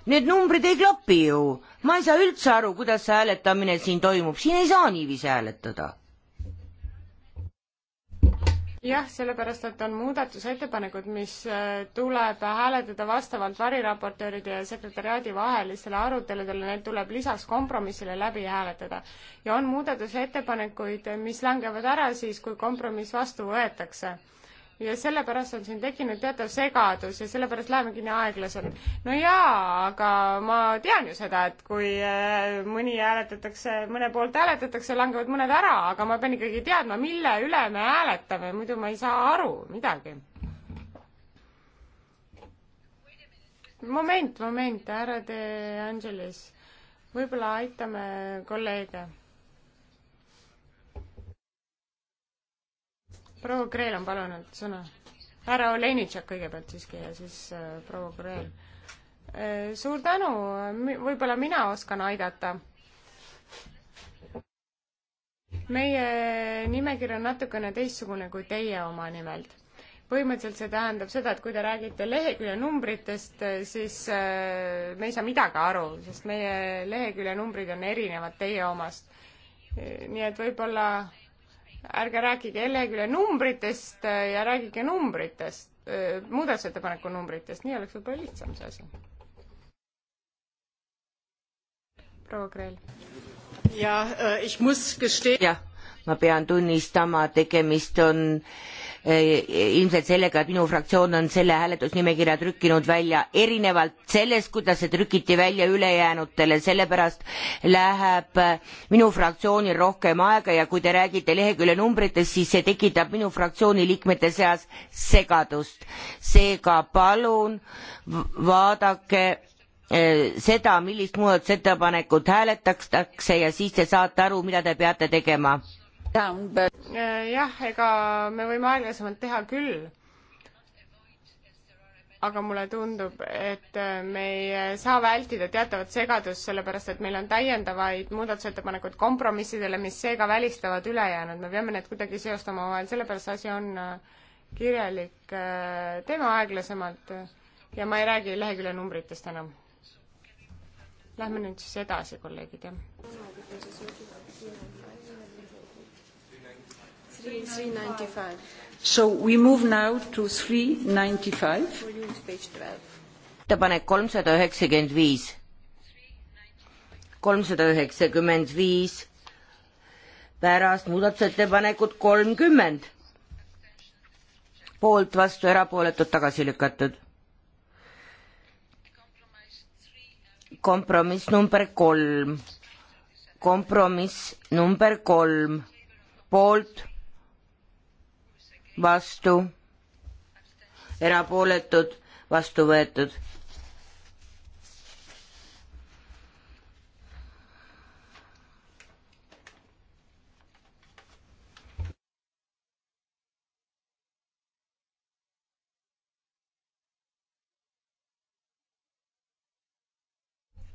Speaker 3: Need numbrid ei klapi ju. ma ei saa üldse aru, kuidas see hääletamine siin toimub, siin ei saa niiviisi hääletada.
Speaker 5: jah, sellepärast, et on muudatusettepanekud, mis äh, tuleb hääletada vastavalt variraportööride ja sekretäriaadi vahelistele aruteludele, need tuleb lisaks kompromissile läbi hääletada. ja on muudatusettepanekuid, mis langevad ära siis, kui kompromiss vastu võetakse ja sellepärast on siin tekkinud teatav segadus ja sellepärast lähemegi nii aeglaselt. no jaa, aga ma tean ju seda, et kui äh, mõni hääletatakse, mõne poolt hääletatakse, langevad mõned ära, aga ma pean ikkagi teadma, mille üle me hääletame, muidu ma ei saa aru midagi. moment, moment, härra De Angelis, võib-olla aitame kolleege proua Kreel on palunud sõna. härra Olenitšak kõigepealt siiski ja siis äh, proua Kreel. Äh, suur tänu, võib-olla mina oskan aidata. meie nimekiri on natukene teistsugune kui teie oma nimelt. põhimõtteliselt see tähendab seda, et kui te räägite lehekülje numbritest, äh, siis me ei saa midagi aru, sest meie lehekülje numbrid on erinevad teie omast. nii et võib-olla ärge rääkige lehekülje numbritest äh, ja rääkige numbritest, äh, muudatusettepaneku numbritest, nii oleks võib-olla lihtsam see asi. proua Kreel. jah, äh,
Speaker 3: ma pean tunnistama, tegemist on äh, Eh, ilmselt sellega, et minu fraktsioon on selle hääletusnimekirja trükkinud välja erinevalt sellest, kuidas see trükiti välja ülejäänutele, sellepärast läheb eh, minu fraktsioonil rohkem aega ja kui te räägite lehekülje numbritest, siis see tekitab minu fraktsiooni liikmete seas segadust. seega palun vaadake eh, seda, millist muudatusettepanekut hääletatakse ja siis te saate aru, mida te peate tegema
Speaker 5: Eh, jah, ega me võime aeglasemalt teha küll. aga mulle tundub, et eh, me ei saa vältida teatavat segadust, sellepärast et meil on täiendavaid muudatusettepanekuid kompromissidele, mis seega välistavad ülejäänud, me peame need kuidagi seostama omavahel, sellepärast asi on eh, kirjalik, teeme aeglasemalt ja ma ei räägi lehekülje numbritest enam. Lähme nüüd siis edasi, kolleegid, jah. 395.
Speaker 3: So we move now to 395. ettepanek kolmsada üheksakümmend viis. kolmsada üheksakümmend viis pärast muudatusettepanekut kolmkümmend. poolt, vastu, erapooletud, tagasi lükatud. kompromiss number kolm kompromiss number kolm poolt vastu, erapooletud, vastu võetud.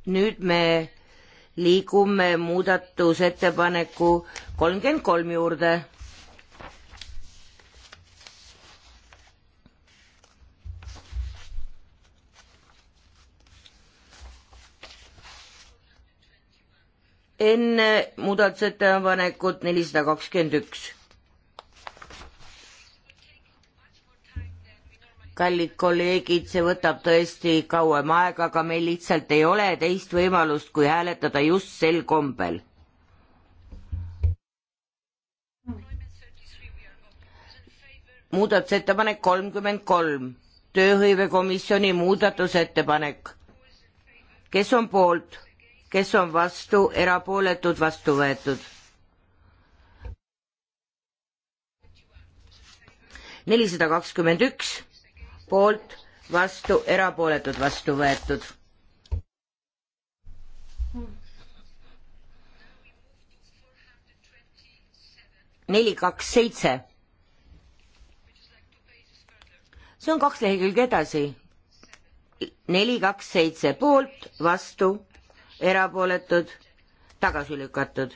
Speaker 3: nüüd me liigume muudatusettepaneku kolmkümmend kolm juurde enne muudatusettepanekut nelisada kakskümmend üks. kallid kolleegid, see võtab tõesti kauem aega, aga meil lihtsalt ei ole teist võimalust, kui hääletada just sel kombel. muudatusettepanek kolmkümmend kolm, tööhõivekomisjoni muudatusettepanek. kes on poolt? kes on vastu, erapooletud, vastu võetud. nelisada kakskümmend üks poolt, vastu, erapooletud, vastu võetud. neli, kaks, seitse. see on kaks lehekülge edasi. neli, kaks, seitse poolt, vastu erapooletud, tagasi lükatud.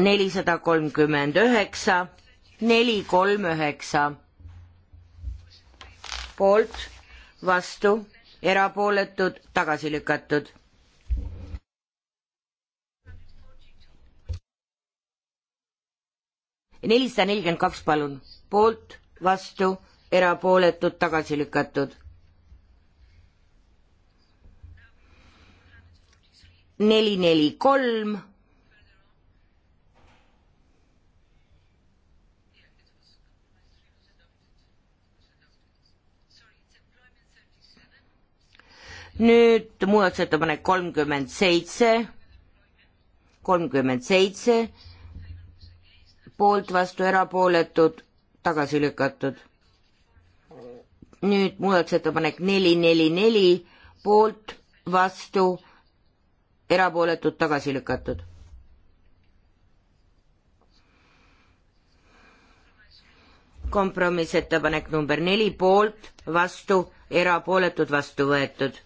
Speaker 3: nelisada kolmkümmend üheksa, neli kolm üheksa. poolt, vastu, erapooletud, tagasi lükatud nelisada nelikümmend kaks, palun, poolt, vastu, erapooletud, tagasi lükatud. neli, neli, kolm. nüüd muudatusettepanek kolmkümmend seitse, kolmkümmend seitse poolt, vastu erapooletud, tagasi lükatud. nüüd muudatusettepanek neli, neli, neli, poolt, vastu, erapooletud, tagasi lükatud. kompromissettepanek number neli, poolt, vastu, erapooletud, vastu võetud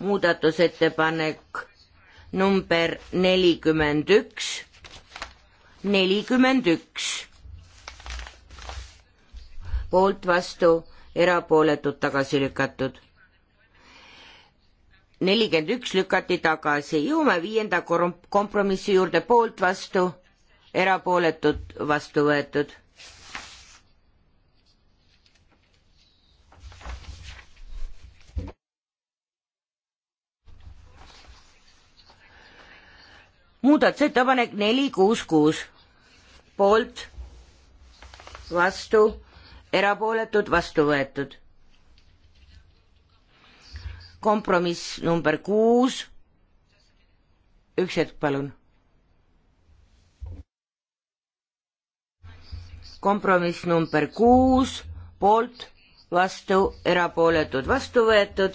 Speaker 3: muudatusettepanek number nelikümmend üks, nelikümmend üks. poolt, vastu, erapooletud, tagasi lükatud. nelikümmend üks lükati tagasi, jõuame viienda kompromissi juurde, poolt, vastu, erapooletud, vastu võetud muudatusettepanek neli, kuus, kuus poolt, vastu, erapooletud, vastu võetud. kompromiss number kuus. üks hetk, palun. kompromiss number kuus, poolt, vastu, erapooletud, vastu võetud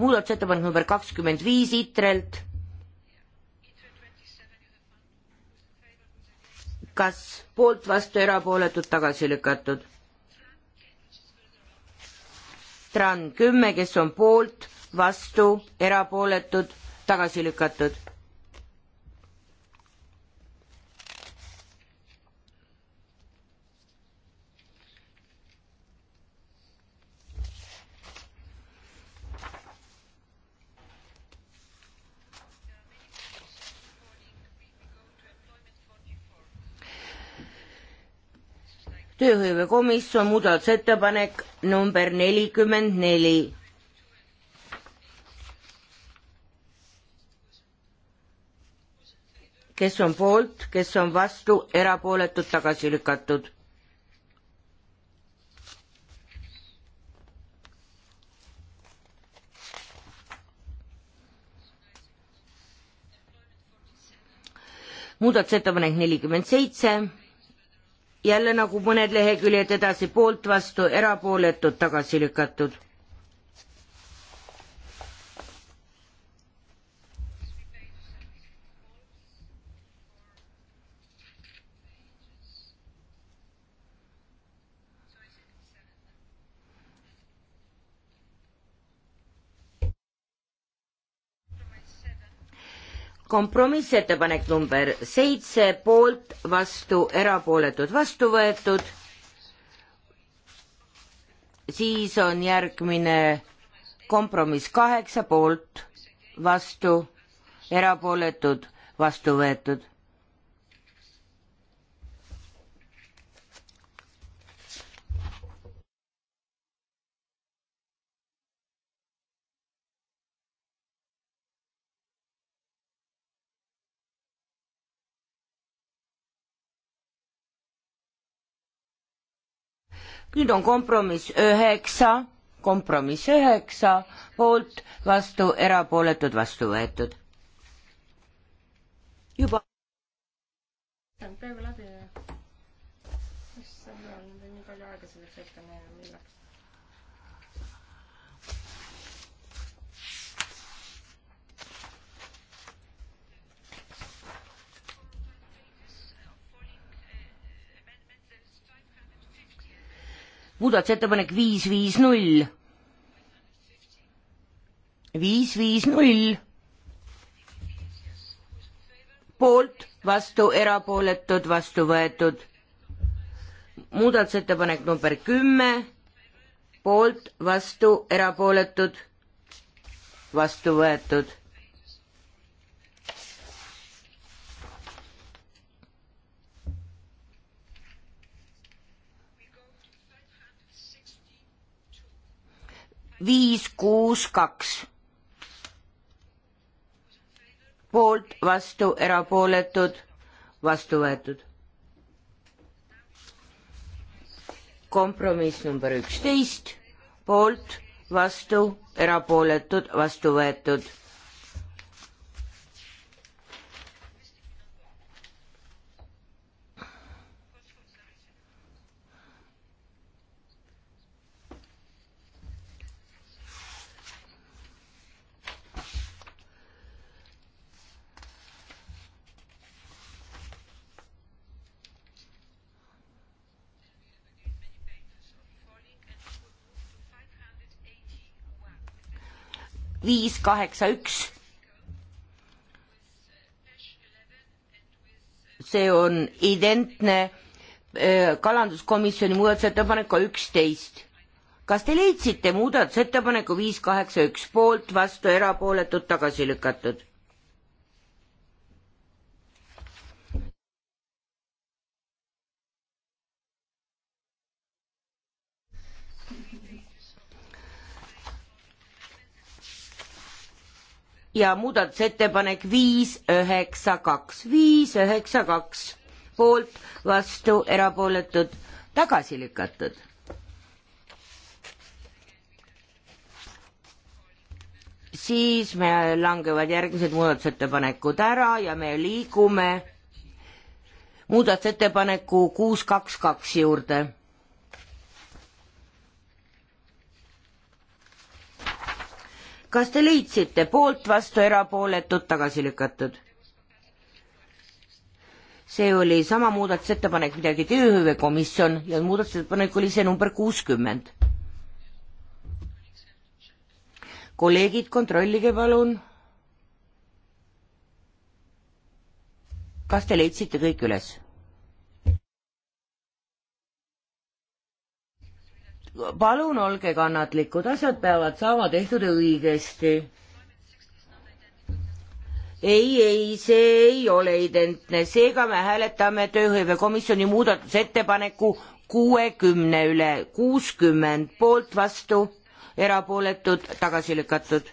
Speaker 3: muudatusettepanek number kakskümmend viis ITRE-lt. kas poolt, vastu, erapooletud, tagasi lükatud? tran kümme, kes on poolt, vastu, erapooletud, tagasi lükatud tööhõivekomisjon muudatusettepanek number nelikümmend neli. kes on poolt, kes on vastu, erapooletud, tagasi lükatud muudatusettepanek nelikümmend seitse jälle nagu mõned leheküljed edasi, poolt, vastu, erapooletud, tagasi lükatud kompromissettepanek number seitse, poolt, vastu, erapooletud, vastu võetud. siis on järgmine kompromiss kaheksa poolt, vastu, erapooletud, vastu võetud. nüüd on kompromiss üheksa, kompromiss üheksa, poolt, vastu, erapooletud, vastu võetud. juba.
Speaker 5: see on peaaegu läbi, jah. issand, mul on nii palju aega selleks ette.
Speaker 3: muudatusettepanek viis, viis, null. viis, viis, null. poolt, vastu, erapooletud, vastu võetud. muudatusettepanek number kümme, poolt, vastu, erapooletud, vastu võetud viis, kuus, kaks. poolt, vastu, erapooletud, vastu võetud. kompromiss number üksteist, poolt, vastu, erapooletud, vastu võetud viis kaheksa üks. see on identne äh, kalanduskomisjoni muudatusettepaneku üksteist. kas te leidsite muudatusettepaneku viis kaheksa üks poolt, vastu, erapooletud, tagasi lükatud? ja muudatusettepanek viis, üheksa, kaks, viis, üheksa, kaks, poolt, vastu, erapooletud, tagasi lükatud. siis me langevad järgmised muudatusettepanekud ära ja me liigume muudatusettepaneku kuus, kaks, kaks juurde kas te leidsite poolt, vastu, erapooletud, tagasi lükatud? see oli sama muudatusettepanek, mida tegi tööhõivekomisjon ja muudatusettepanek oli see number kuuskümmend. kolleegid, kontrollige palun. kas te leidsite kõik üles? palun olge kannatlikud, asjad peavad saama tehtud õigesti. ei, ei, see ei ole identne, seega me hääletame tööhõivekomisjoni muudatusettepaneku kuuekümne üle, kuuskümmend poolt vastu, erapooletud, tagasi lükatud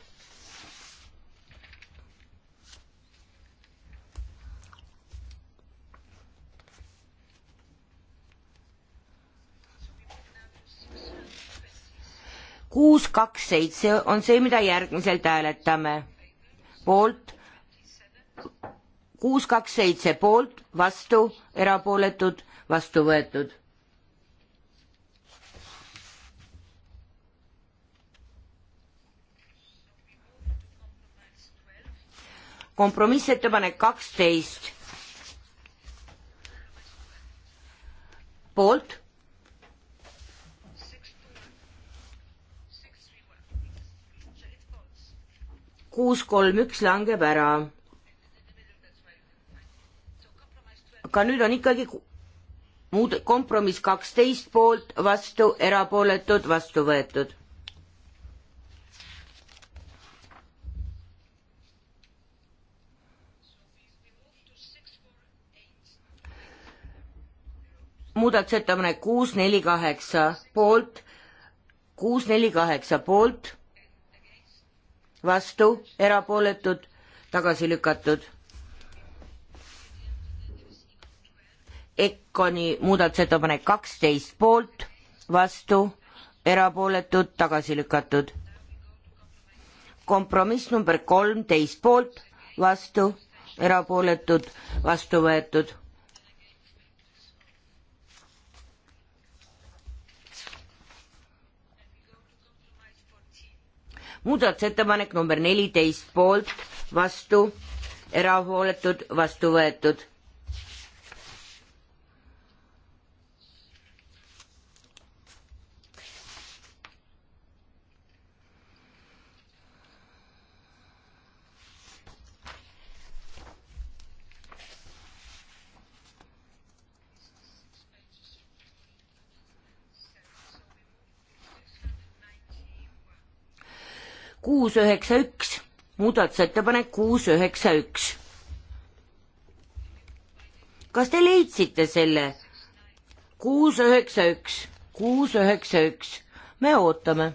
Speaker 3: kuus, kaks, seitse on see, mida järgmiselt hääletame. poolt, kuus, kaks, seitse poolt, vastu, erapooletud, vastu võetud. kompromissettepanek kaksteist. poolt kuus, kolm, üks langeb ära. aga nüüd on ikkagi muud kompromiss kaksteist poolt, vastu, erapooletud, vastu võetud. muudatusettepanek kuus, neli, kaheksa poolt, kuus, neli, kaheksa poolt vastu, erapooletud, tagasi lükatud. Ekkoni muudatusettepanek kaksteist poolt, vastu, erapooletud, tagasi lükatud. kompromiss number kolmteist poolt, vastu, erapooletud, vastu võetud muudatusettepanek number neliteist poolt, vastu, erapooletud, vastu võetud kuus üheksa üks, muudatusettepanek kuus üheksa üks. kas te leidsite selle? kuus üheksa üks, kuus üheksa üks, me ootame.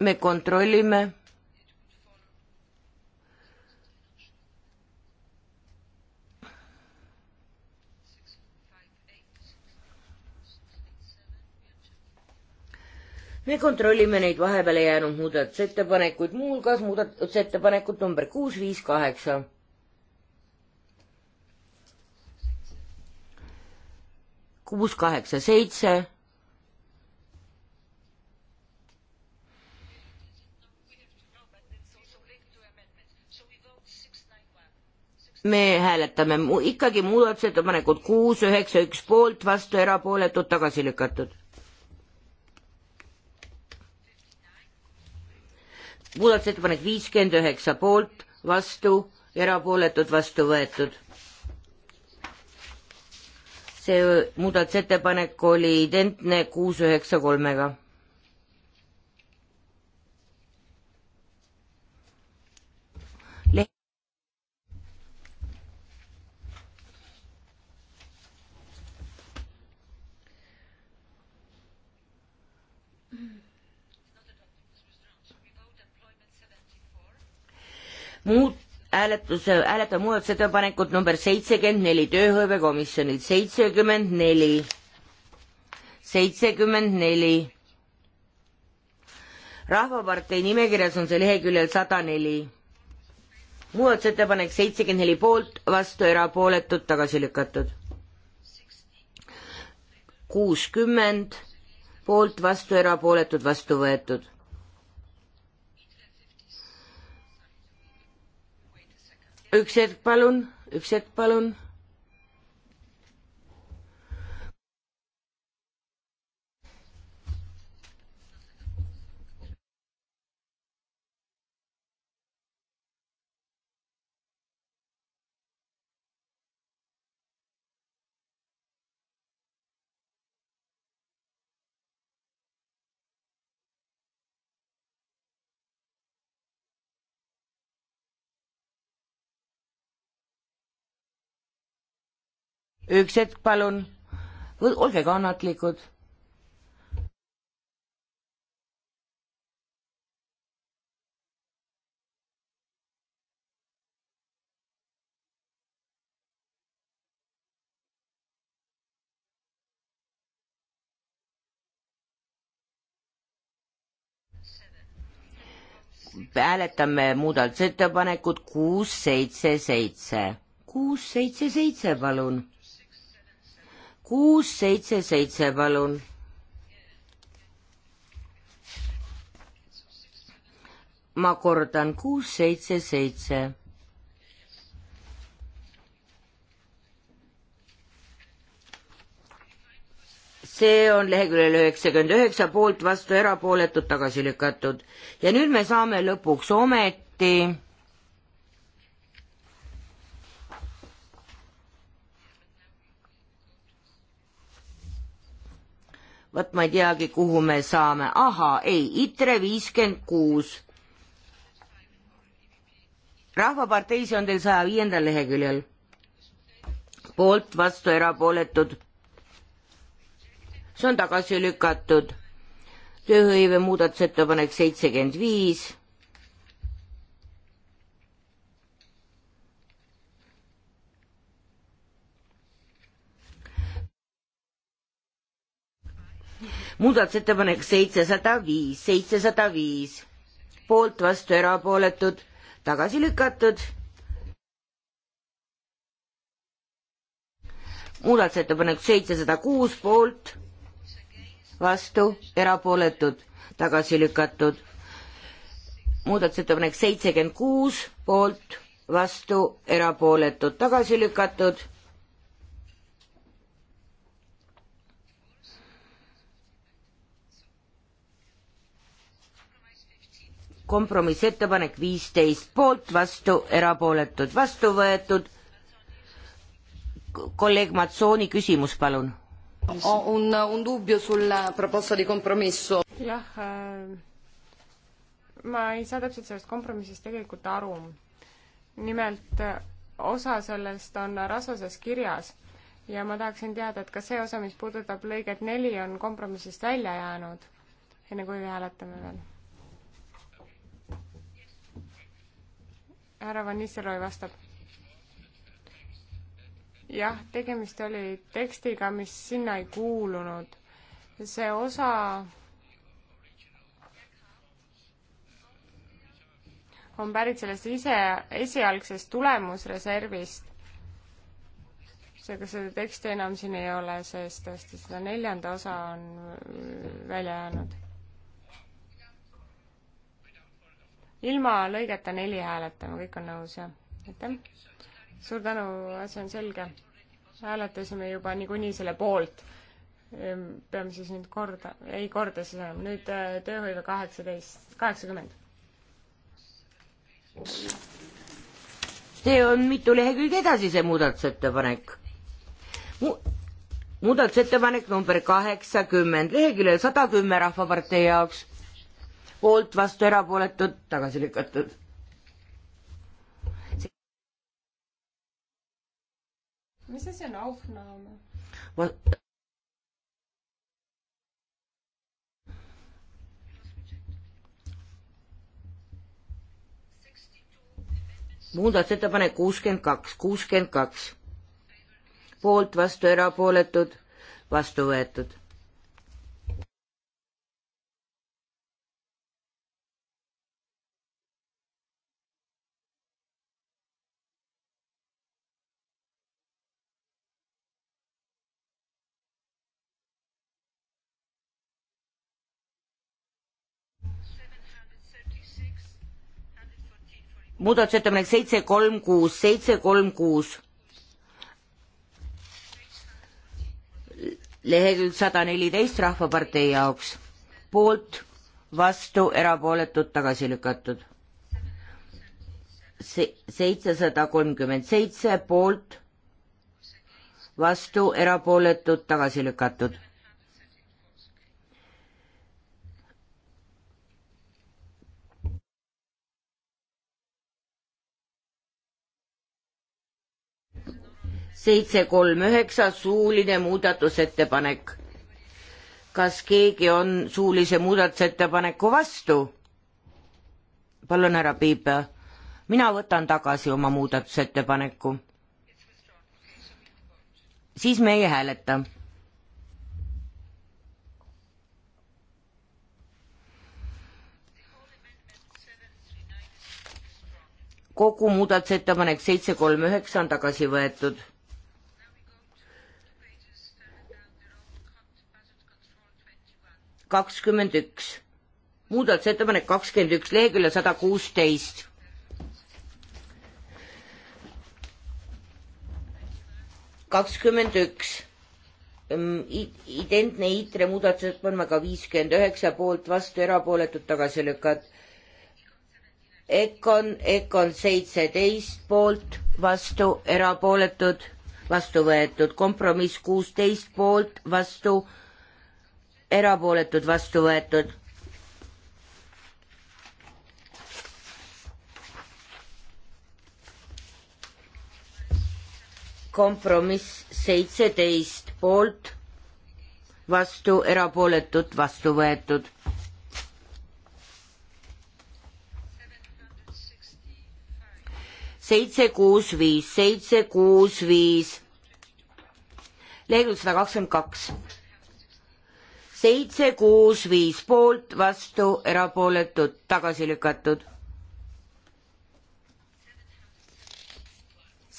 Speaker 3: me kontrollime me kontrollime neid vahepeale jäänud muudatusettepanekuid, muuhulgas muudatusettepanekut number kuus, viis, kaheksa. kuus, kaheksa, seitse. me hääletame mu ikkagi muudatusettepanekut kuus, üheksa, üks poolt, vastu, erapooletud, tagasi lükatud muudatusettepanek viiskümmend üheksa poolt, vastu, erapooletud, vastu võetud. see muudatusettepanek oli identne kuus üheksa kolmega muud hääletuse, hääletame muudatusettepanekut number seitsekümmend neli, tööhõivekomisjonilt seitsekümmend neli, seitsekümmend neli. rahvapartei nimekirjas on see leheküljel sada neli. muudatusettepanek seitsekümmend neli poolt, vastu erapooletud, tagasi lükatud. kuuskümmend poolt, vastu erapooletud, vastu võetud üks hetk palun, üks hetk palun üks hetk, palun, olge kannatlikud hääletame muudatusettepanekut kuus, seitse, seitse. kuus, seitse, seitse, palun kuus, seitse, seitse, palun. ma kordan, kuus, seitse, seitse. see on leheküljel üheksakümmend üheksa poolt vastu erapooletud tagasi lükatud ja nüüd me saame lõpuks ometi vot ma ei teagi, kuhu me saame, ahaa, ei, ITRE viiskümmend kuus. rahvaparteis on teil saja viiendal leheküljel. poolt, vastu, erapooletud. see on tagasi lükatud. tööhõive muudatusettepanek seitsekümmend viis muudatusettepanek seitsesada viis, seitsesada viis, poolt, vastu, erapooletud, tagasi lükatud. muudatusettepanek seitsesada kuus, poolt, vastu, erapooletud, tagasi lükatud. muudatusettepanek seitsekümmend kuus, poolt, vastu, erapooletud, tagasi lükatud kompromissettepanek viisteist poolt, vastu erapooletud, vastu võetud. kolleeg Matsooni küsimus, palun. Un, un dubbio sulla proposta di compromesso.
Speaker 5: jah äh,, ma ei saa täpselt sellest kompromissist tegelikult aru. nimelt osa sellest on rasvases kirjas ja ma tahaksin teada, et kas see osa, mis puudutab lõiget neli, on kompromissist välja jäänud, enne kui hääletame veel härra Van Nistelrooy vastab. jah, tegemist oli tekstiga, mis sinna ei kuulunud. see osa on pärit sellest ise, esialgsest tulemusreservist. seega seda teksti enam siin ei ole, sest tõesti seda neljanda osa on välja jäänud ilma lõigeta neli hääletama, kõik on nõus, jah? aitäh! suur tänu, asi on selge. hääletasime juba niikuinii selle poolt. Ehm, peame siis nüüd korda, ei korda siis enam, nüüd äh, tööhõive kaheksateist, kaheksakümmend.
Speaker 3: see on mitu lehekülge edasi, see muudatusettepanek Mu muudatusettepanek number kaheksakümmend, leheküljel sada kümme Rahvapartei jaoks poolt, vastu, erapooletud, tagasi lükatud.
Speaker 5: mis asi on Aufnahme?
Speaker 3: muudatusettepanek kuuskümmend kaks, kuuskümmend kaks. poolt, vastu, erapooletud, vastu võetud muudatusettepanek seitse, kolm, kuus, seitse, kolm, kuus. lehekülg sada neliteist Rahvapartei jaoks. poolt, vastu, erapooletud, tagasi lükatud. Se-, seitsesada kolmkümmend seitse poolt, vastu, erapooletud, tagasi lükatud seitse, kolm, üheksa, suuline muudatusettepanek. kas keegi on suulise muudatusettepaneku vastu? palun, härra Piip, mina võtan tagasi oma muudatusettepaneku. siis me ei hääleta. kogu muudatusettepanek seitse, kolm, üheksa on tagasi võetud kakskümmend üks, muudatusettepanek kakskümmend üks, lehekülje sada kuusteist. kakskümmend üks, mm, identne ITRE muudatusettepanekiga viiskümmend üheksa poolt, vastu erapooletud, tagasi lükatud. Econ, Econ seitseteist poolt, vastu erapooletud, vastu võetud, kompromiss kuusteist poolt, vastu erapooletud, vastu võetud. kompromiss seitseteist poolt, vastu, erapooletud, vastu võetud. seitse, kuus, viis, seitse, kuus, viis, lehekülg sada kakskümmend kaks seitse, kuus, viis poolt, vastu, erapooletud, tagasi lükatud.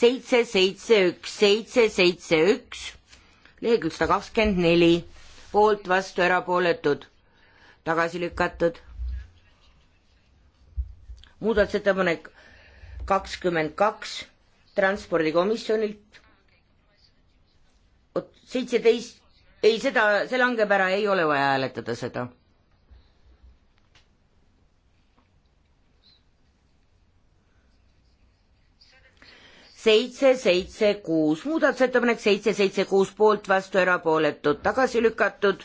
Speaker 3: seitse, seitse, üks, seitse, seitse, üks, lehekülg sada kakskümmend neli, poolt, vastu, erapooletud, tagasi lükatud. muudatusettepanek kakskümmend kaks transpordikomisjonilt, seitseteist ei, seda, see langeb ära, ei ole vaja hääletada seda. seitse, seitse, kuus, muudatusettepanek seitse, seitse, kuus poolt, vastu, erapooletud, tagasi lükatud.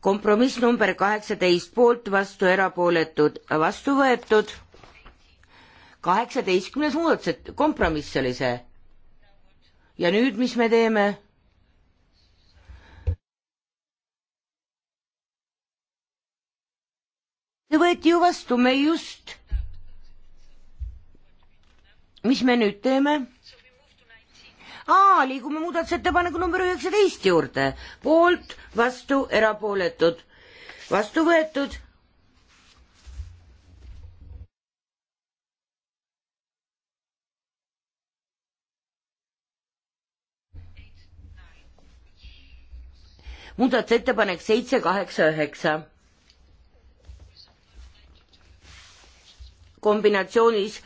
Speaker 3: kompromiss number kaheksateist poolt, vastu, erapooletud, vastu võetud. kaheksateistkümnes muudatused, kompromiss oli see. ja nüüd, mis me teeme? võeti ju vastu, me just. mis me nüüd teeme? aa, liigume muudatusettepaneku number üheksateist juurde. poolt, vastu, erapooletud, vastu võetud. muudatusettepanek seitse, kaheksa, üheksa kombinatsioonis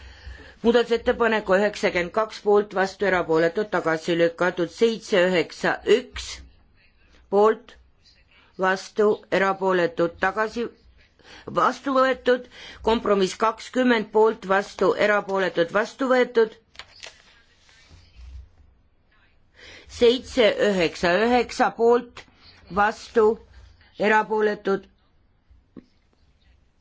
Speaker 3: muudatusettepaneku üheksakümmend kaks poolt vastu erapooletud tagasi lükatud seitse üheksa üks poolt vastu erapooletud tagasi vastu võetud kompromiss kakskümmend poolt vastu erapooletud vastu võetud seitse üheksa üheksa poolt vastu erapooletud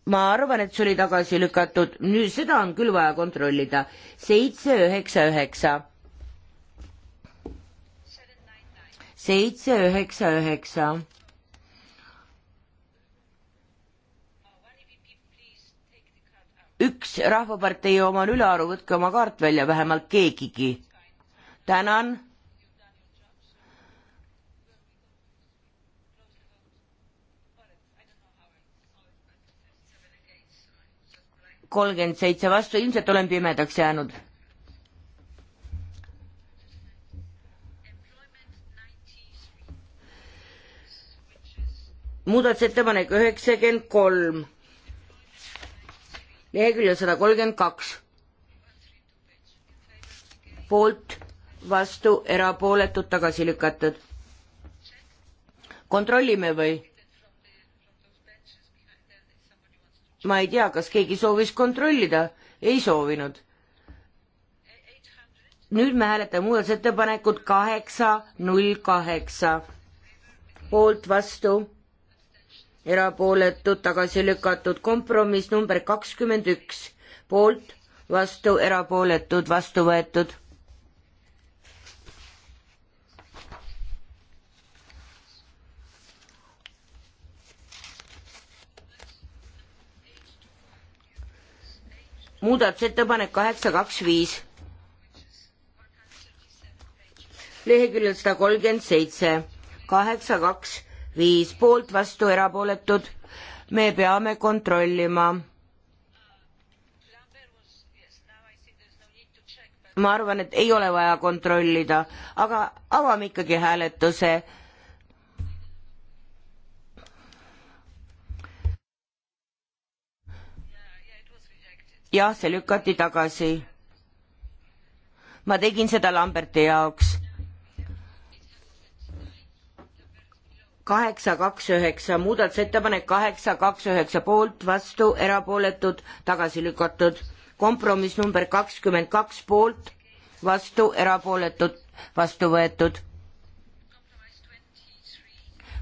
Speaker 3: ma arvan, et see oli tagasi lükatud, nüüd seda on küll vaja kontrollida. seitse, üheksa, üheksa. seitse, üheksa, üheksa. üks Rahvapartei oma on ülearu, võtke oma kaart välja, vähemalt keegigi. tänan kolmkümmend seitse vastu, ilmselt olen pimedaks jäänud. muudatusettepanek üheksakümmend kolm, leheküljel sada kolmkümmend kaks. poolt, vastu, erapooletud, tagasi lükatud. kontrollime või? ma ei tea, kas keegi soovis kontrollida, ei soovinud. nüüd me hääletame muudatusettepanekut kaheksa, null kaheksa. poolt, vastu, erapooletud, tagasi lükatud, kompromiss number kakskümmend üks, poolt, vastu, erapooletud, vastu võetud muudatusettepanek kaheksa, kaks, viis. leheküljel sada kolmkümmend seitse, kaheksa, kaks, viis, poolt, vastu, erapooletud. me peame kontrollima. ma arvan, et ei ole vaja kontrollida, aga avame ikkagi hääletuse jah, see lükati tagasi. ma tegin seda Lamberti jaoks. kaheksa, kaks, üheksa, muudatusettepanek kaheksa, kaks, üheksa poolt, vastu, erapooletud, tagasi lükatud. kompromiss number kakskümmend kaks poolt, vastu, erapooletud, vastu võetud.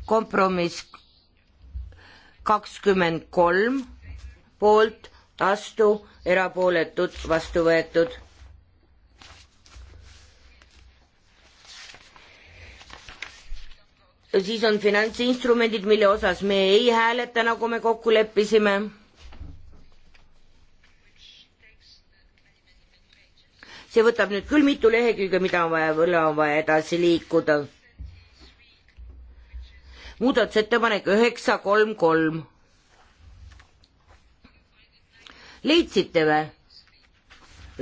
Speaker 3: kompromiss kakskümmend kolm poolt vastu, erapooletud, vastu võetud. siis on finantsinstrumendid, mille osas me ei hääleta, nagu me kokku leppisime. see võtab nüüd küll mitu lehekülge, mida on vaja, võla on vaja edasi liikuda. muudatusettepanek üheksa, kolm, kolm leidsite või?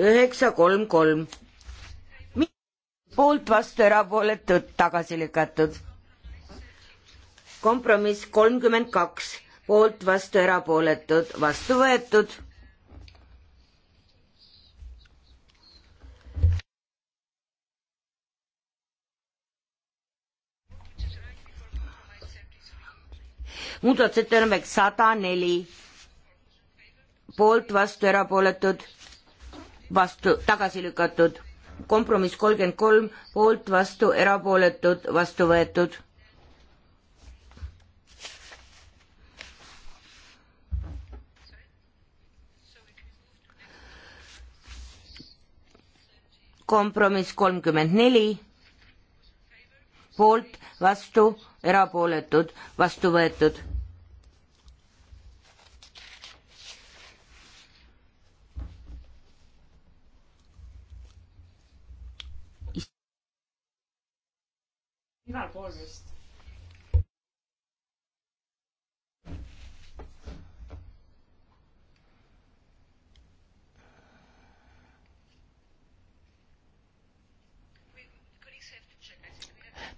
Speaker 3: üheksa, kolm, kolm. poolt, vastu, erapooletud, tagasi lükatud. kompromiss kolmkümmend kaks, poolt, vastu, erapooletud, vastu võetud. muudatusettepanek sada neli poolt, vastu, erapooletud, vastu, tagasi lükatud. kompromiss kolmkümmend kolm, poolt, vastu, erapooletud, vastu võetud. kompromiss kolmkümmend neli, poolt, vastu, erapooletud, vastu võetud
Speaker 5: igal pool vist.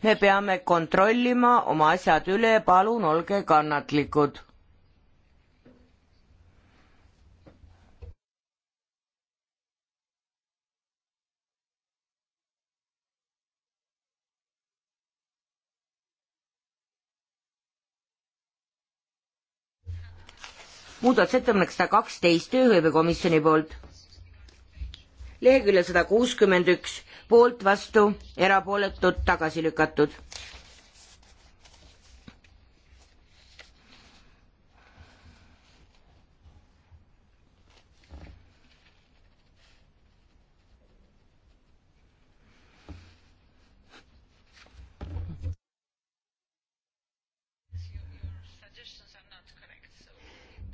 Speaker 3: me peame kontrollima oma asjad üle, palun olge kannatlikud. muudatusettepanek sada kaksteist tööhõivekomisjoni poolt. leheküljel sada kuuskümmend üks, poolt, vastu, erapooletud, tagasi lükatud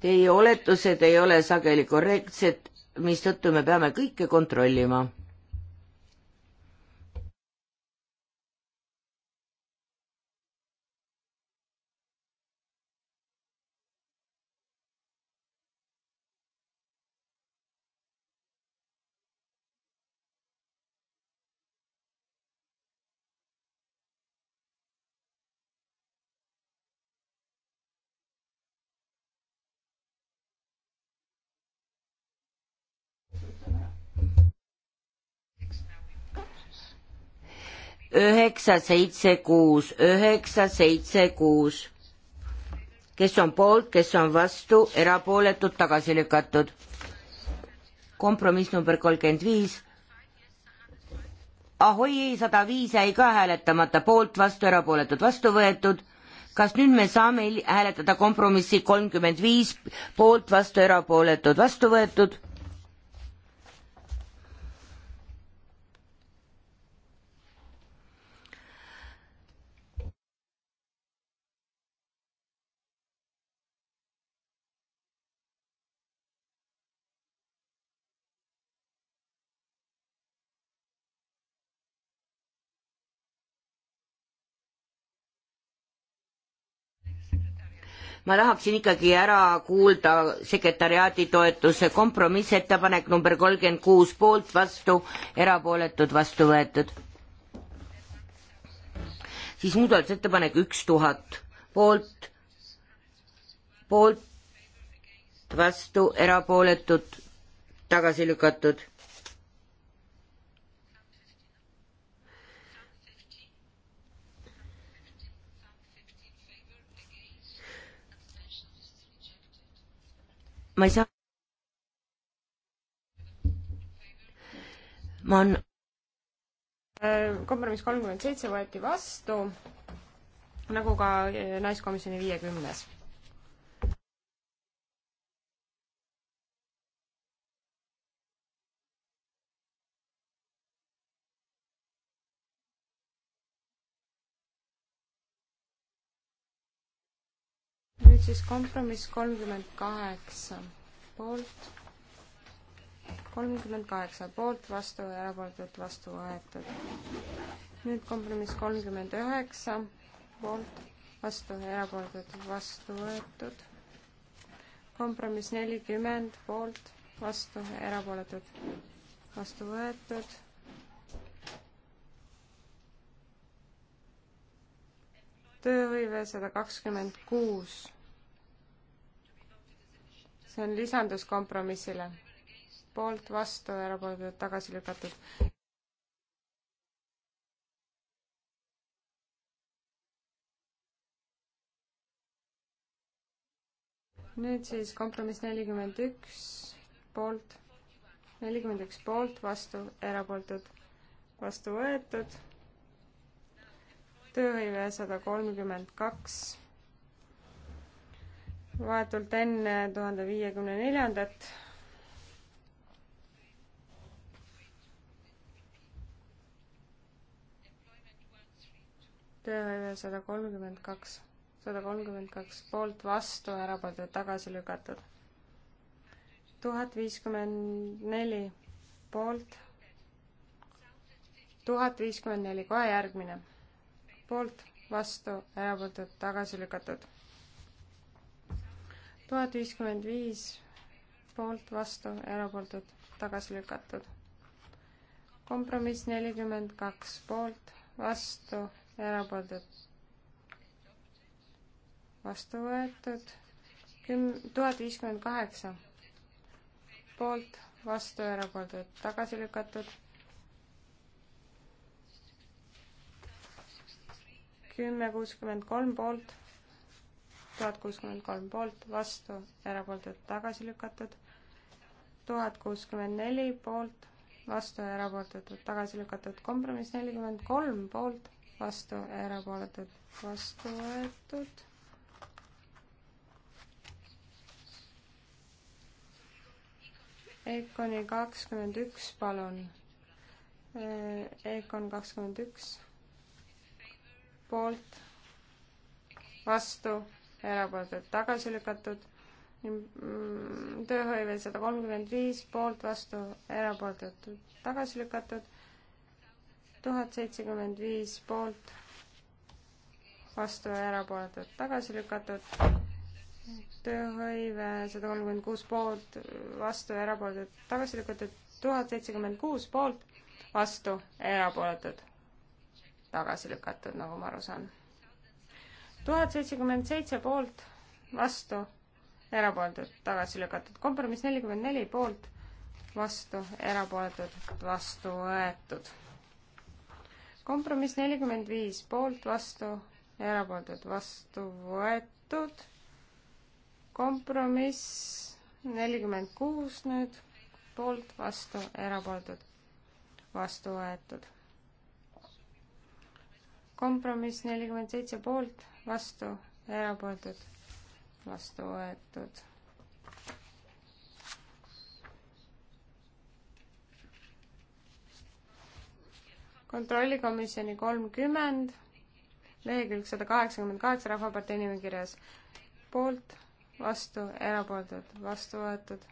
Speaker 3: Teie oletused ei ole sageli korrektsed, mistõttu me peame kõike kontrollima üheksa, seitse, kuus, üheksa, seitse, kuus. kes on poolt, kes on vastu, erapooletud, tagasi lükatud. kompromiss number kolmkümmend viis. ahoi, ei, sada viis jäi ka hääletamata, poolt, vastu, erapooletud, vastu võetud. kas nüüd me saame hääletada kompromissi kolmkümmend viis, poolt, vastu, erapooletud, vastu võetud? ma tahaksin ikkagi ära kuulda sekretäriaadi toetuse kompromissettepanek number kolmkümmend kuus poolt vastu, erapooletud vastu võetud. siis muudatusettepanek üks tuhat poolt, poolt, vastu, erapooletud, tagasi lükatud ma ei saa. ma on.
Speaker 5: Äh, kompromiss kolmkümmend seitse võeti vastu, nagu ka äh, naiskomisjoni viiekümnes nüüd siis kompromiss kolmkümmend kaheksa poolt, kolmkümmend kaheksa poolt, vastu ja erapooletult vastu võetud. nüüd kompromiss kolmkümmend üheksa poolt, vastu ja erapooletult vastu võetud. kompromiss nelikümmend poolt, vastu ja erapooletult vastu võetud tööhõive sada kakskümmend kuus see on lisandus kompromissile. poolt, vastu, erapooletud, tagasi lükatud. nüüd siis kompromiss nelikümmend üks poolt, nelikümmend üks poolt, vastu, erapooletud, vastu võetud. tööhõive sada kolmkümmend kaks vahetult enne tuhande viiekümne neljandat. tööhõive sada kolmkümmend kaks, sada kolmkümmend kaks poolt vastu, erapooletud tagasi lükatud. tuhat viiskümmend neli poolt, tuhat viiskümmend neli, kohe järgmine. poolt, vastu, erapooletud, tagasi lükatud tuhat viiskümmend viis poolt, vastu, erapooletud, tagasi lükatud. kompromiss nelikümmend kaks poolt, vastu, erapooletud, vastu võetud küm-, tuhat viiskümmend kaheksa poolt, vastu, erapooletud, tagasi lükatud kümme kuuskümmend kolm poolt, tuhat kuuskümmend kolm poolt, vastu, erapooletud, tagasi lükatud. tuhat kuuskümmend neli poolt, vastu, erapooletud, tagasi lükatud. kompromiss nelikümmend kolm poolt, vastu, erapooletud, vastu võetud. Econi kakskümmend üks, palun. Econ kakskümmend üks poolt vastu, erapooletud tagasi lükatud. Mm, tööhõive sada kolmkümmend viis poolt vastu, erapooletud tagasi lükatud. tuhat seitsekümmend viis poolt vastu ja erapooletud tagasi lükatud. tööhõive sada kolmkümmend kuus poolt vastu ja erapooletud tagasi lükatud. tuhat seitsekümmend kuus poolt vastu, erapooletud tagasi lükatud, nagu ma aru saan tuhat seitsekümmend seitse poolt, vastu, erapooletud, tagasi lükatud. kompromiss nelikümmend neli poolt, vastu, erapooletud, vastu võetud. kompromiss nelikümmend viis poolt, vastu, erapooletud, vastu võetud. kompromiss nelikümmend kuus nüüd, poolt, vastu, erapooletud, vastu võetud kompromiss nelikümmend seitse poolt, vastu, erapooletud, vastu võetud. kontrollikomisjoni kolmkümmend, lehekülg sada kaheksakümmend kaheksa Rahvapartei nimekirjas. poolt, vastu, erapooletud, vastu võetud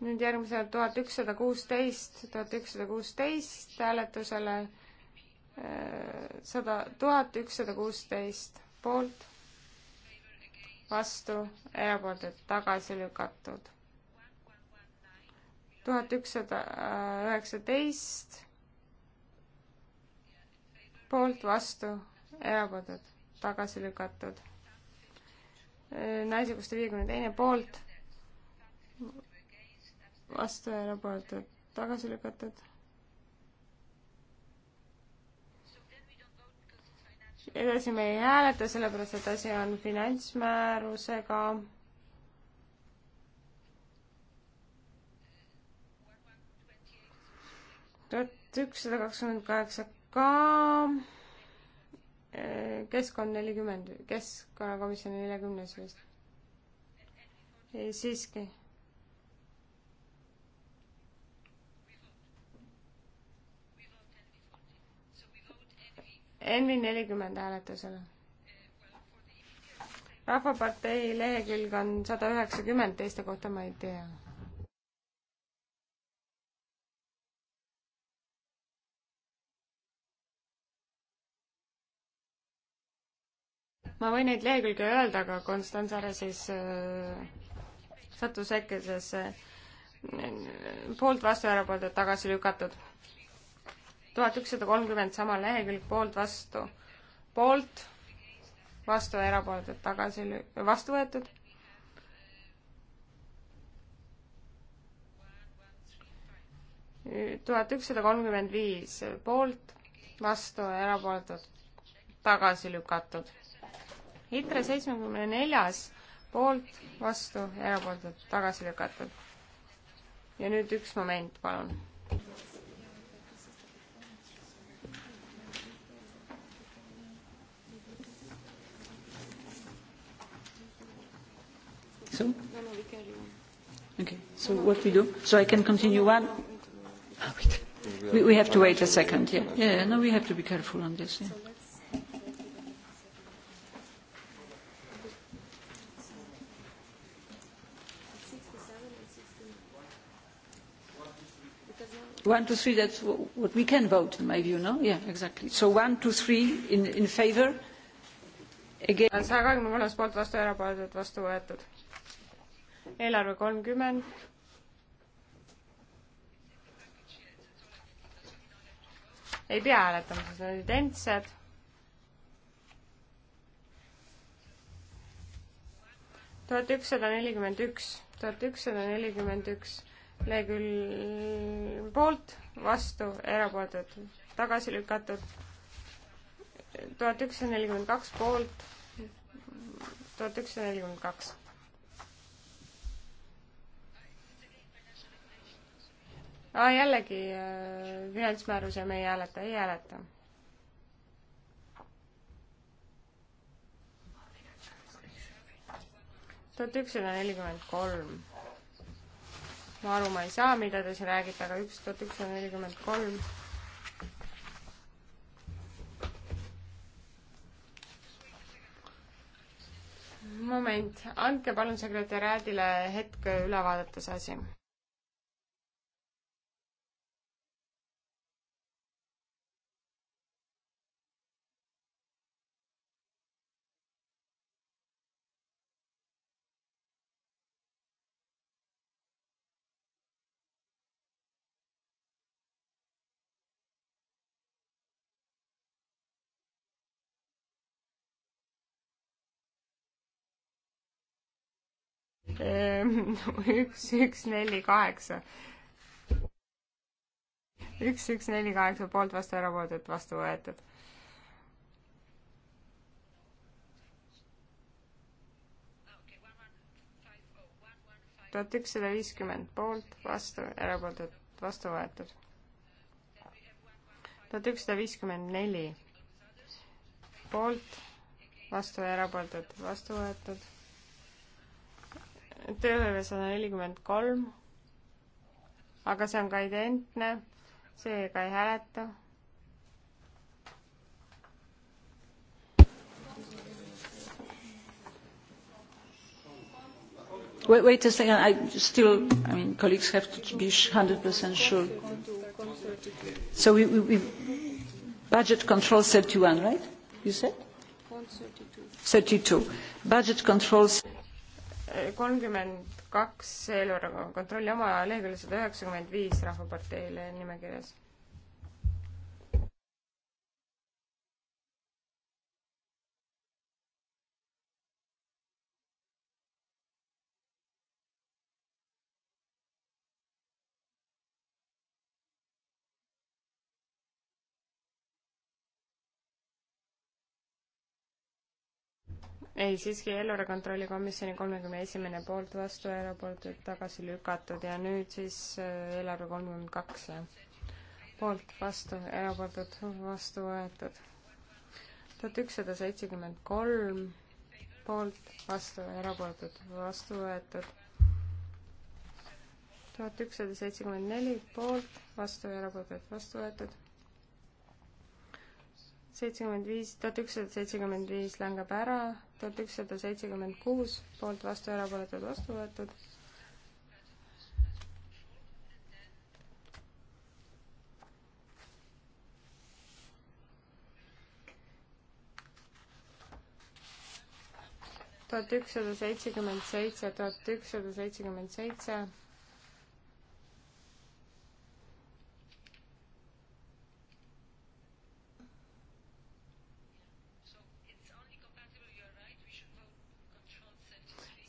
Speaker 5: nüüd järgmisel tuhat ükssada kuusteist, tuhat ükssada kuusteist hääletusele äh, sada, tuhat ükssada kuusteist poolt, vastu, erapooletud, tagasi lükatud. tuhat ükssada üheksateist poolt, vastu, erapooletud, tagasi lükatud. Äh, naisekuste viiekümne teine poolt vastu ja erapooletud tagasi lükatud. edasi me ei hääleta, sellepärast et asi on finantsmäärusega. tuhat ükssada kakskümmend kaheksa ka keskkond nelikümmend, keskkonnakomisjoni neljakümnes vist. siiski Envi nelikümmend hääletusele. rahvapartei lehekülg on sada üheksakümmend, teiste kohta ma ei tea. ma võin neid lehekülgi öelda, aga Konstantin Saare siis äh, sattus äkki sellesse äh, poolt vastu ära poolt tagasi lükatud tuhat ükssada kolmkümmend samal lehekülg poolt vastu, poolt, vastu erapooletud tagasi lü-, vastu võetud. tuhat ükssada kolmkümmend viis poolt, vastu erapooletud tagasi lükatud. ITRE seitsmekümne neljas poolt, vastu erapooletud tagasi lükatud. ja nüüd üks moment, palun so? No, no, we carry
Speaker 4: on. Okay, so no, no, what we do? So I can continue one? Oh, wait. We, we have to wait a second, yeah. Yeah, no, we have to be careful on this, yeah. One, two, three, that's what we can vote, in my view, no? Yeah, exactly. So one, two, three in, in favor?
Speaker 5: saja kahekümne kolmas poolt vastu, erapooletud vastu võetud eelarve kolmkümmend. ei pea hääletama, sest need on identsed. tuhat ükssada nelikümmend üks, tuhat ükssada nelikümmend üks lehekülg poolt, vastu, erapooletud, tagasi lükatud. tuhat ükssada nelikümmend kaks poolt, tuhat ükssada nelikümmend kaks aa, ah, jällegi äh, finantsmääruse me ei hääleta, ei hääleta. tuhat ükssada nelikümmend kolm. ma aru ma ei saa, mida te siin räägite, aga üks tuhat ükssada nelikümmend kolm. moment, andke palun sekretäriaadile hetk üle vaadata see asi. üks, üks, neli, kaheksa. üks, üks, neli, kaheksa poolt vastu, erapooletud vastu võetud. tuhat ükssada viiskümmend poolt vastu, erapooletud vastu võetud. tuhat ükssada viiskümmend neli poolt vastu, erapooletud vastu võetud tööhõive sada nelikümmend kolm, aga see on ka identne, seega ei hääleta.
Speaker 4: Wait, wait a second, I still, I mean, colleagues have to be 100% sure. So we, we, we, budget control 31, right? You said? 32. 32. Budget controls
Speaker 5: kolmkümmend kaks eelarve kontrolli oma leheküljel sada üheksakümmend viis Rahvaparteile nimekirjas ei, siiski eelarve kontrolli komisjoni kolmekümne esimene poolt vastu, erapooletult tagasi lükatud ja nüüd siis äh, eelarve kolmkümmend kaks, jah? poolt vastu, erapooletult vastu võetud. tuhat ükssada seitsekümmend kolm poolt vastu, erapooletult vastu võetud. tuhat ükssada seitsekümmend neli poolt vastu, erapooletult vastu võetud seitsekümmend viis, tuhat ükssada seitsekümmend viis langeb ära, tuhat ükssada seitsekümmend kuus poolt vastu, erapooletud vastu võetud. tuhat ükssada seitsekümmend seitse, tuhat ükssada seitsekümmend seitse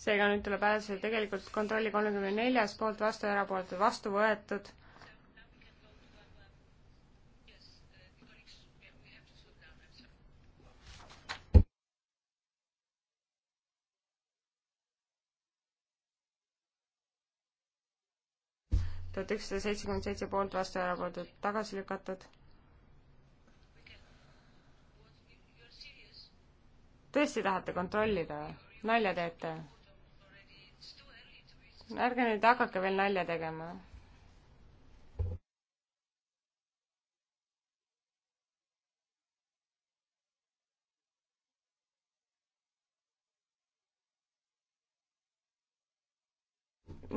Speaker 5: seega nüüd tuleb hääletusele tegelikult kontrolli kolmekümne neljas poolt vastu, erapooletud vastu võetud. tuhat ükssada seitsekümmend seitse poolt vastu, erapooletud tagasi lükatud tõesti tahate kontrollida või? nalja teete? ärge nüüd hakake veel nalja tegema.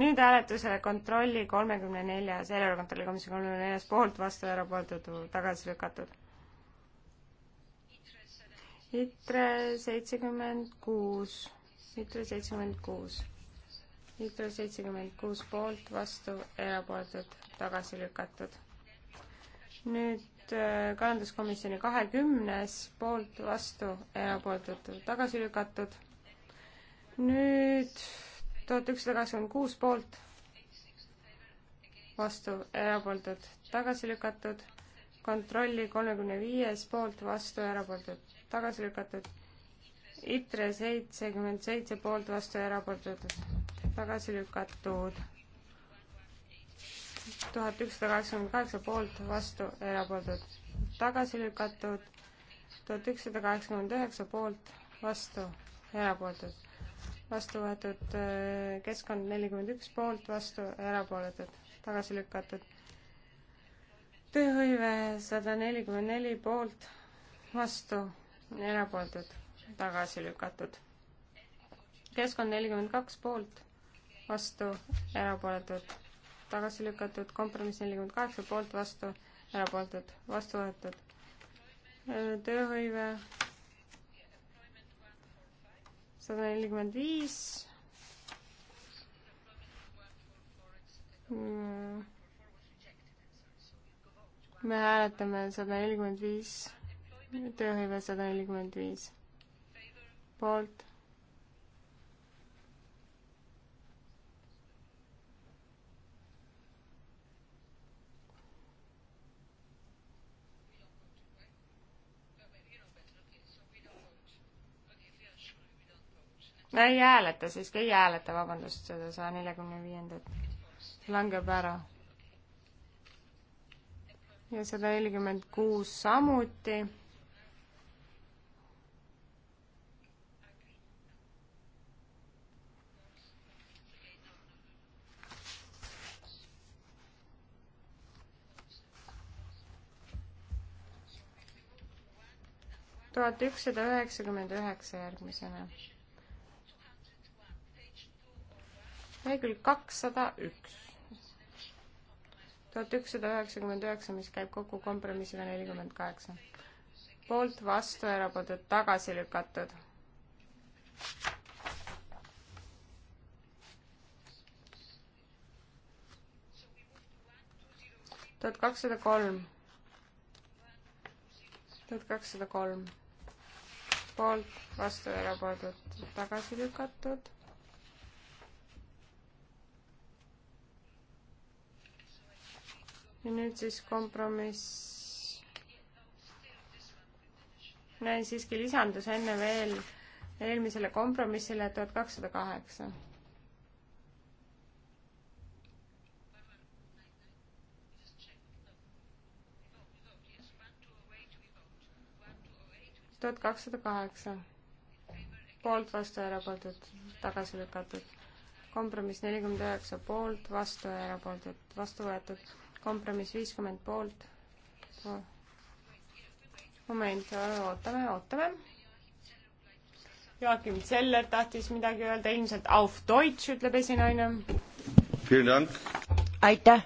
Speaker 5: nüüd hääletusele kontrolli kolmekümne neljas, eelarvekontrolli komisjoni kolmekümne neljas poolt, vastu, erapooletud, tagasi lükatud. ITRE seitsekümmend kuus, ITRE seitsekümmend kuus liitu seitsekümmend kuus poolt, vastu, erapooletud, tagasi lükatud. nüüd äh, kalanduskomisjoni kahekümnes poolt, vastu, erapooletud, tagasi lükatud. nüüd tuhat ükssada kakskümmend kuus poolt, vastu, erapooletud, tagasi lükatud. kontrolli kolmekümne viies poolt, vastu, erapooletud, tagasi lükatud. ITRE seitsekümmend seitse poolt, vastu, erapooletud tagasi lükatud. tuhat ükssada kaheksakümmend kaheksa poolt, vastu, erapooletud, tagasi lükatud. tuhat ükssada kaheksakümmend üheksa poolt, vastu, erapooletud, vastu võetud äh, keskkond nelikümmend üks poolt, vastu, erapooletud, tagasi lükatud tööhõive sada nelikümmend neli poolt, vastu, erapooletud, tagasi lükatud. keskkond nelikümmend kaks poolt, vastu, erapooletud, tagasi lükatud, kompromiss nelikümmend kaheksa poolt, vastu, erapooletud, vastu võetud. tööhõive sada nelikümmend viis. me hääletame sada nelikümmend viis, tööhõive sada nelikümmend viis poolt ei hääleta siiski, ei hääleta, vabandust, seda saja neljakümne viiendat. langeb ära. ja sada nelikümmend kuus samuti. tuhat ükssada üheksakümmend üheksa järgmisena lehekülg kakssada üks. tuhat ükssada üheksakümmend üheksa, mis käib kokku kompromissiga nelikümmend kaheksa. poolt, vastu, erapooletud, tagasi lükatud. tuhat kakssada kolm. tuhat kakssada kolm. poolt, vastu, erapooletud, tagasi lükatud ja nüüd siis kompromiss. näin siiski lisandus enne veel eelmisele kompromissile tuhat kakssada kaheksa. tuhat kakssada kaheksa poolt, vastu ja erapooletud, tagasi lükatud. kompromiss nelikümmend üheksa poolt, vastu ja erapooletud, vastu võetud kompromiss viiskümmend poolt. moment, ootame, ootame. Joachim Zeller tahtis midagi öelda, ilmselt auf Deutsch, ütleb esinaine. aitäh.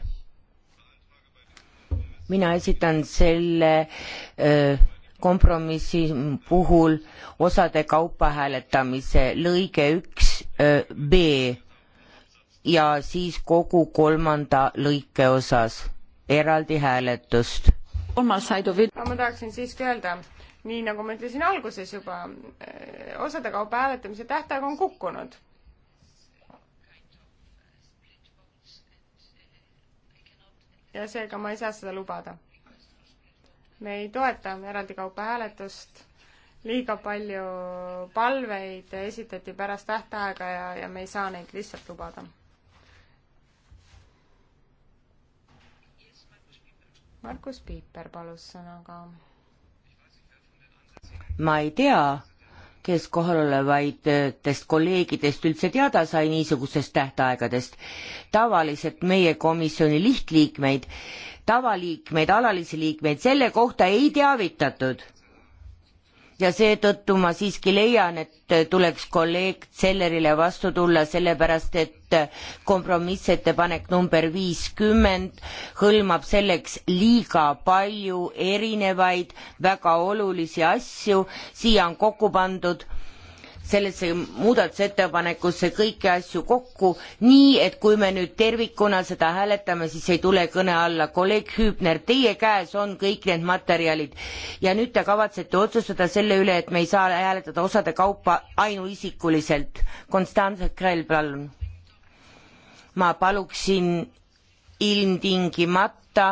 Speaker 3: mina esitan selle öö, äh, kompromissi puhul osade kaupa hääletamise lõige üks äh, B ja siis kogu kolmanda lõike osas eraldi hääletust.
Speaker 5: ma tahaksin siiski öelda, nii nagu ma ütlesin alguses juba, äh, osade kaupa hääletamise tähtaeg on kukkunud ja seega ma ei saa seda lubada. me ei toeta eraldi kaupa hääletust, liiga palju palveid esitati pärast tähtaega ja, ja me ei saa neid lihtsalt lubada Markus Piiper palus sõna ka.
Speaker 3: ma ei tea, kes kohalolevaidest kolleegidest üldse teada sai niisugustest tähtaegadest. tavaliselt meie komisjoni lihtliikmeid, tavaliikmeid, alalisi liikmeid selle kohta ei teavitatud ja seetõttu ma siiski leian, et tuleks kolleeg Sellerile vastu tulla, sellepärast et kompromissettepanek number viiskümmend hõlmab selleks liiga palju erinevaid väga olulisi asju, siia on kokku pandud sellesse muudatusettepanekusse kõiki asju kokku, nii et kui me nüüd tervikuna seda hääletame, siis ei tule kõne alla. kolleeg Hüübner, teie käes on kõik need materjalid ja nüüd te kavatsete otsustada selle üle, et me ei saa hääletada osade kaupa ainuisikuliselt. Konstantse Krell, palun. ma paluksin ilmtingimata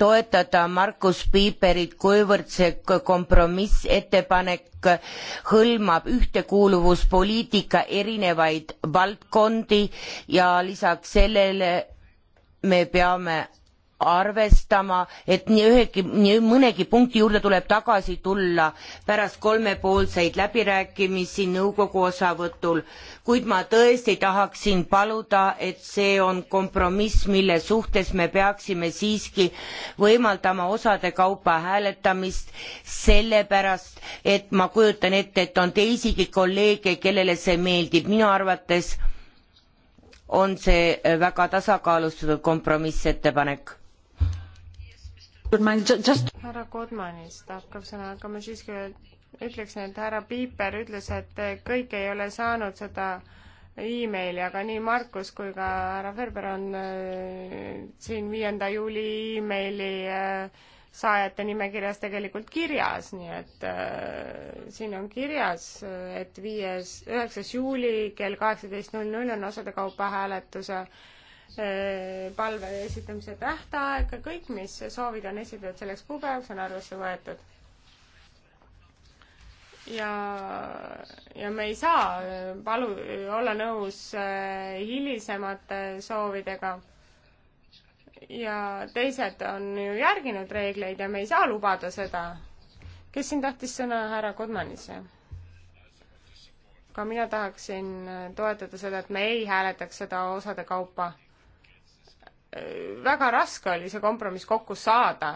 Speaker 3: toetada Markus Piiperit, kuivõrd see kompromissettepanek hõlmab ühtekuuluvuspoliitika erinevaid valdkondi ja lisaks sellele me peame arvestama, et nii ühegi, nii mõnegi punkti juurde tuleb tagasi tulla pärast kolmepoolseid läbirääkimisi nõukogu osavõtul, kuid ma tõesti tahaksin paluda, et see on kompromiss, mille suhtes me peaksime siiski võimaldama osade kaupa hääletamist, sellepärast et ma kujutan ette, et on teisigi kolleege, kellele see meeldib, minu arvates on see väga tasakaalustatud kompromissettepanek härra
Speaker 5: Kodmanis tahab ka sõna, aga ma siiski ütleksin, et härra Piiper ütles, et kõik ei ole saanud seda emaili, aga nii Markus kui ka härra Ferber on äh, siin viienda juuli emaili äh, saajate nimekirjas tegelikult kirjas, nii et äh, siin on kirjas, et viies, üheksas juuli kell kaheksateist null null on osade kaupa hääletuse äh, Äh, palve esitamise tähtaeg, kõik, mis soovid on esitatud selleks kuupäevaks, on arvesse võetud. ja, ja me ei saa äh, palu-, olla nõus äh, hilisemate soovidega. ja teised on ju järginud reegleid ja me ei saa lubada seda. kes siin tahtis sõna, härra Kodmanis? ka mina tahaksin toetada seda, et me ei hääletaks seda osade kaupa väga raske oli see kompromiss kokku saada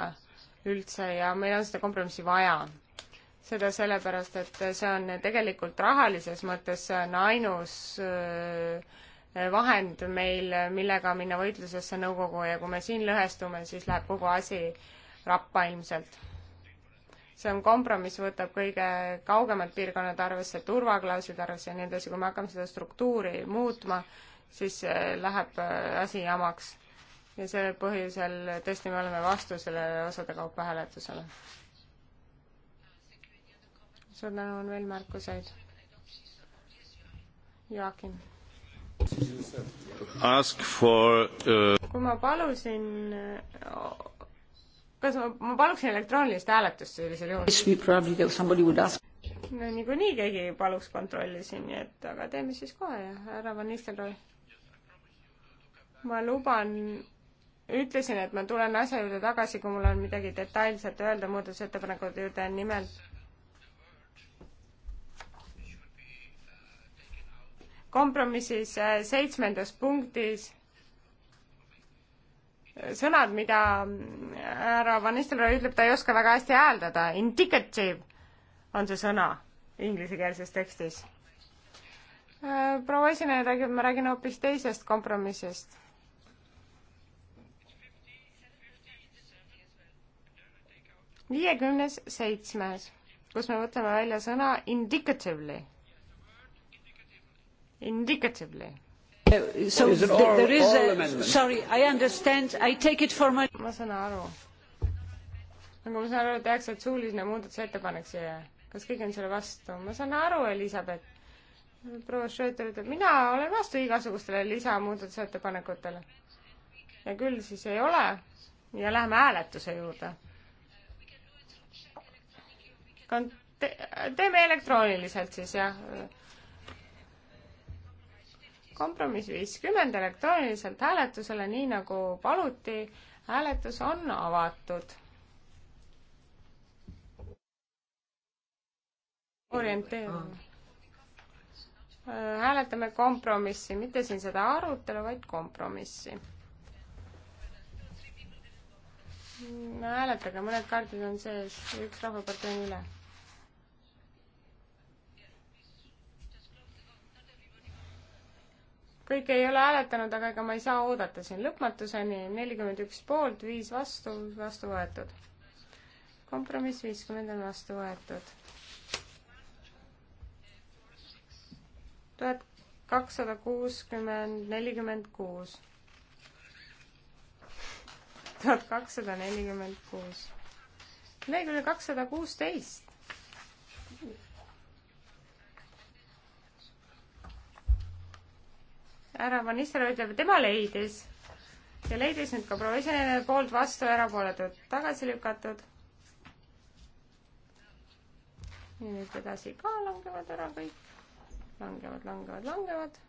Speaker 5: üldse ja meil on seda kompromissi vaja. seda sellepärast, et see on tegelikult rahalises mõttes, see on ainus äh, vahend meil, millega minna võitlusesse nõukogu ja kui me siin lõhestume, siis läheb kogu asi rappa ilmselt. see on kompromiss, võtab kõige kaugemad piirkonnad arvesse, turvaklausid arvesse ja nii edasi, kui me hakkame seda struktuuri muutma, siis äh, läheb äh, asi jamaks ja sellel põhjusel tõesti me oleme vastu sellele osade kaupa hääletusele. suur tänu, on veel märkuseid? Joakim.
Speaker 1: Ask for uh...
Speaker 5: kui ma palusin kas ma, ma paluksin elektroonilist hääletust sellisel
Speaker 4: juhul?
Speaker 5: no niikuinii keegi paluks kontrolli siin, nii et aga teeme siis kohe ja härra Van Nistelrooy. ma luban ütlesin, et ma tulen asja juurde tagasi, kui mul on midagi detailset öelda muudatusettepanekute juurde, nimelt kompromissis äh, seitsmendas punktis sõnad, mida äh, härra Van Nistelrooy ütleb, ta ei oska väga hästi hääldada, indicative on see sõna inglisekeelses tekstis. Äh, proua esineja räägib, ma räägin hoopis teisest kompromissist viiekümnes seitsmes, kus me võtame välja sõna indicatively. Indicatively. So there is a, sorry, I understand, I take it for my ma saan aru. nagu ma saan aru, tehakse suuline muudatusettepanek siia. kas kõik on selle vastu? ma saan aru, Elizabeth. proua Schröter ütleb, mina olen vastu igasugustele lisamuudatusettepanekutele. ja küll siis ei ole ja läheme hääletuse juurde teeme elektrooniliselt siis jah. kompromiss viiskümmend elektrooniliselt hääletusele, nii nagu paluti. hääletus on avatud. orienteerume. hääletame kompromissi, mitte siin seda arutelu, vaid kompromissi. hääletage, mõned kaardid on sees, üks rahvapartei on üle kõik ei ole hääletanud, aga ega ma ei saa oodata siin lõpmatuseni, nelikümmend üks poolt, viis vastu, vastu võetud. kompromiss viiskümmend on vastu võetud. tuhat kakssada kuuskümmend, nelikümmend kuus. tuhat kakssada nelikümmend kuus. lehekülg kakssada kuusteist. härra Van Nistelrooy ütleb, et tema leidis ja leidis nüüd ka proua esineja poolt vastu erapooletud tagasi lükatud. ja nüüd edasi ka langevad ära kõik, langevad, langevad, langevad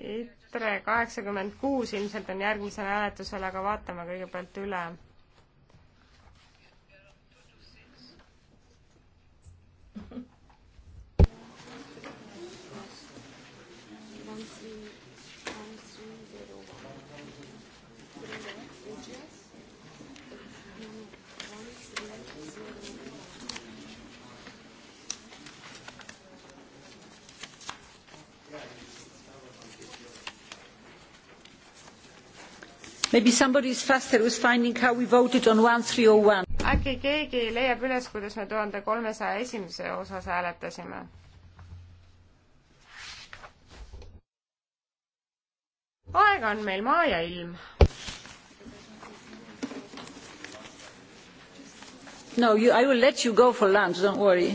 Speaker 5: ITRE kaheksakümmend kuus ilmselt on järgmisel hääletusel, aga vaatame kõigepealt üle
Speaker 4: Maybe somebody is faster who is finding how we voted on one three oh one.
Speaker 5: äkki keegi leiab üles, kuidas me tuhande kolmesaja esimese osas hääletasime? aega on meil maa ja ilm. No you, I will let
Speaker 4: you go for lunch, don't worry.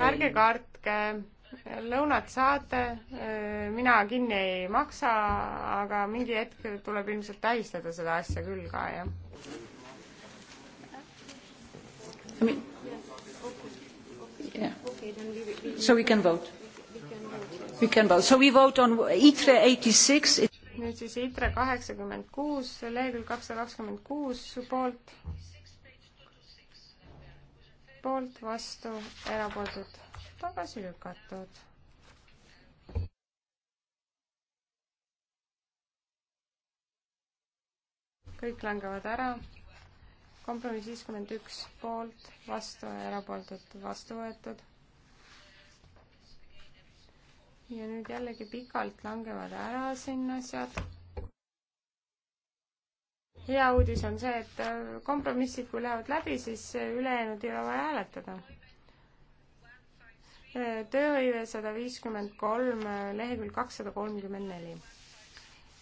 Speaker 5: ärge kartke lõunat saate, mina kinni ei maksa, aga mingi hetk tuleb ilmselt tähistada seda asja küll ka, jah. Yeah. So we can
Speaker 4: vote. We can vote. So we vote on ITRE eighty six.
Speaker 5: nüüd siis ITRE kaheksakümmend kuus, lehekülg kakssada kakskümmend kuus poolt. poolt, vastu, erapooletud tagasi lükatud. kõik langevad ära. kompromiss viiskümmend üks poolt, vastu ja erapooletud, vastu võetud. ja nüüd jällegi pikalt langevad ära siin asjad. hea uudis on see, et kompromissid, kui lähevad läbi, siis ülejäänud ei ole vaja hääletada tööhõive sada viiskümmend kolm, lehekülg kakssada kolmkümmend neli.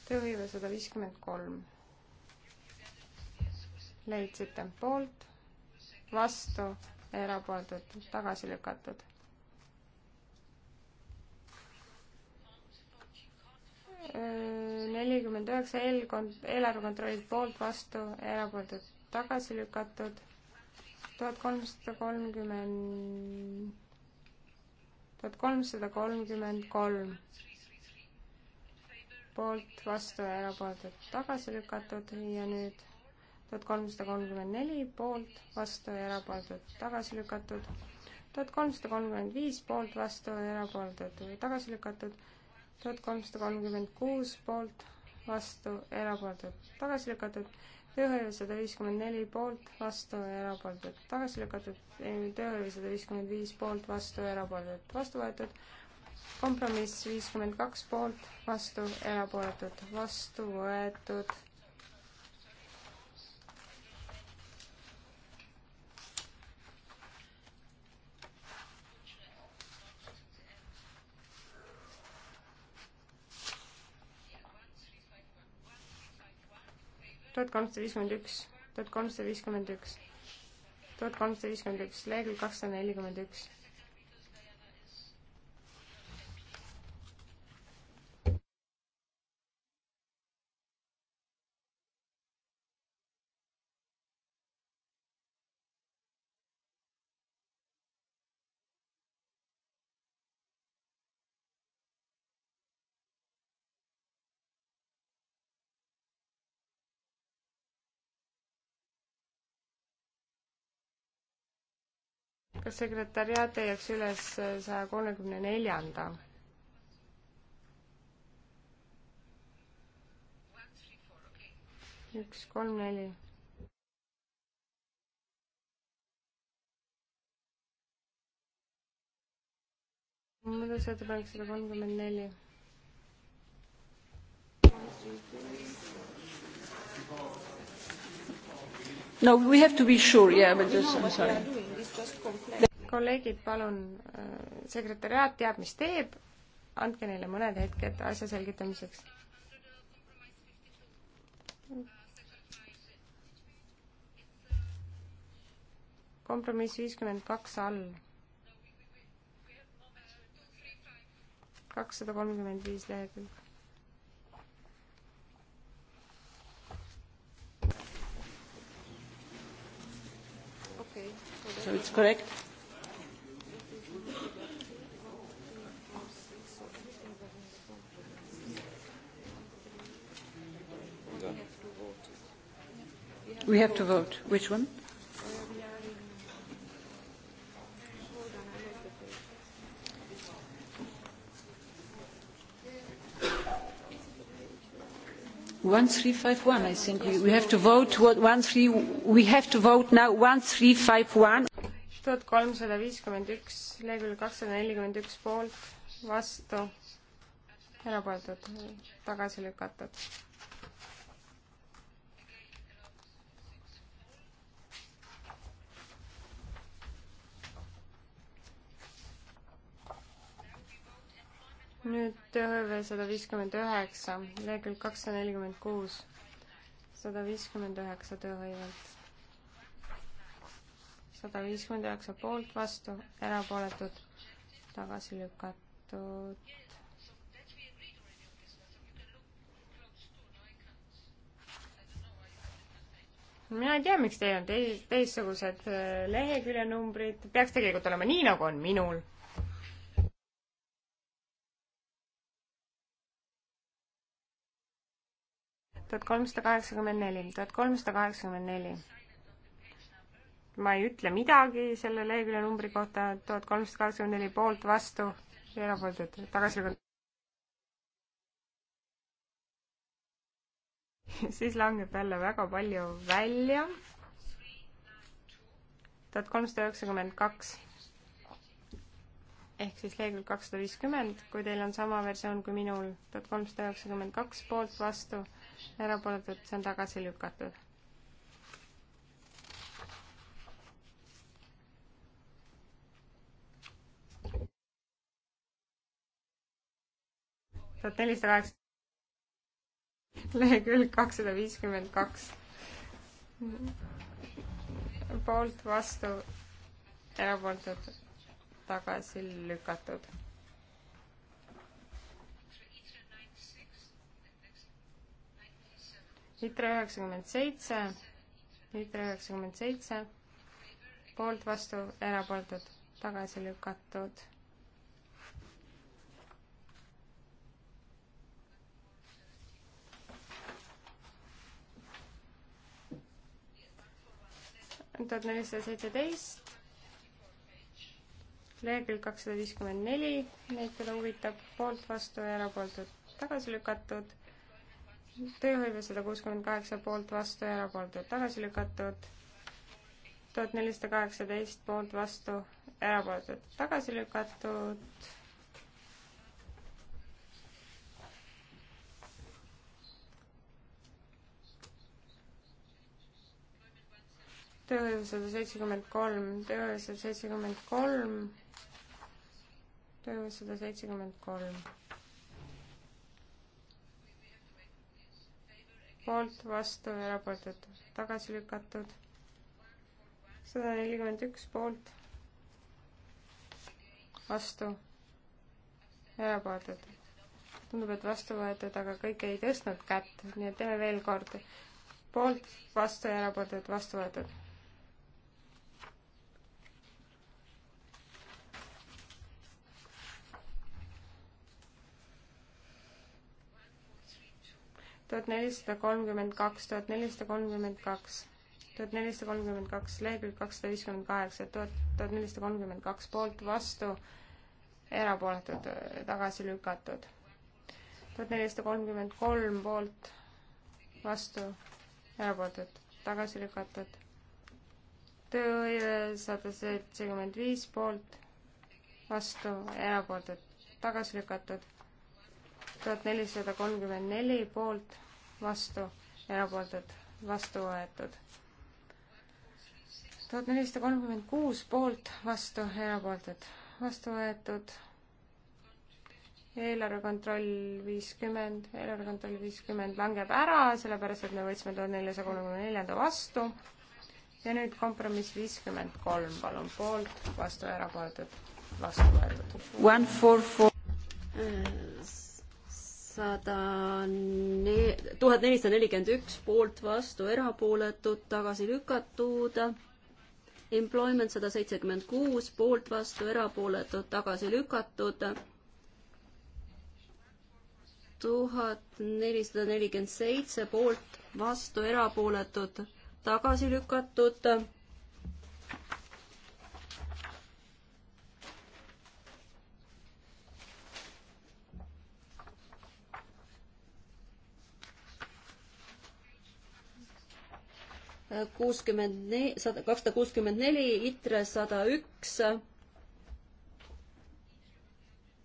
Speaker 5: tööhõive sada viiskümmend kolm. leidsite poolt, vastu, erapooletud, tagasi lükatud. nelikümmend üheksa eelkond-, eelarvekontrollid poolt, vastu, erapooletud, tagasi lükatud, tuhat kolmsada kolmkümmend tuhat kolmsada kolmkümmend kolm poolt, vastu ja erapooletud tagasi lükatud ja nüüd tuhat kolmsada kolmkümmend neli poolt, vastu ja erapooletud tagasi lükatud, tuhat kolmsada kolmkümmend viis poolt, vastu ja erapooletud tagasi lükatud, tuhat kolmsada kolmkümmend kuus poolt, vastu, erapooletud tagasi lükatud, tööhõivesada viiskümmend neli poolt, vastu ja erapooletud tagasi lükatud, tööhõivesada viiskümmend viis poolt, vastu ja erapooletud vastu võetud, kompromiss viiskümmend kaks poolt, vastu, erapooletud, vastu võetud tuhat kolmsada viiskümmend üks, tuhat kolmsada viiskümmend üks, tuhat kolmsada viiskümmend üks, lehekülg kakssada nelikümmend üks sekretäriaat leiaks üles saja kolmekümne neljanda. üks, kolm, neli. muudatusettepanek sada kolmkümmend neli.
Speaker 4: No, we have to be sure, yeah, but just, I'm sorry
Speaker 5: kolleegid, palun, äh, sekretäriaat teab, mis teeb, andke neile mõned hetked asja selgitamiseks. kompromiss viiskümmend kaks all. kakssada kolmkümmend viis lehekülge. So it's correct? We have to vote.
Speaker 4: Which one? one three five one i think we, we have to vote what one three we have to vote now one three five one
Speaker 5: tuhat kolmsada viiskümmend üks, lehekülg kakssada nelikümmend üks poolt, vastu, erapooletud, tagasi lükatud. nüüd ÖV sada viiskümmend üheksa, lehekülg kakssada nelikümmend kuus, sada viiskümmend üheksa tööhõivelt sada viiskümmend üheksa poolt, vastu, erapooletud, tagasi lükatud. mina ei tea, miks teil on teis-, teistsugused äh, leheküljenumbrid, peaks tegelikult olema nii, nagu on minul tuhat kolmsada kaheksakümmend neli, tuhat kolmsada kaheksakümmend neli ma ei ütle midagi selle lehekülje numbri kohta, tuhat kolmsada kaheksakümmend neli poolt, vastu, erapooletud, tagasi lükatud. siis langeb jälle väga palju välja. tuhat kolmsada üheksakümmend kaks ehk siis lehekülg kakssada viiskümmend, kui teil on sama versioon kui minul, tuhat kolmsada üheksakümmend kaks poolt, vastu, erapooletud, see on tagasi lükatud tuhat nelisada kaheksa, lehekülg kakssada viiskümmend kaks. poolt, vastu, erapooltud, tagasi lükatud. ITRE üheksakümmend seitse, ITRE üheksakümmend seitse, poolt, vastu, erapooletud, tagasi lükatud tuhat nelisada seitseteist, lehekülg kakssada viiskümmend neli, neid, keda huvitab, poolt, vastu ja erapooletud tagasi lükatud. tööhõive sada kuuskümmend kaheksa, poolt, vastu ja erapooletud tagasi lükatud. tuhat nelisada kaheksateist, poolt, vastu, erapooletud tagasi lükatud tööhõivesada seitsekümmend kolm, tööhõivesada seitsekümmend kolm, tööhõivesada seitsekümmend kolm. poolt, vastu, erapooletud, tagasi lükatud. sada nelikümmend üks poolt, vastu, erapooletud. tundub, et vastu võetud, aga kõik ei tõstnud kätt, nii et teeme veel kord. poolt, vastu, erapooletud, vastu võetud tuhat nelisada kolmkümmend kaks, tuhat nelisada kolmkümmend kaks, tuhat nelisada kolmkümmend kaks, lehekülg kakssada viiskümmend kaheksa, tuhat, tuhat nelisada kolmkümmend kaks poolt, vastu, erapooletud, tagasi lükatud. tuhat nelisada kolmkümmend kolm poolt, vastu, erapooletud, tagasi lükatud. tööhõive sada seitsekümmend viis poolt, vastu, erapooletud, tagasi lükatud tuhat nelisada kolmkümmend neli poolt, vastu, erapooletud, vastu võetud. tuhat nelisada kolmkümmend kuus poolt, vastu, erapooletud, vastu võetud. eelarvekontroll viiskümmend, eelarvekontroll viiskümmend langeb ära, sellepärast et me võtsime tuhat neljasaja kolmekümne neljanda vastu ja nüüd kompromiss viiskümmend kolm, palun poolt, vastu, erapooletud, vastu võetud. One four four.
Speaker 2: Äh, sada ne-, tuhat nelisada nelikümmend üks poolt, vastu, erapooletud, tagasi lükatud. Employment sada seitsekümmend kuus poolt, vastu, erapooletud, tagasi lükatud. tuhat nelisada nelikümmend seitse poolt, vastu, erapooletud, tagasi lükatud kuuskümmend neli, sada, kakssada kuuskümmend neli, ITRE sada üks,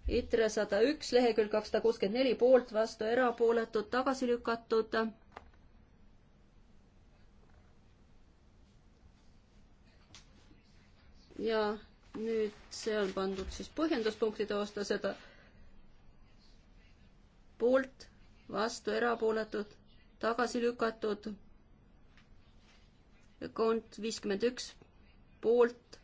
Speaker 2: ITRE sada üks, lehekülg kakssada kuuskümmend neli, poolt, vastu, erapooletud, tagasi lükatud ja nüüd see on pandud siis põhjenduspunktide osta seda poolt, vastu, erapooletud, tagasi lükatud kont viiskümmend üks poolt,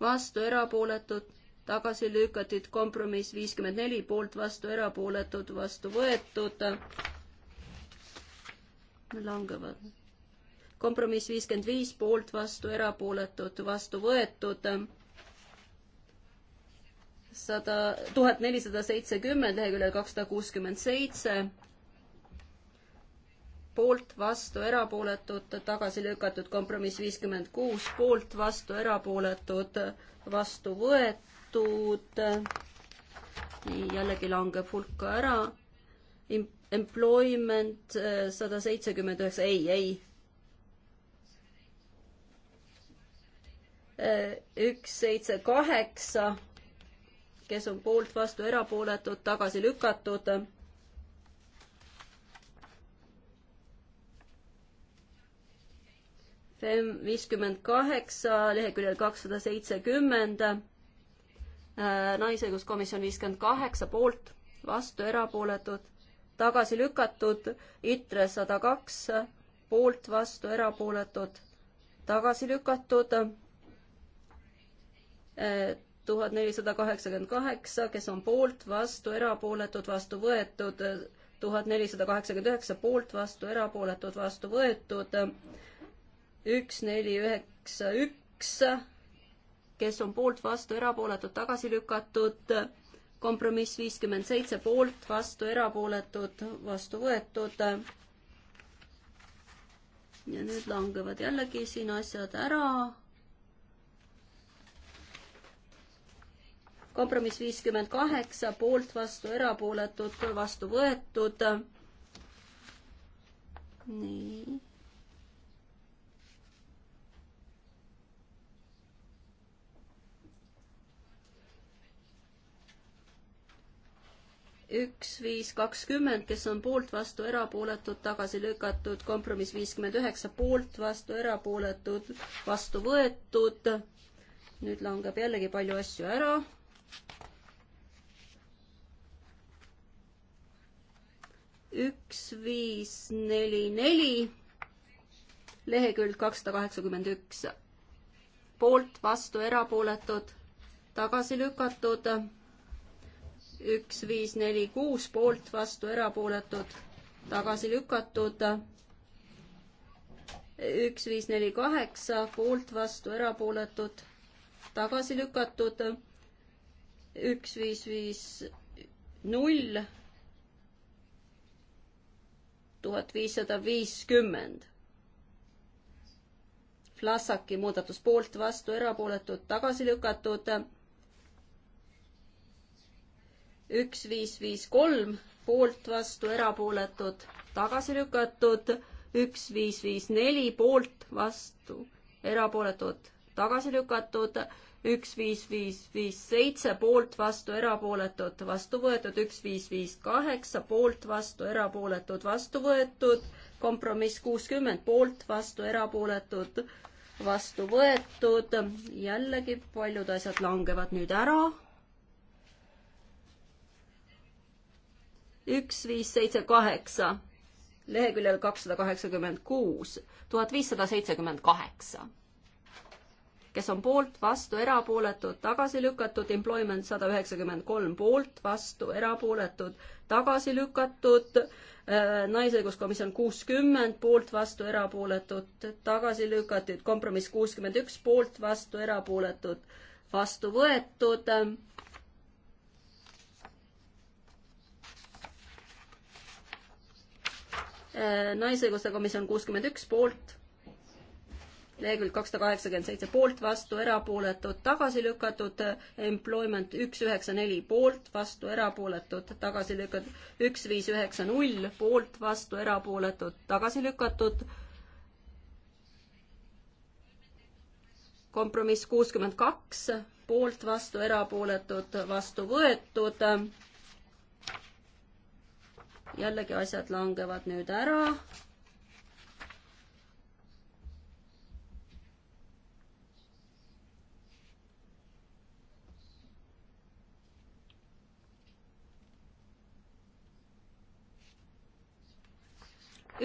Speaker 2: vastu erapooletud, tagasi lükatud, kompromiss viiskümmend neli poolt, vastu erapooletud, vastu võetud. langevad. kompromiss viiskümmend viis poolt, vastu erapooletud, vastu võetud sada, tuhat nelisada seitsekümmend, leheküljel kakssada kuuskümmend seitse poolt, vastu, erapooletud, tagasi lükatud, kompromiss viiskümmend kuus, poolt, vastu, erapooletud, vastu võetud. nii, jällegi langeb hulk ära. Employment äh, sada seitsekümmend üheksa, ei, ei. Äh, üks, seitse, kaheksa, kes on poolt, vastu, erapooletud, tagasi lükatud FEM viiskümmend kaheksa, leheküljel kakssada seitsekümmend, äh, Naisõiguskomisjon viiskümmend kaheksa poolt, vastu erapooletud, tagasi lükatud, ITRE sada kaks poolt, vastu erapooletud, tagasi lükatud, äh, tuhat nelisada kaheksakümmend kaheksa, kes on poolt, vastu erapooletud, vastu võetud, tuhat nelisada kaheksakümmend üheksa poolt, vastu erapooletud, vastu võetud, üks, neli, üheksa, üks, kes on poolt, vastu, erapooletud, tagasi lükatud. kompromiss viiskümmend seitse poolt, vastu, erapooletud, vastu võetud. ja nüüd langevad jällegi siin asjad ära. kompromiss viiskümmend kaheksa poolt, vastu, erapooletud, vastu võetud. nii üks, viis, kakskümmend, kes on poolt, vastu, erapooletud, tagasi lükatud, kompromiss viiskümmend üheksa, poolt, vastu, erapooletud, vastu võetud. nüüd langeb jällegi palju asju ära. üks, viis, neli, neli, lehekülg kakssada kaheksakümmend üks, poolt, vastu, erapooletud, tagasi lükatud üks, viis, neli, kuus poolt, vastu, erapooletud, tagasi lükatud. üks, viis, neli, kaheksa poolt, vastu, erapooletud, tagasi lükatud. üks, viis, viis, null, tuhat viissada viiskümmend. Flassaki muudatus poolt, vastu, erapooletud, tagasi lükatud üks, viis, viis, kolm poolt, vastu, erapooletud, tagasi lükatud, üks, viis, viis, neli poolt, vastu, erapooletud, tagasi lükatud, üks, viis, viis, viis, seitse poolt, vastu, erapooletud, vastu võetud, üks, viis, viis, kaheksa poolt, vastu, erapooletud, vastu võetud, kompromiss kuuskümmend poolt, vastu, erapooletud, vastu võetud, jällegi paljud asjad langevad nüüd ära üks, viis, seitse, kaheksa, leheküljel kakssada kaheksakümmend kuus, tuhat viissada seitsekümmend kaheksa. kes on poolt, vastu, erapooletud, tagasi lükatud, employment sada üheksakümmend kolm poolt, vastu, erapooletud, tagasi lükatud, äh, naisõiguskomisjon kuuskümmend, poolt, vastu, erapooletud, tagasi lükatud, kompromiss kuuskümmend üks, poolt, vastu, erapooletud, vastu võetud Äh, naisõiguste komisjon kuuskümmend üks poolt, lehekülg kakssada kaheksakümmend seitse poolt, vastu erapooletud, tagasi lükatud, employment üks üheksa neli poolt, vastu erapooletud, tagasi lükatud, üks viis üheksa null poolt, vastu erapooletud, tagasi lükatud, kompromiss kuuskümmend kaks poolt, vastu erapooletud, vastu võetud jällegi asjad langevad nüüd ära.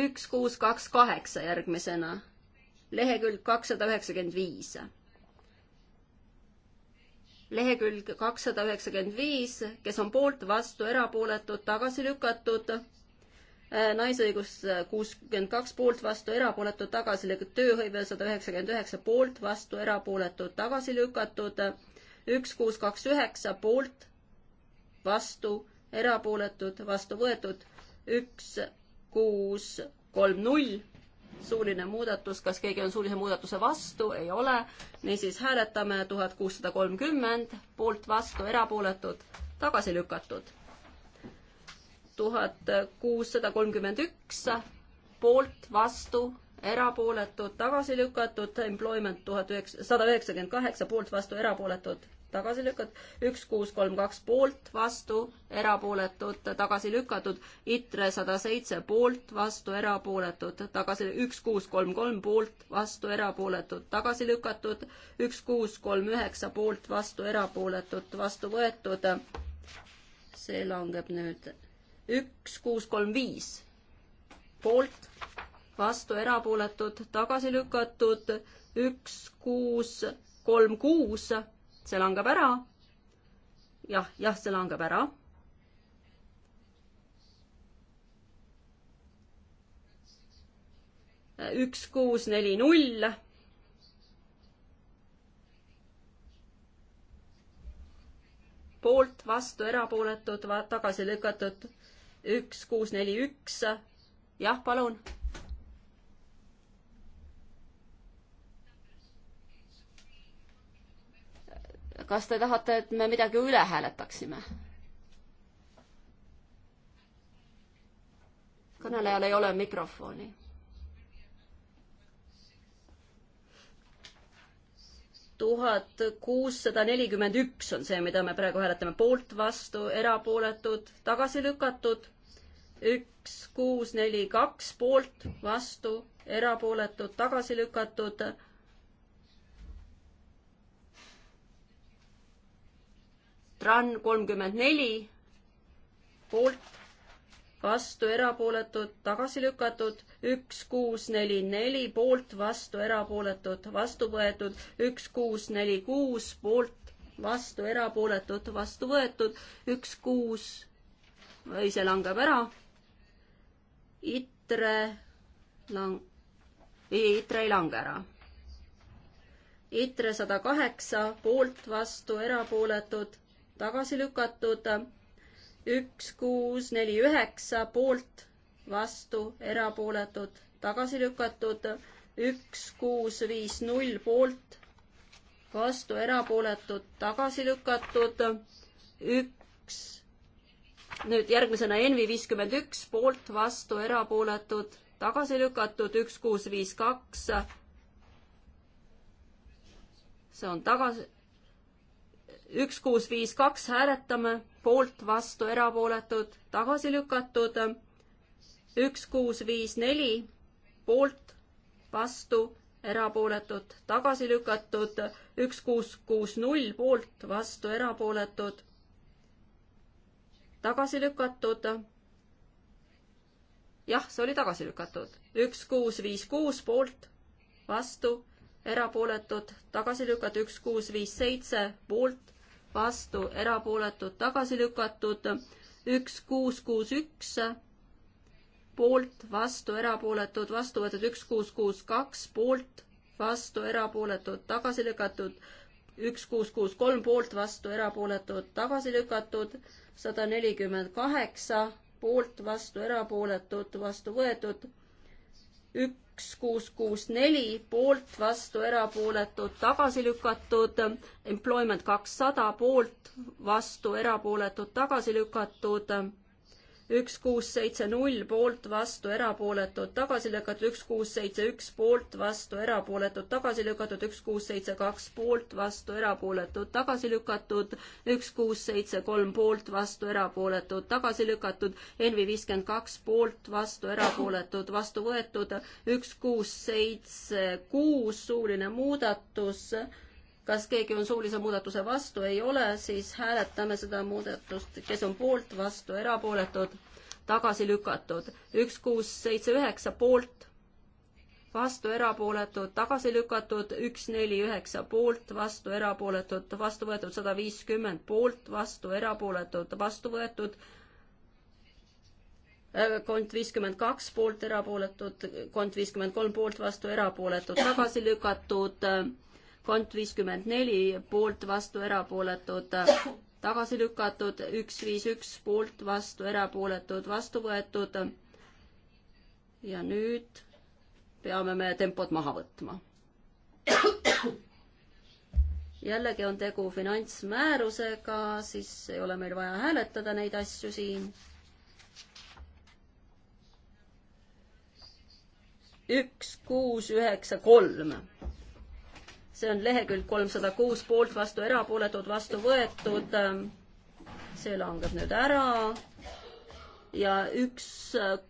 Speaker 2: üks, kuus, kaks, kaheksa järgmisena, lehekülg kakssada üheksakümmend viis lehekülg kakssada üheksakümmend viis, kes on poolt, vastu, erapooletud, tagasi lükatud. Äh, naisõigus äh, kuuskümmend kaks poolt, vastu, erapooletud, tagasi lükatud, tööhõive sada üheksakümmend üheksa poolt, vastu, erapooletud, tagasi lükatud. üks, kuus, kaks, üheksa poolt, vastu, erapooletud, vastu võetud, üks, kuus, kolm, null suuline muudatus, kas keegi on suulise muudatuse vastu, ei ole. niisiis hääletame tuhat kuussada kolmkümmend, poolt, vastu, erapooletud, tagasi lükatud. tuhat kuussada kolmkümmend üks, poolt, vastu, erapooletud, tagasi lükatud, employment tuhat üheksa, sada üheksakümmend kaheksa, poolt, vastu, erapooletud, tagasi lükatud, üks, kuus, kolm, kaks poolt, vastu, erapooletud, tagasi lükatud, ITRE sada seitse poolt, vastu, erapooletud, tagasi, üks, kuus, kolm, kolm poolt, vastu, erapooletud, tagasi lükatud, üks, kuus, kolm, üheksa poolt, vastu, erapooletud, vastu võetud. see langeb nüüd üks, kuus, kolm, viis poolt, vastu, erapooletud, tagasi lükatud, üks, kuus, kolm, kuus see langeb ära. jah, jah, see langeb ära. üks, kuus, neli, null. poolt, vastu, erapooletud, tagasi lükatud. üks, kuus, neli, üks. jah, palun kas te tahate, et me midagi üle hääletaksime? kõnelejal ei ole mikrofoni. tuhat kuussada nelikümmend üks on see, mida me praegu hääletame poolt, vastu, erapooletud, tagasi lükatud. üks, kuus, neli, kaks poolt, vastu, erapooletud, tagasi lükatud TRAN kolmkümmend neli poolt, vastu, erapooletud, tagasi lükatud, üks, kuus, neli, neli poolt, vastu, erapooletud, vastu võetud, üks, kuus, neli, kuus poolt, vastu, erapooletud, vastu võetud, üks, kuus, ei, see langeb ära. ITRE lang-, ei, ITRE ei lange ära ITRE sada kaheksa, poolt, vastu, erapooletud, tagasi lükatud. üks, kuus, neli, üheksa poolt, vastu, erapooletud, tagasi lükatud. üks, kuus, viis, null poolt, vastu, erapooletud, tagasi lükatud. üks, nüüd järgmisena Envi viiskümmend üks poolt, vastu, erapooletud, tagasi lükatud, üks, kuus, viis, kaks see on tagasi, üks, kuus, viis, kaks hääletame, poolt, vastu, erapooletud, tagasi lükatud. üks, kuus, viis, neli, poolt, vastu, erapooletud, tagasi lükatud. üks, kuus, kuus, null, poolt, vastu, erapooletud, tagasi lükatud. jah, see oli tagasi lükatud. üks, kuus, viis, kuus, poolt, vastu erapooletud, tagasi lükata üks, kuus, viis, seitse, poolt, vastu, erapooletud, tagasi lükatud, üks, kuus, kuus, üks, poolt, vastu, erapooletud, vastu võetud, üks, kuus, kuus, kaks, poolt, vastu, erapooletud, tagasi lükatud, üks, kuus, kuus, kolm, poolt, vastu, erapooletud, tagasi lükatud, sada nelikümmend kaheksa, poolt, vastu, erapooletud, vastu võetud, ük-, üks, kuus, kuus, neli poolt, vastu, erapooletud, tagasi lükatud. Employment kakssada poolt, vastu, erapooletud, tagasi lükatud üks, kuus, seitse, null poolt, vastu, erapooletud, tagasi lükatud, üks, kuus, seitse, üks poolt, vastu, erapooletud, tagasi lükatud, üks, kuus, seitse, kaks poolt, vastu, erapooletud, tagasi lükatud, üks, kuus, seitse, kolm poolt, vastu, erapooletud, tagasi lükatud, Envi viiskümmend kaks poolt, vastu, erapooletud, vastu võetud, üks, kuus, seitse, kuus, suuline muudatus kas keegi on suulise muudatuse vastu, ei ole, siis hääletame seda muudatust, kes on poolt, vastu, erapooletud, tagasi lükatud. üks, kuus, seitse, üheksa poolt, vastu, erapooletud, tagasi lükatud, üks, neli, üheksa poolt, vastu, erapooletud, vastu võetud sada viiskümmend poolt, vastu, erapooletud, vastu võetud äh, kont viiskümmend kaks poolt, erapooletud, kont viiskümmend kolm poolt, vastu, erapooletud, tagasi lükatud kont viiskümmend neli poolt, vastu, erapooletud, tagasi lükatud, üks, viis, üks poolt, vastu, erapooletud, vastu võetud. ja nüüd peame me tempod maha võtma. jällegi on tegu finantsmäärusega, siis ei ole meil vaja hääletada neid asju siin üks, kuus, üheksa, kolm see on lehekülg kolmsada kuus poolt vastu erapooletud, vastu võetud. see langeb nüüd ära. ja üks,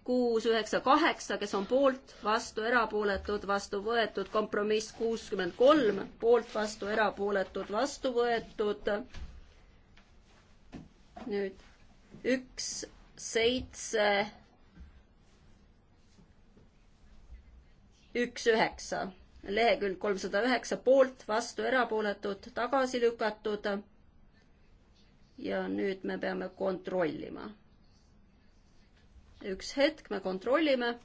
Speaker 2: kuus, üheksa, kaheksa, kes on poolt, vastu erapooletud, vastu võetud, kompromiss kuuskümmend kolm, poolt, vastu erapooletud, vastu võetud. nüüd üks, seitse, üks, üheksa lehekülg kolmsada üheksa poolt, vastu erapooletud, tagasi lükatud. ja nüüd me peame kontrollima. üks hetk, me kontrollime.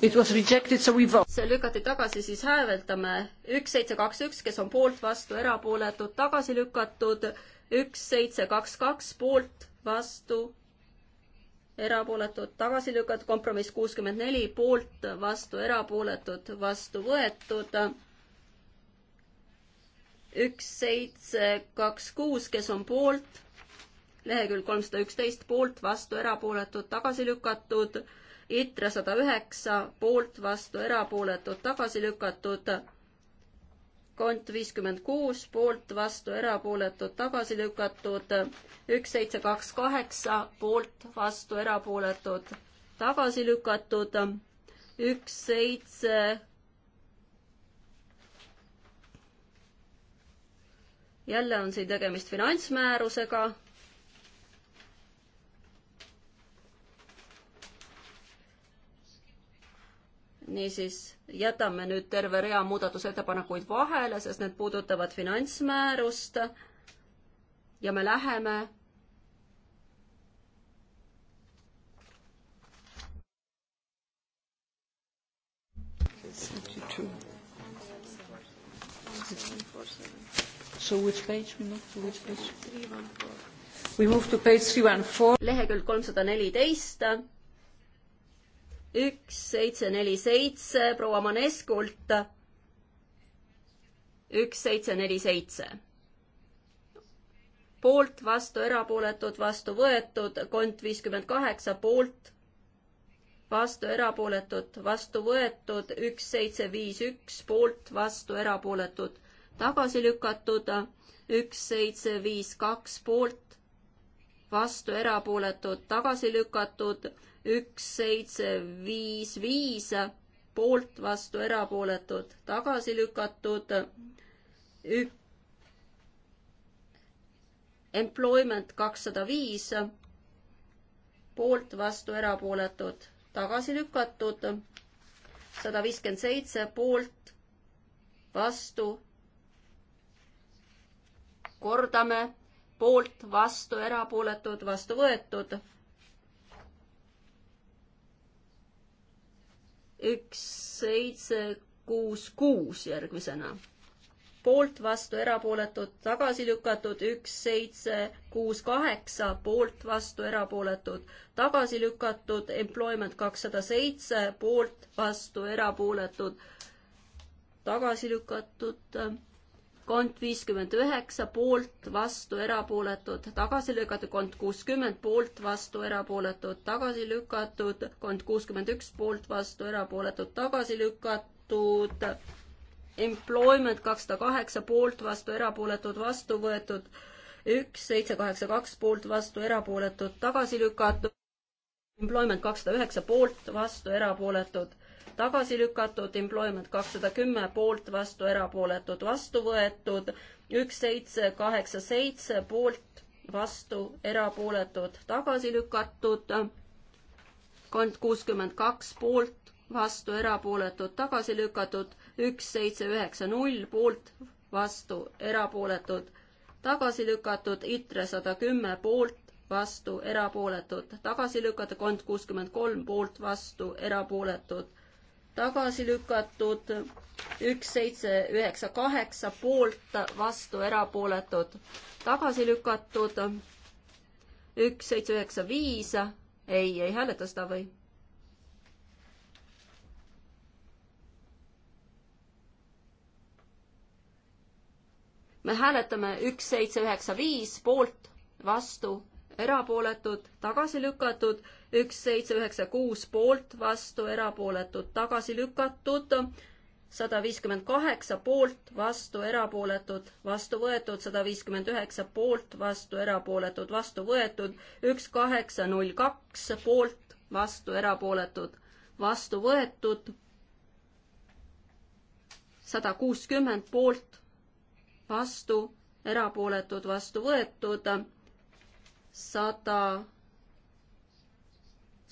Speaker 4: It was rejected, so we vote.
Speaker 2: see lükati tagasi, siis hääletame üks, seitse, kaks, üks, kes on poolt, vastu, erapooletud, tagasi lükatud üks, seitse, kaks, kaks poolt, vastu, erapooletud, tagasi lükatud, kompromiss kuuskümmend neli poolt, vastu, erapooletud, vastu võetud. üks, seitse, kaks, kuus, kes on poolt, lehekülg kolmsada üksteist poolt, vastu, erapooletud, tagasi lükatud. ITRE sada üheksa poolt, vastu, erapooletud, tagasi lükatud kont viiskümmend kuus poolt, vastu erapooletud, tagasi lükatud, üks seitse kaks kaheksa poolt, vastu erapooletud, tagasi lükatud, üks seitse jälle on siin tegemist finantsmäärusega niisiis jätame nüüd terve rea muudatusettepanekuid vahele, sest need puudutavad finantsmäärust ja me läheme So which page we move to which page?
Speaker 4: We move to page three one four.
Speaker 2: lehekülg kolmsada neliteist üks, seitse, neli, seitse proua Maneskult. üks, seitse, neli, seitse. poolt, vastu, erapooletud, vastu võetud, kont viiskümmend kaheksa, poolt, vastu, erapooletud, vastu võetud, üks, seitse, viis, üks, poolt, vastu, erapooletud, tagasi lükatud, üks, seitse, viis, kaks, poolt, vastu erapooletud, tagasi lükatud, üks, seitse, viis, viis, poolt, vastu erapooletud, tagasi lükatud, ük-, employment kakssada viis, poolt, vastu erapooletud, tagasi lükatud, sada viiskümmend seitse, poolt, vastu, kordame poolt, vastu, erapooletud, vastu võetud. üks, seitse, kuus, kuus järgmisena. poolt, vastu, erapooletud, tagasi lükatud, üks, seitse, kuus, kaheksa, poolt, vastu, erapooletud, tagasi lükatud, employment kakssada seitse, poolt, vastu, erapooletud, tagasi lükatud kont viiskümmend üheksa poolt, vastu, erapooletud, tagasi lükatud, kont kuuskümmend poolt, vastu, erapooletud, tagasi lükatud, kont kuuskümmend üks poolt, vastu, erapooletud, tagasi lükatud. Employment kakssada kaheksa poolt, vastu, erapooletud, vastu võetud, üks, seitse, kaheksa, kaks poolt, vastu, erapooletud, tagasi lükatud. Employment kakssada üheksa poolt, vastu, erapooletud tagasi lükatud, employment kakssada kümme poolt, vastu, erapooletud, vastu võetud, üks, seitse, kaheksa, seitse poolt, vastu, erapooletud, tagasi lükatud, kond kuuskümmend kaks poolt, vastu, erapooletud, tagasi lükatud, üks, seitse, üheksa, null poolt, vastu, erapooletud, tagasi lükatud, ITRE sada kümme poolt, vastu, erapooletud, tagasi lükata, kond kuuskümmend kolm poolt, vastu, erapooletud, tagasi lükatud, üks, seitse, üheksa, kaheksa poolt, vastu, erapooletud, tagasi lükatud, üks, seitse, üheksa, viis, ei, ei hääleta seda või? me hääletame üks, seitse, üheksa, viis poolt, vastu, erapooletud, tagasi lükatud, üks, seitse, üheksa, kuus poolt, vastu, erapooletud, tagasi lükatud, sada viiskümmend kaheksa poolt, vastu, erapooletud, vastu võetud, sada viiskümmend üheksa poolt, vastu, erapooletud, vastu võetud, üks, kaheksa, null, kaks poolt, vastu, erapooletud, vastu võetud, sada kuuskümmend poolt, vastu, erapooletud, vastu võetud sada,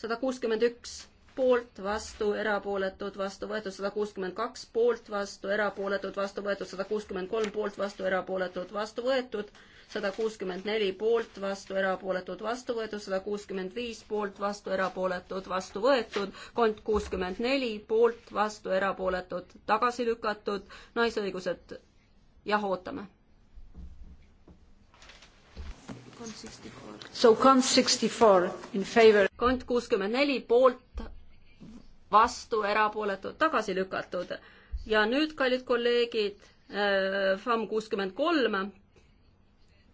Speaker 2: sada kuuskümmend üks poolt, vastu, erapooletud, vastu võetud sada kuuskümmend kaks, poolt, vastu, erapooletud, vastu võetud sada kuuskümmend kolm, poolt, vastu, erapooletud, vastu võetud sada kuuskümmend neli, poolt, vastu, erapooletud, vastu võetud sada kuuskümmend viis, poolt, vastu, erapooletud, vastu võetud, kont kuuskümmend neli, poolt, vastu, erapooletud, tagasi lükatud, naisõigused, jah, ootame So kond kuuskümmend neli poolt, vastu, erapooletud, tagasi lükatud. ja nüüd, kallid kolleegid, äh, FAM kuuskümmend kolm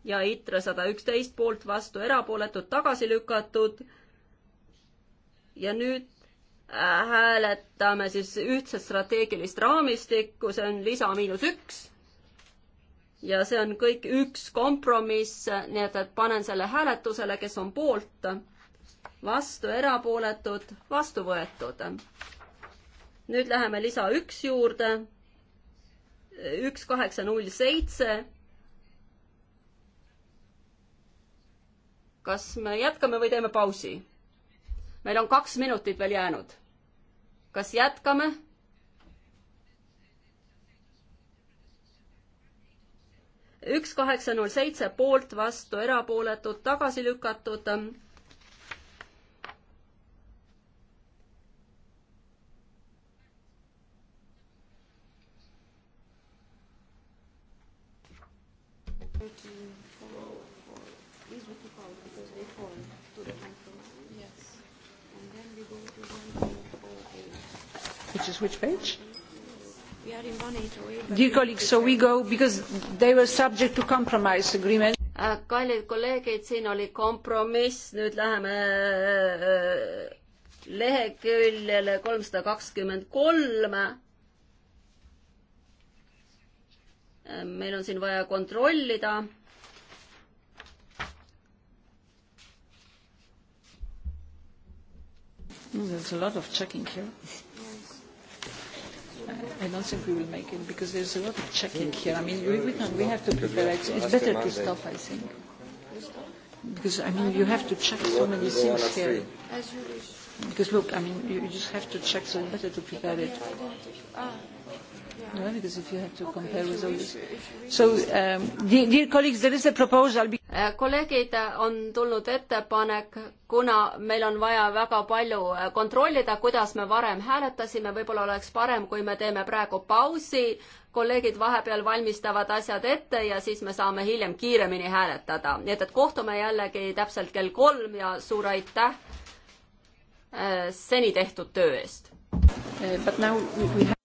Speaker 2: ja ITRE sada üksteist poolt, vastu, erapooletud, tagasi lükatud. ja nüüd äh, hääletame siis ühtset strateegilist raamistikku, see on lisa miinus üks ja see on kõik üks kompromiss, nii et, et panen selle hääletusele, kes on poolt, vastu, erapooletud, vastu võetud. nüüd läheme lisa üks juurde. üks kaheksa null seitse. kas me jätkame või teeme pausi? meil on kaks minutit veel jäänud. kas jätkame? üks kaheksa null seitse poolt, vastu, erapooletud, tagasi lükatud.
Speaker 4: Which is which page?
Speaker 2: Äh, kallid kolleegid, siin oli kompromiss, nüüd läheme äh, leheküljele kolmsada kakskümmend kolm. Äh, meil on siin vaja kontrollida
Speaker 4: There's a lot of checking here. I don't think we will make it because there's a lot of checking here. I mean, we, we, can, we have to prepare. It's, it's better to stop, I think. Because, I mean, you have to check so many things here. As you wish. Because, look, I mean, you, you just have to check, so it's better to prepare it. Ah. No, because if you have to compare with all this. So um, dear, dear colleagues, there is a proposal.
Speaker 2: Äh, kolleegid, äh, on tulnud ettepanek, kuna meil on vaja väga palju äh, kontrollida, kuidas me varem hääletasime, võib-olla oleks parem, kui me teeme praegu pausi, kolleegid vahepeal valmistavad asjad ette ja siis me saame hiljem kiiremini hääletada. nii et, et kohtume jällegi täpselt kell kolm ja suur aitäh seni tehtud töö eest. Eh, but now we have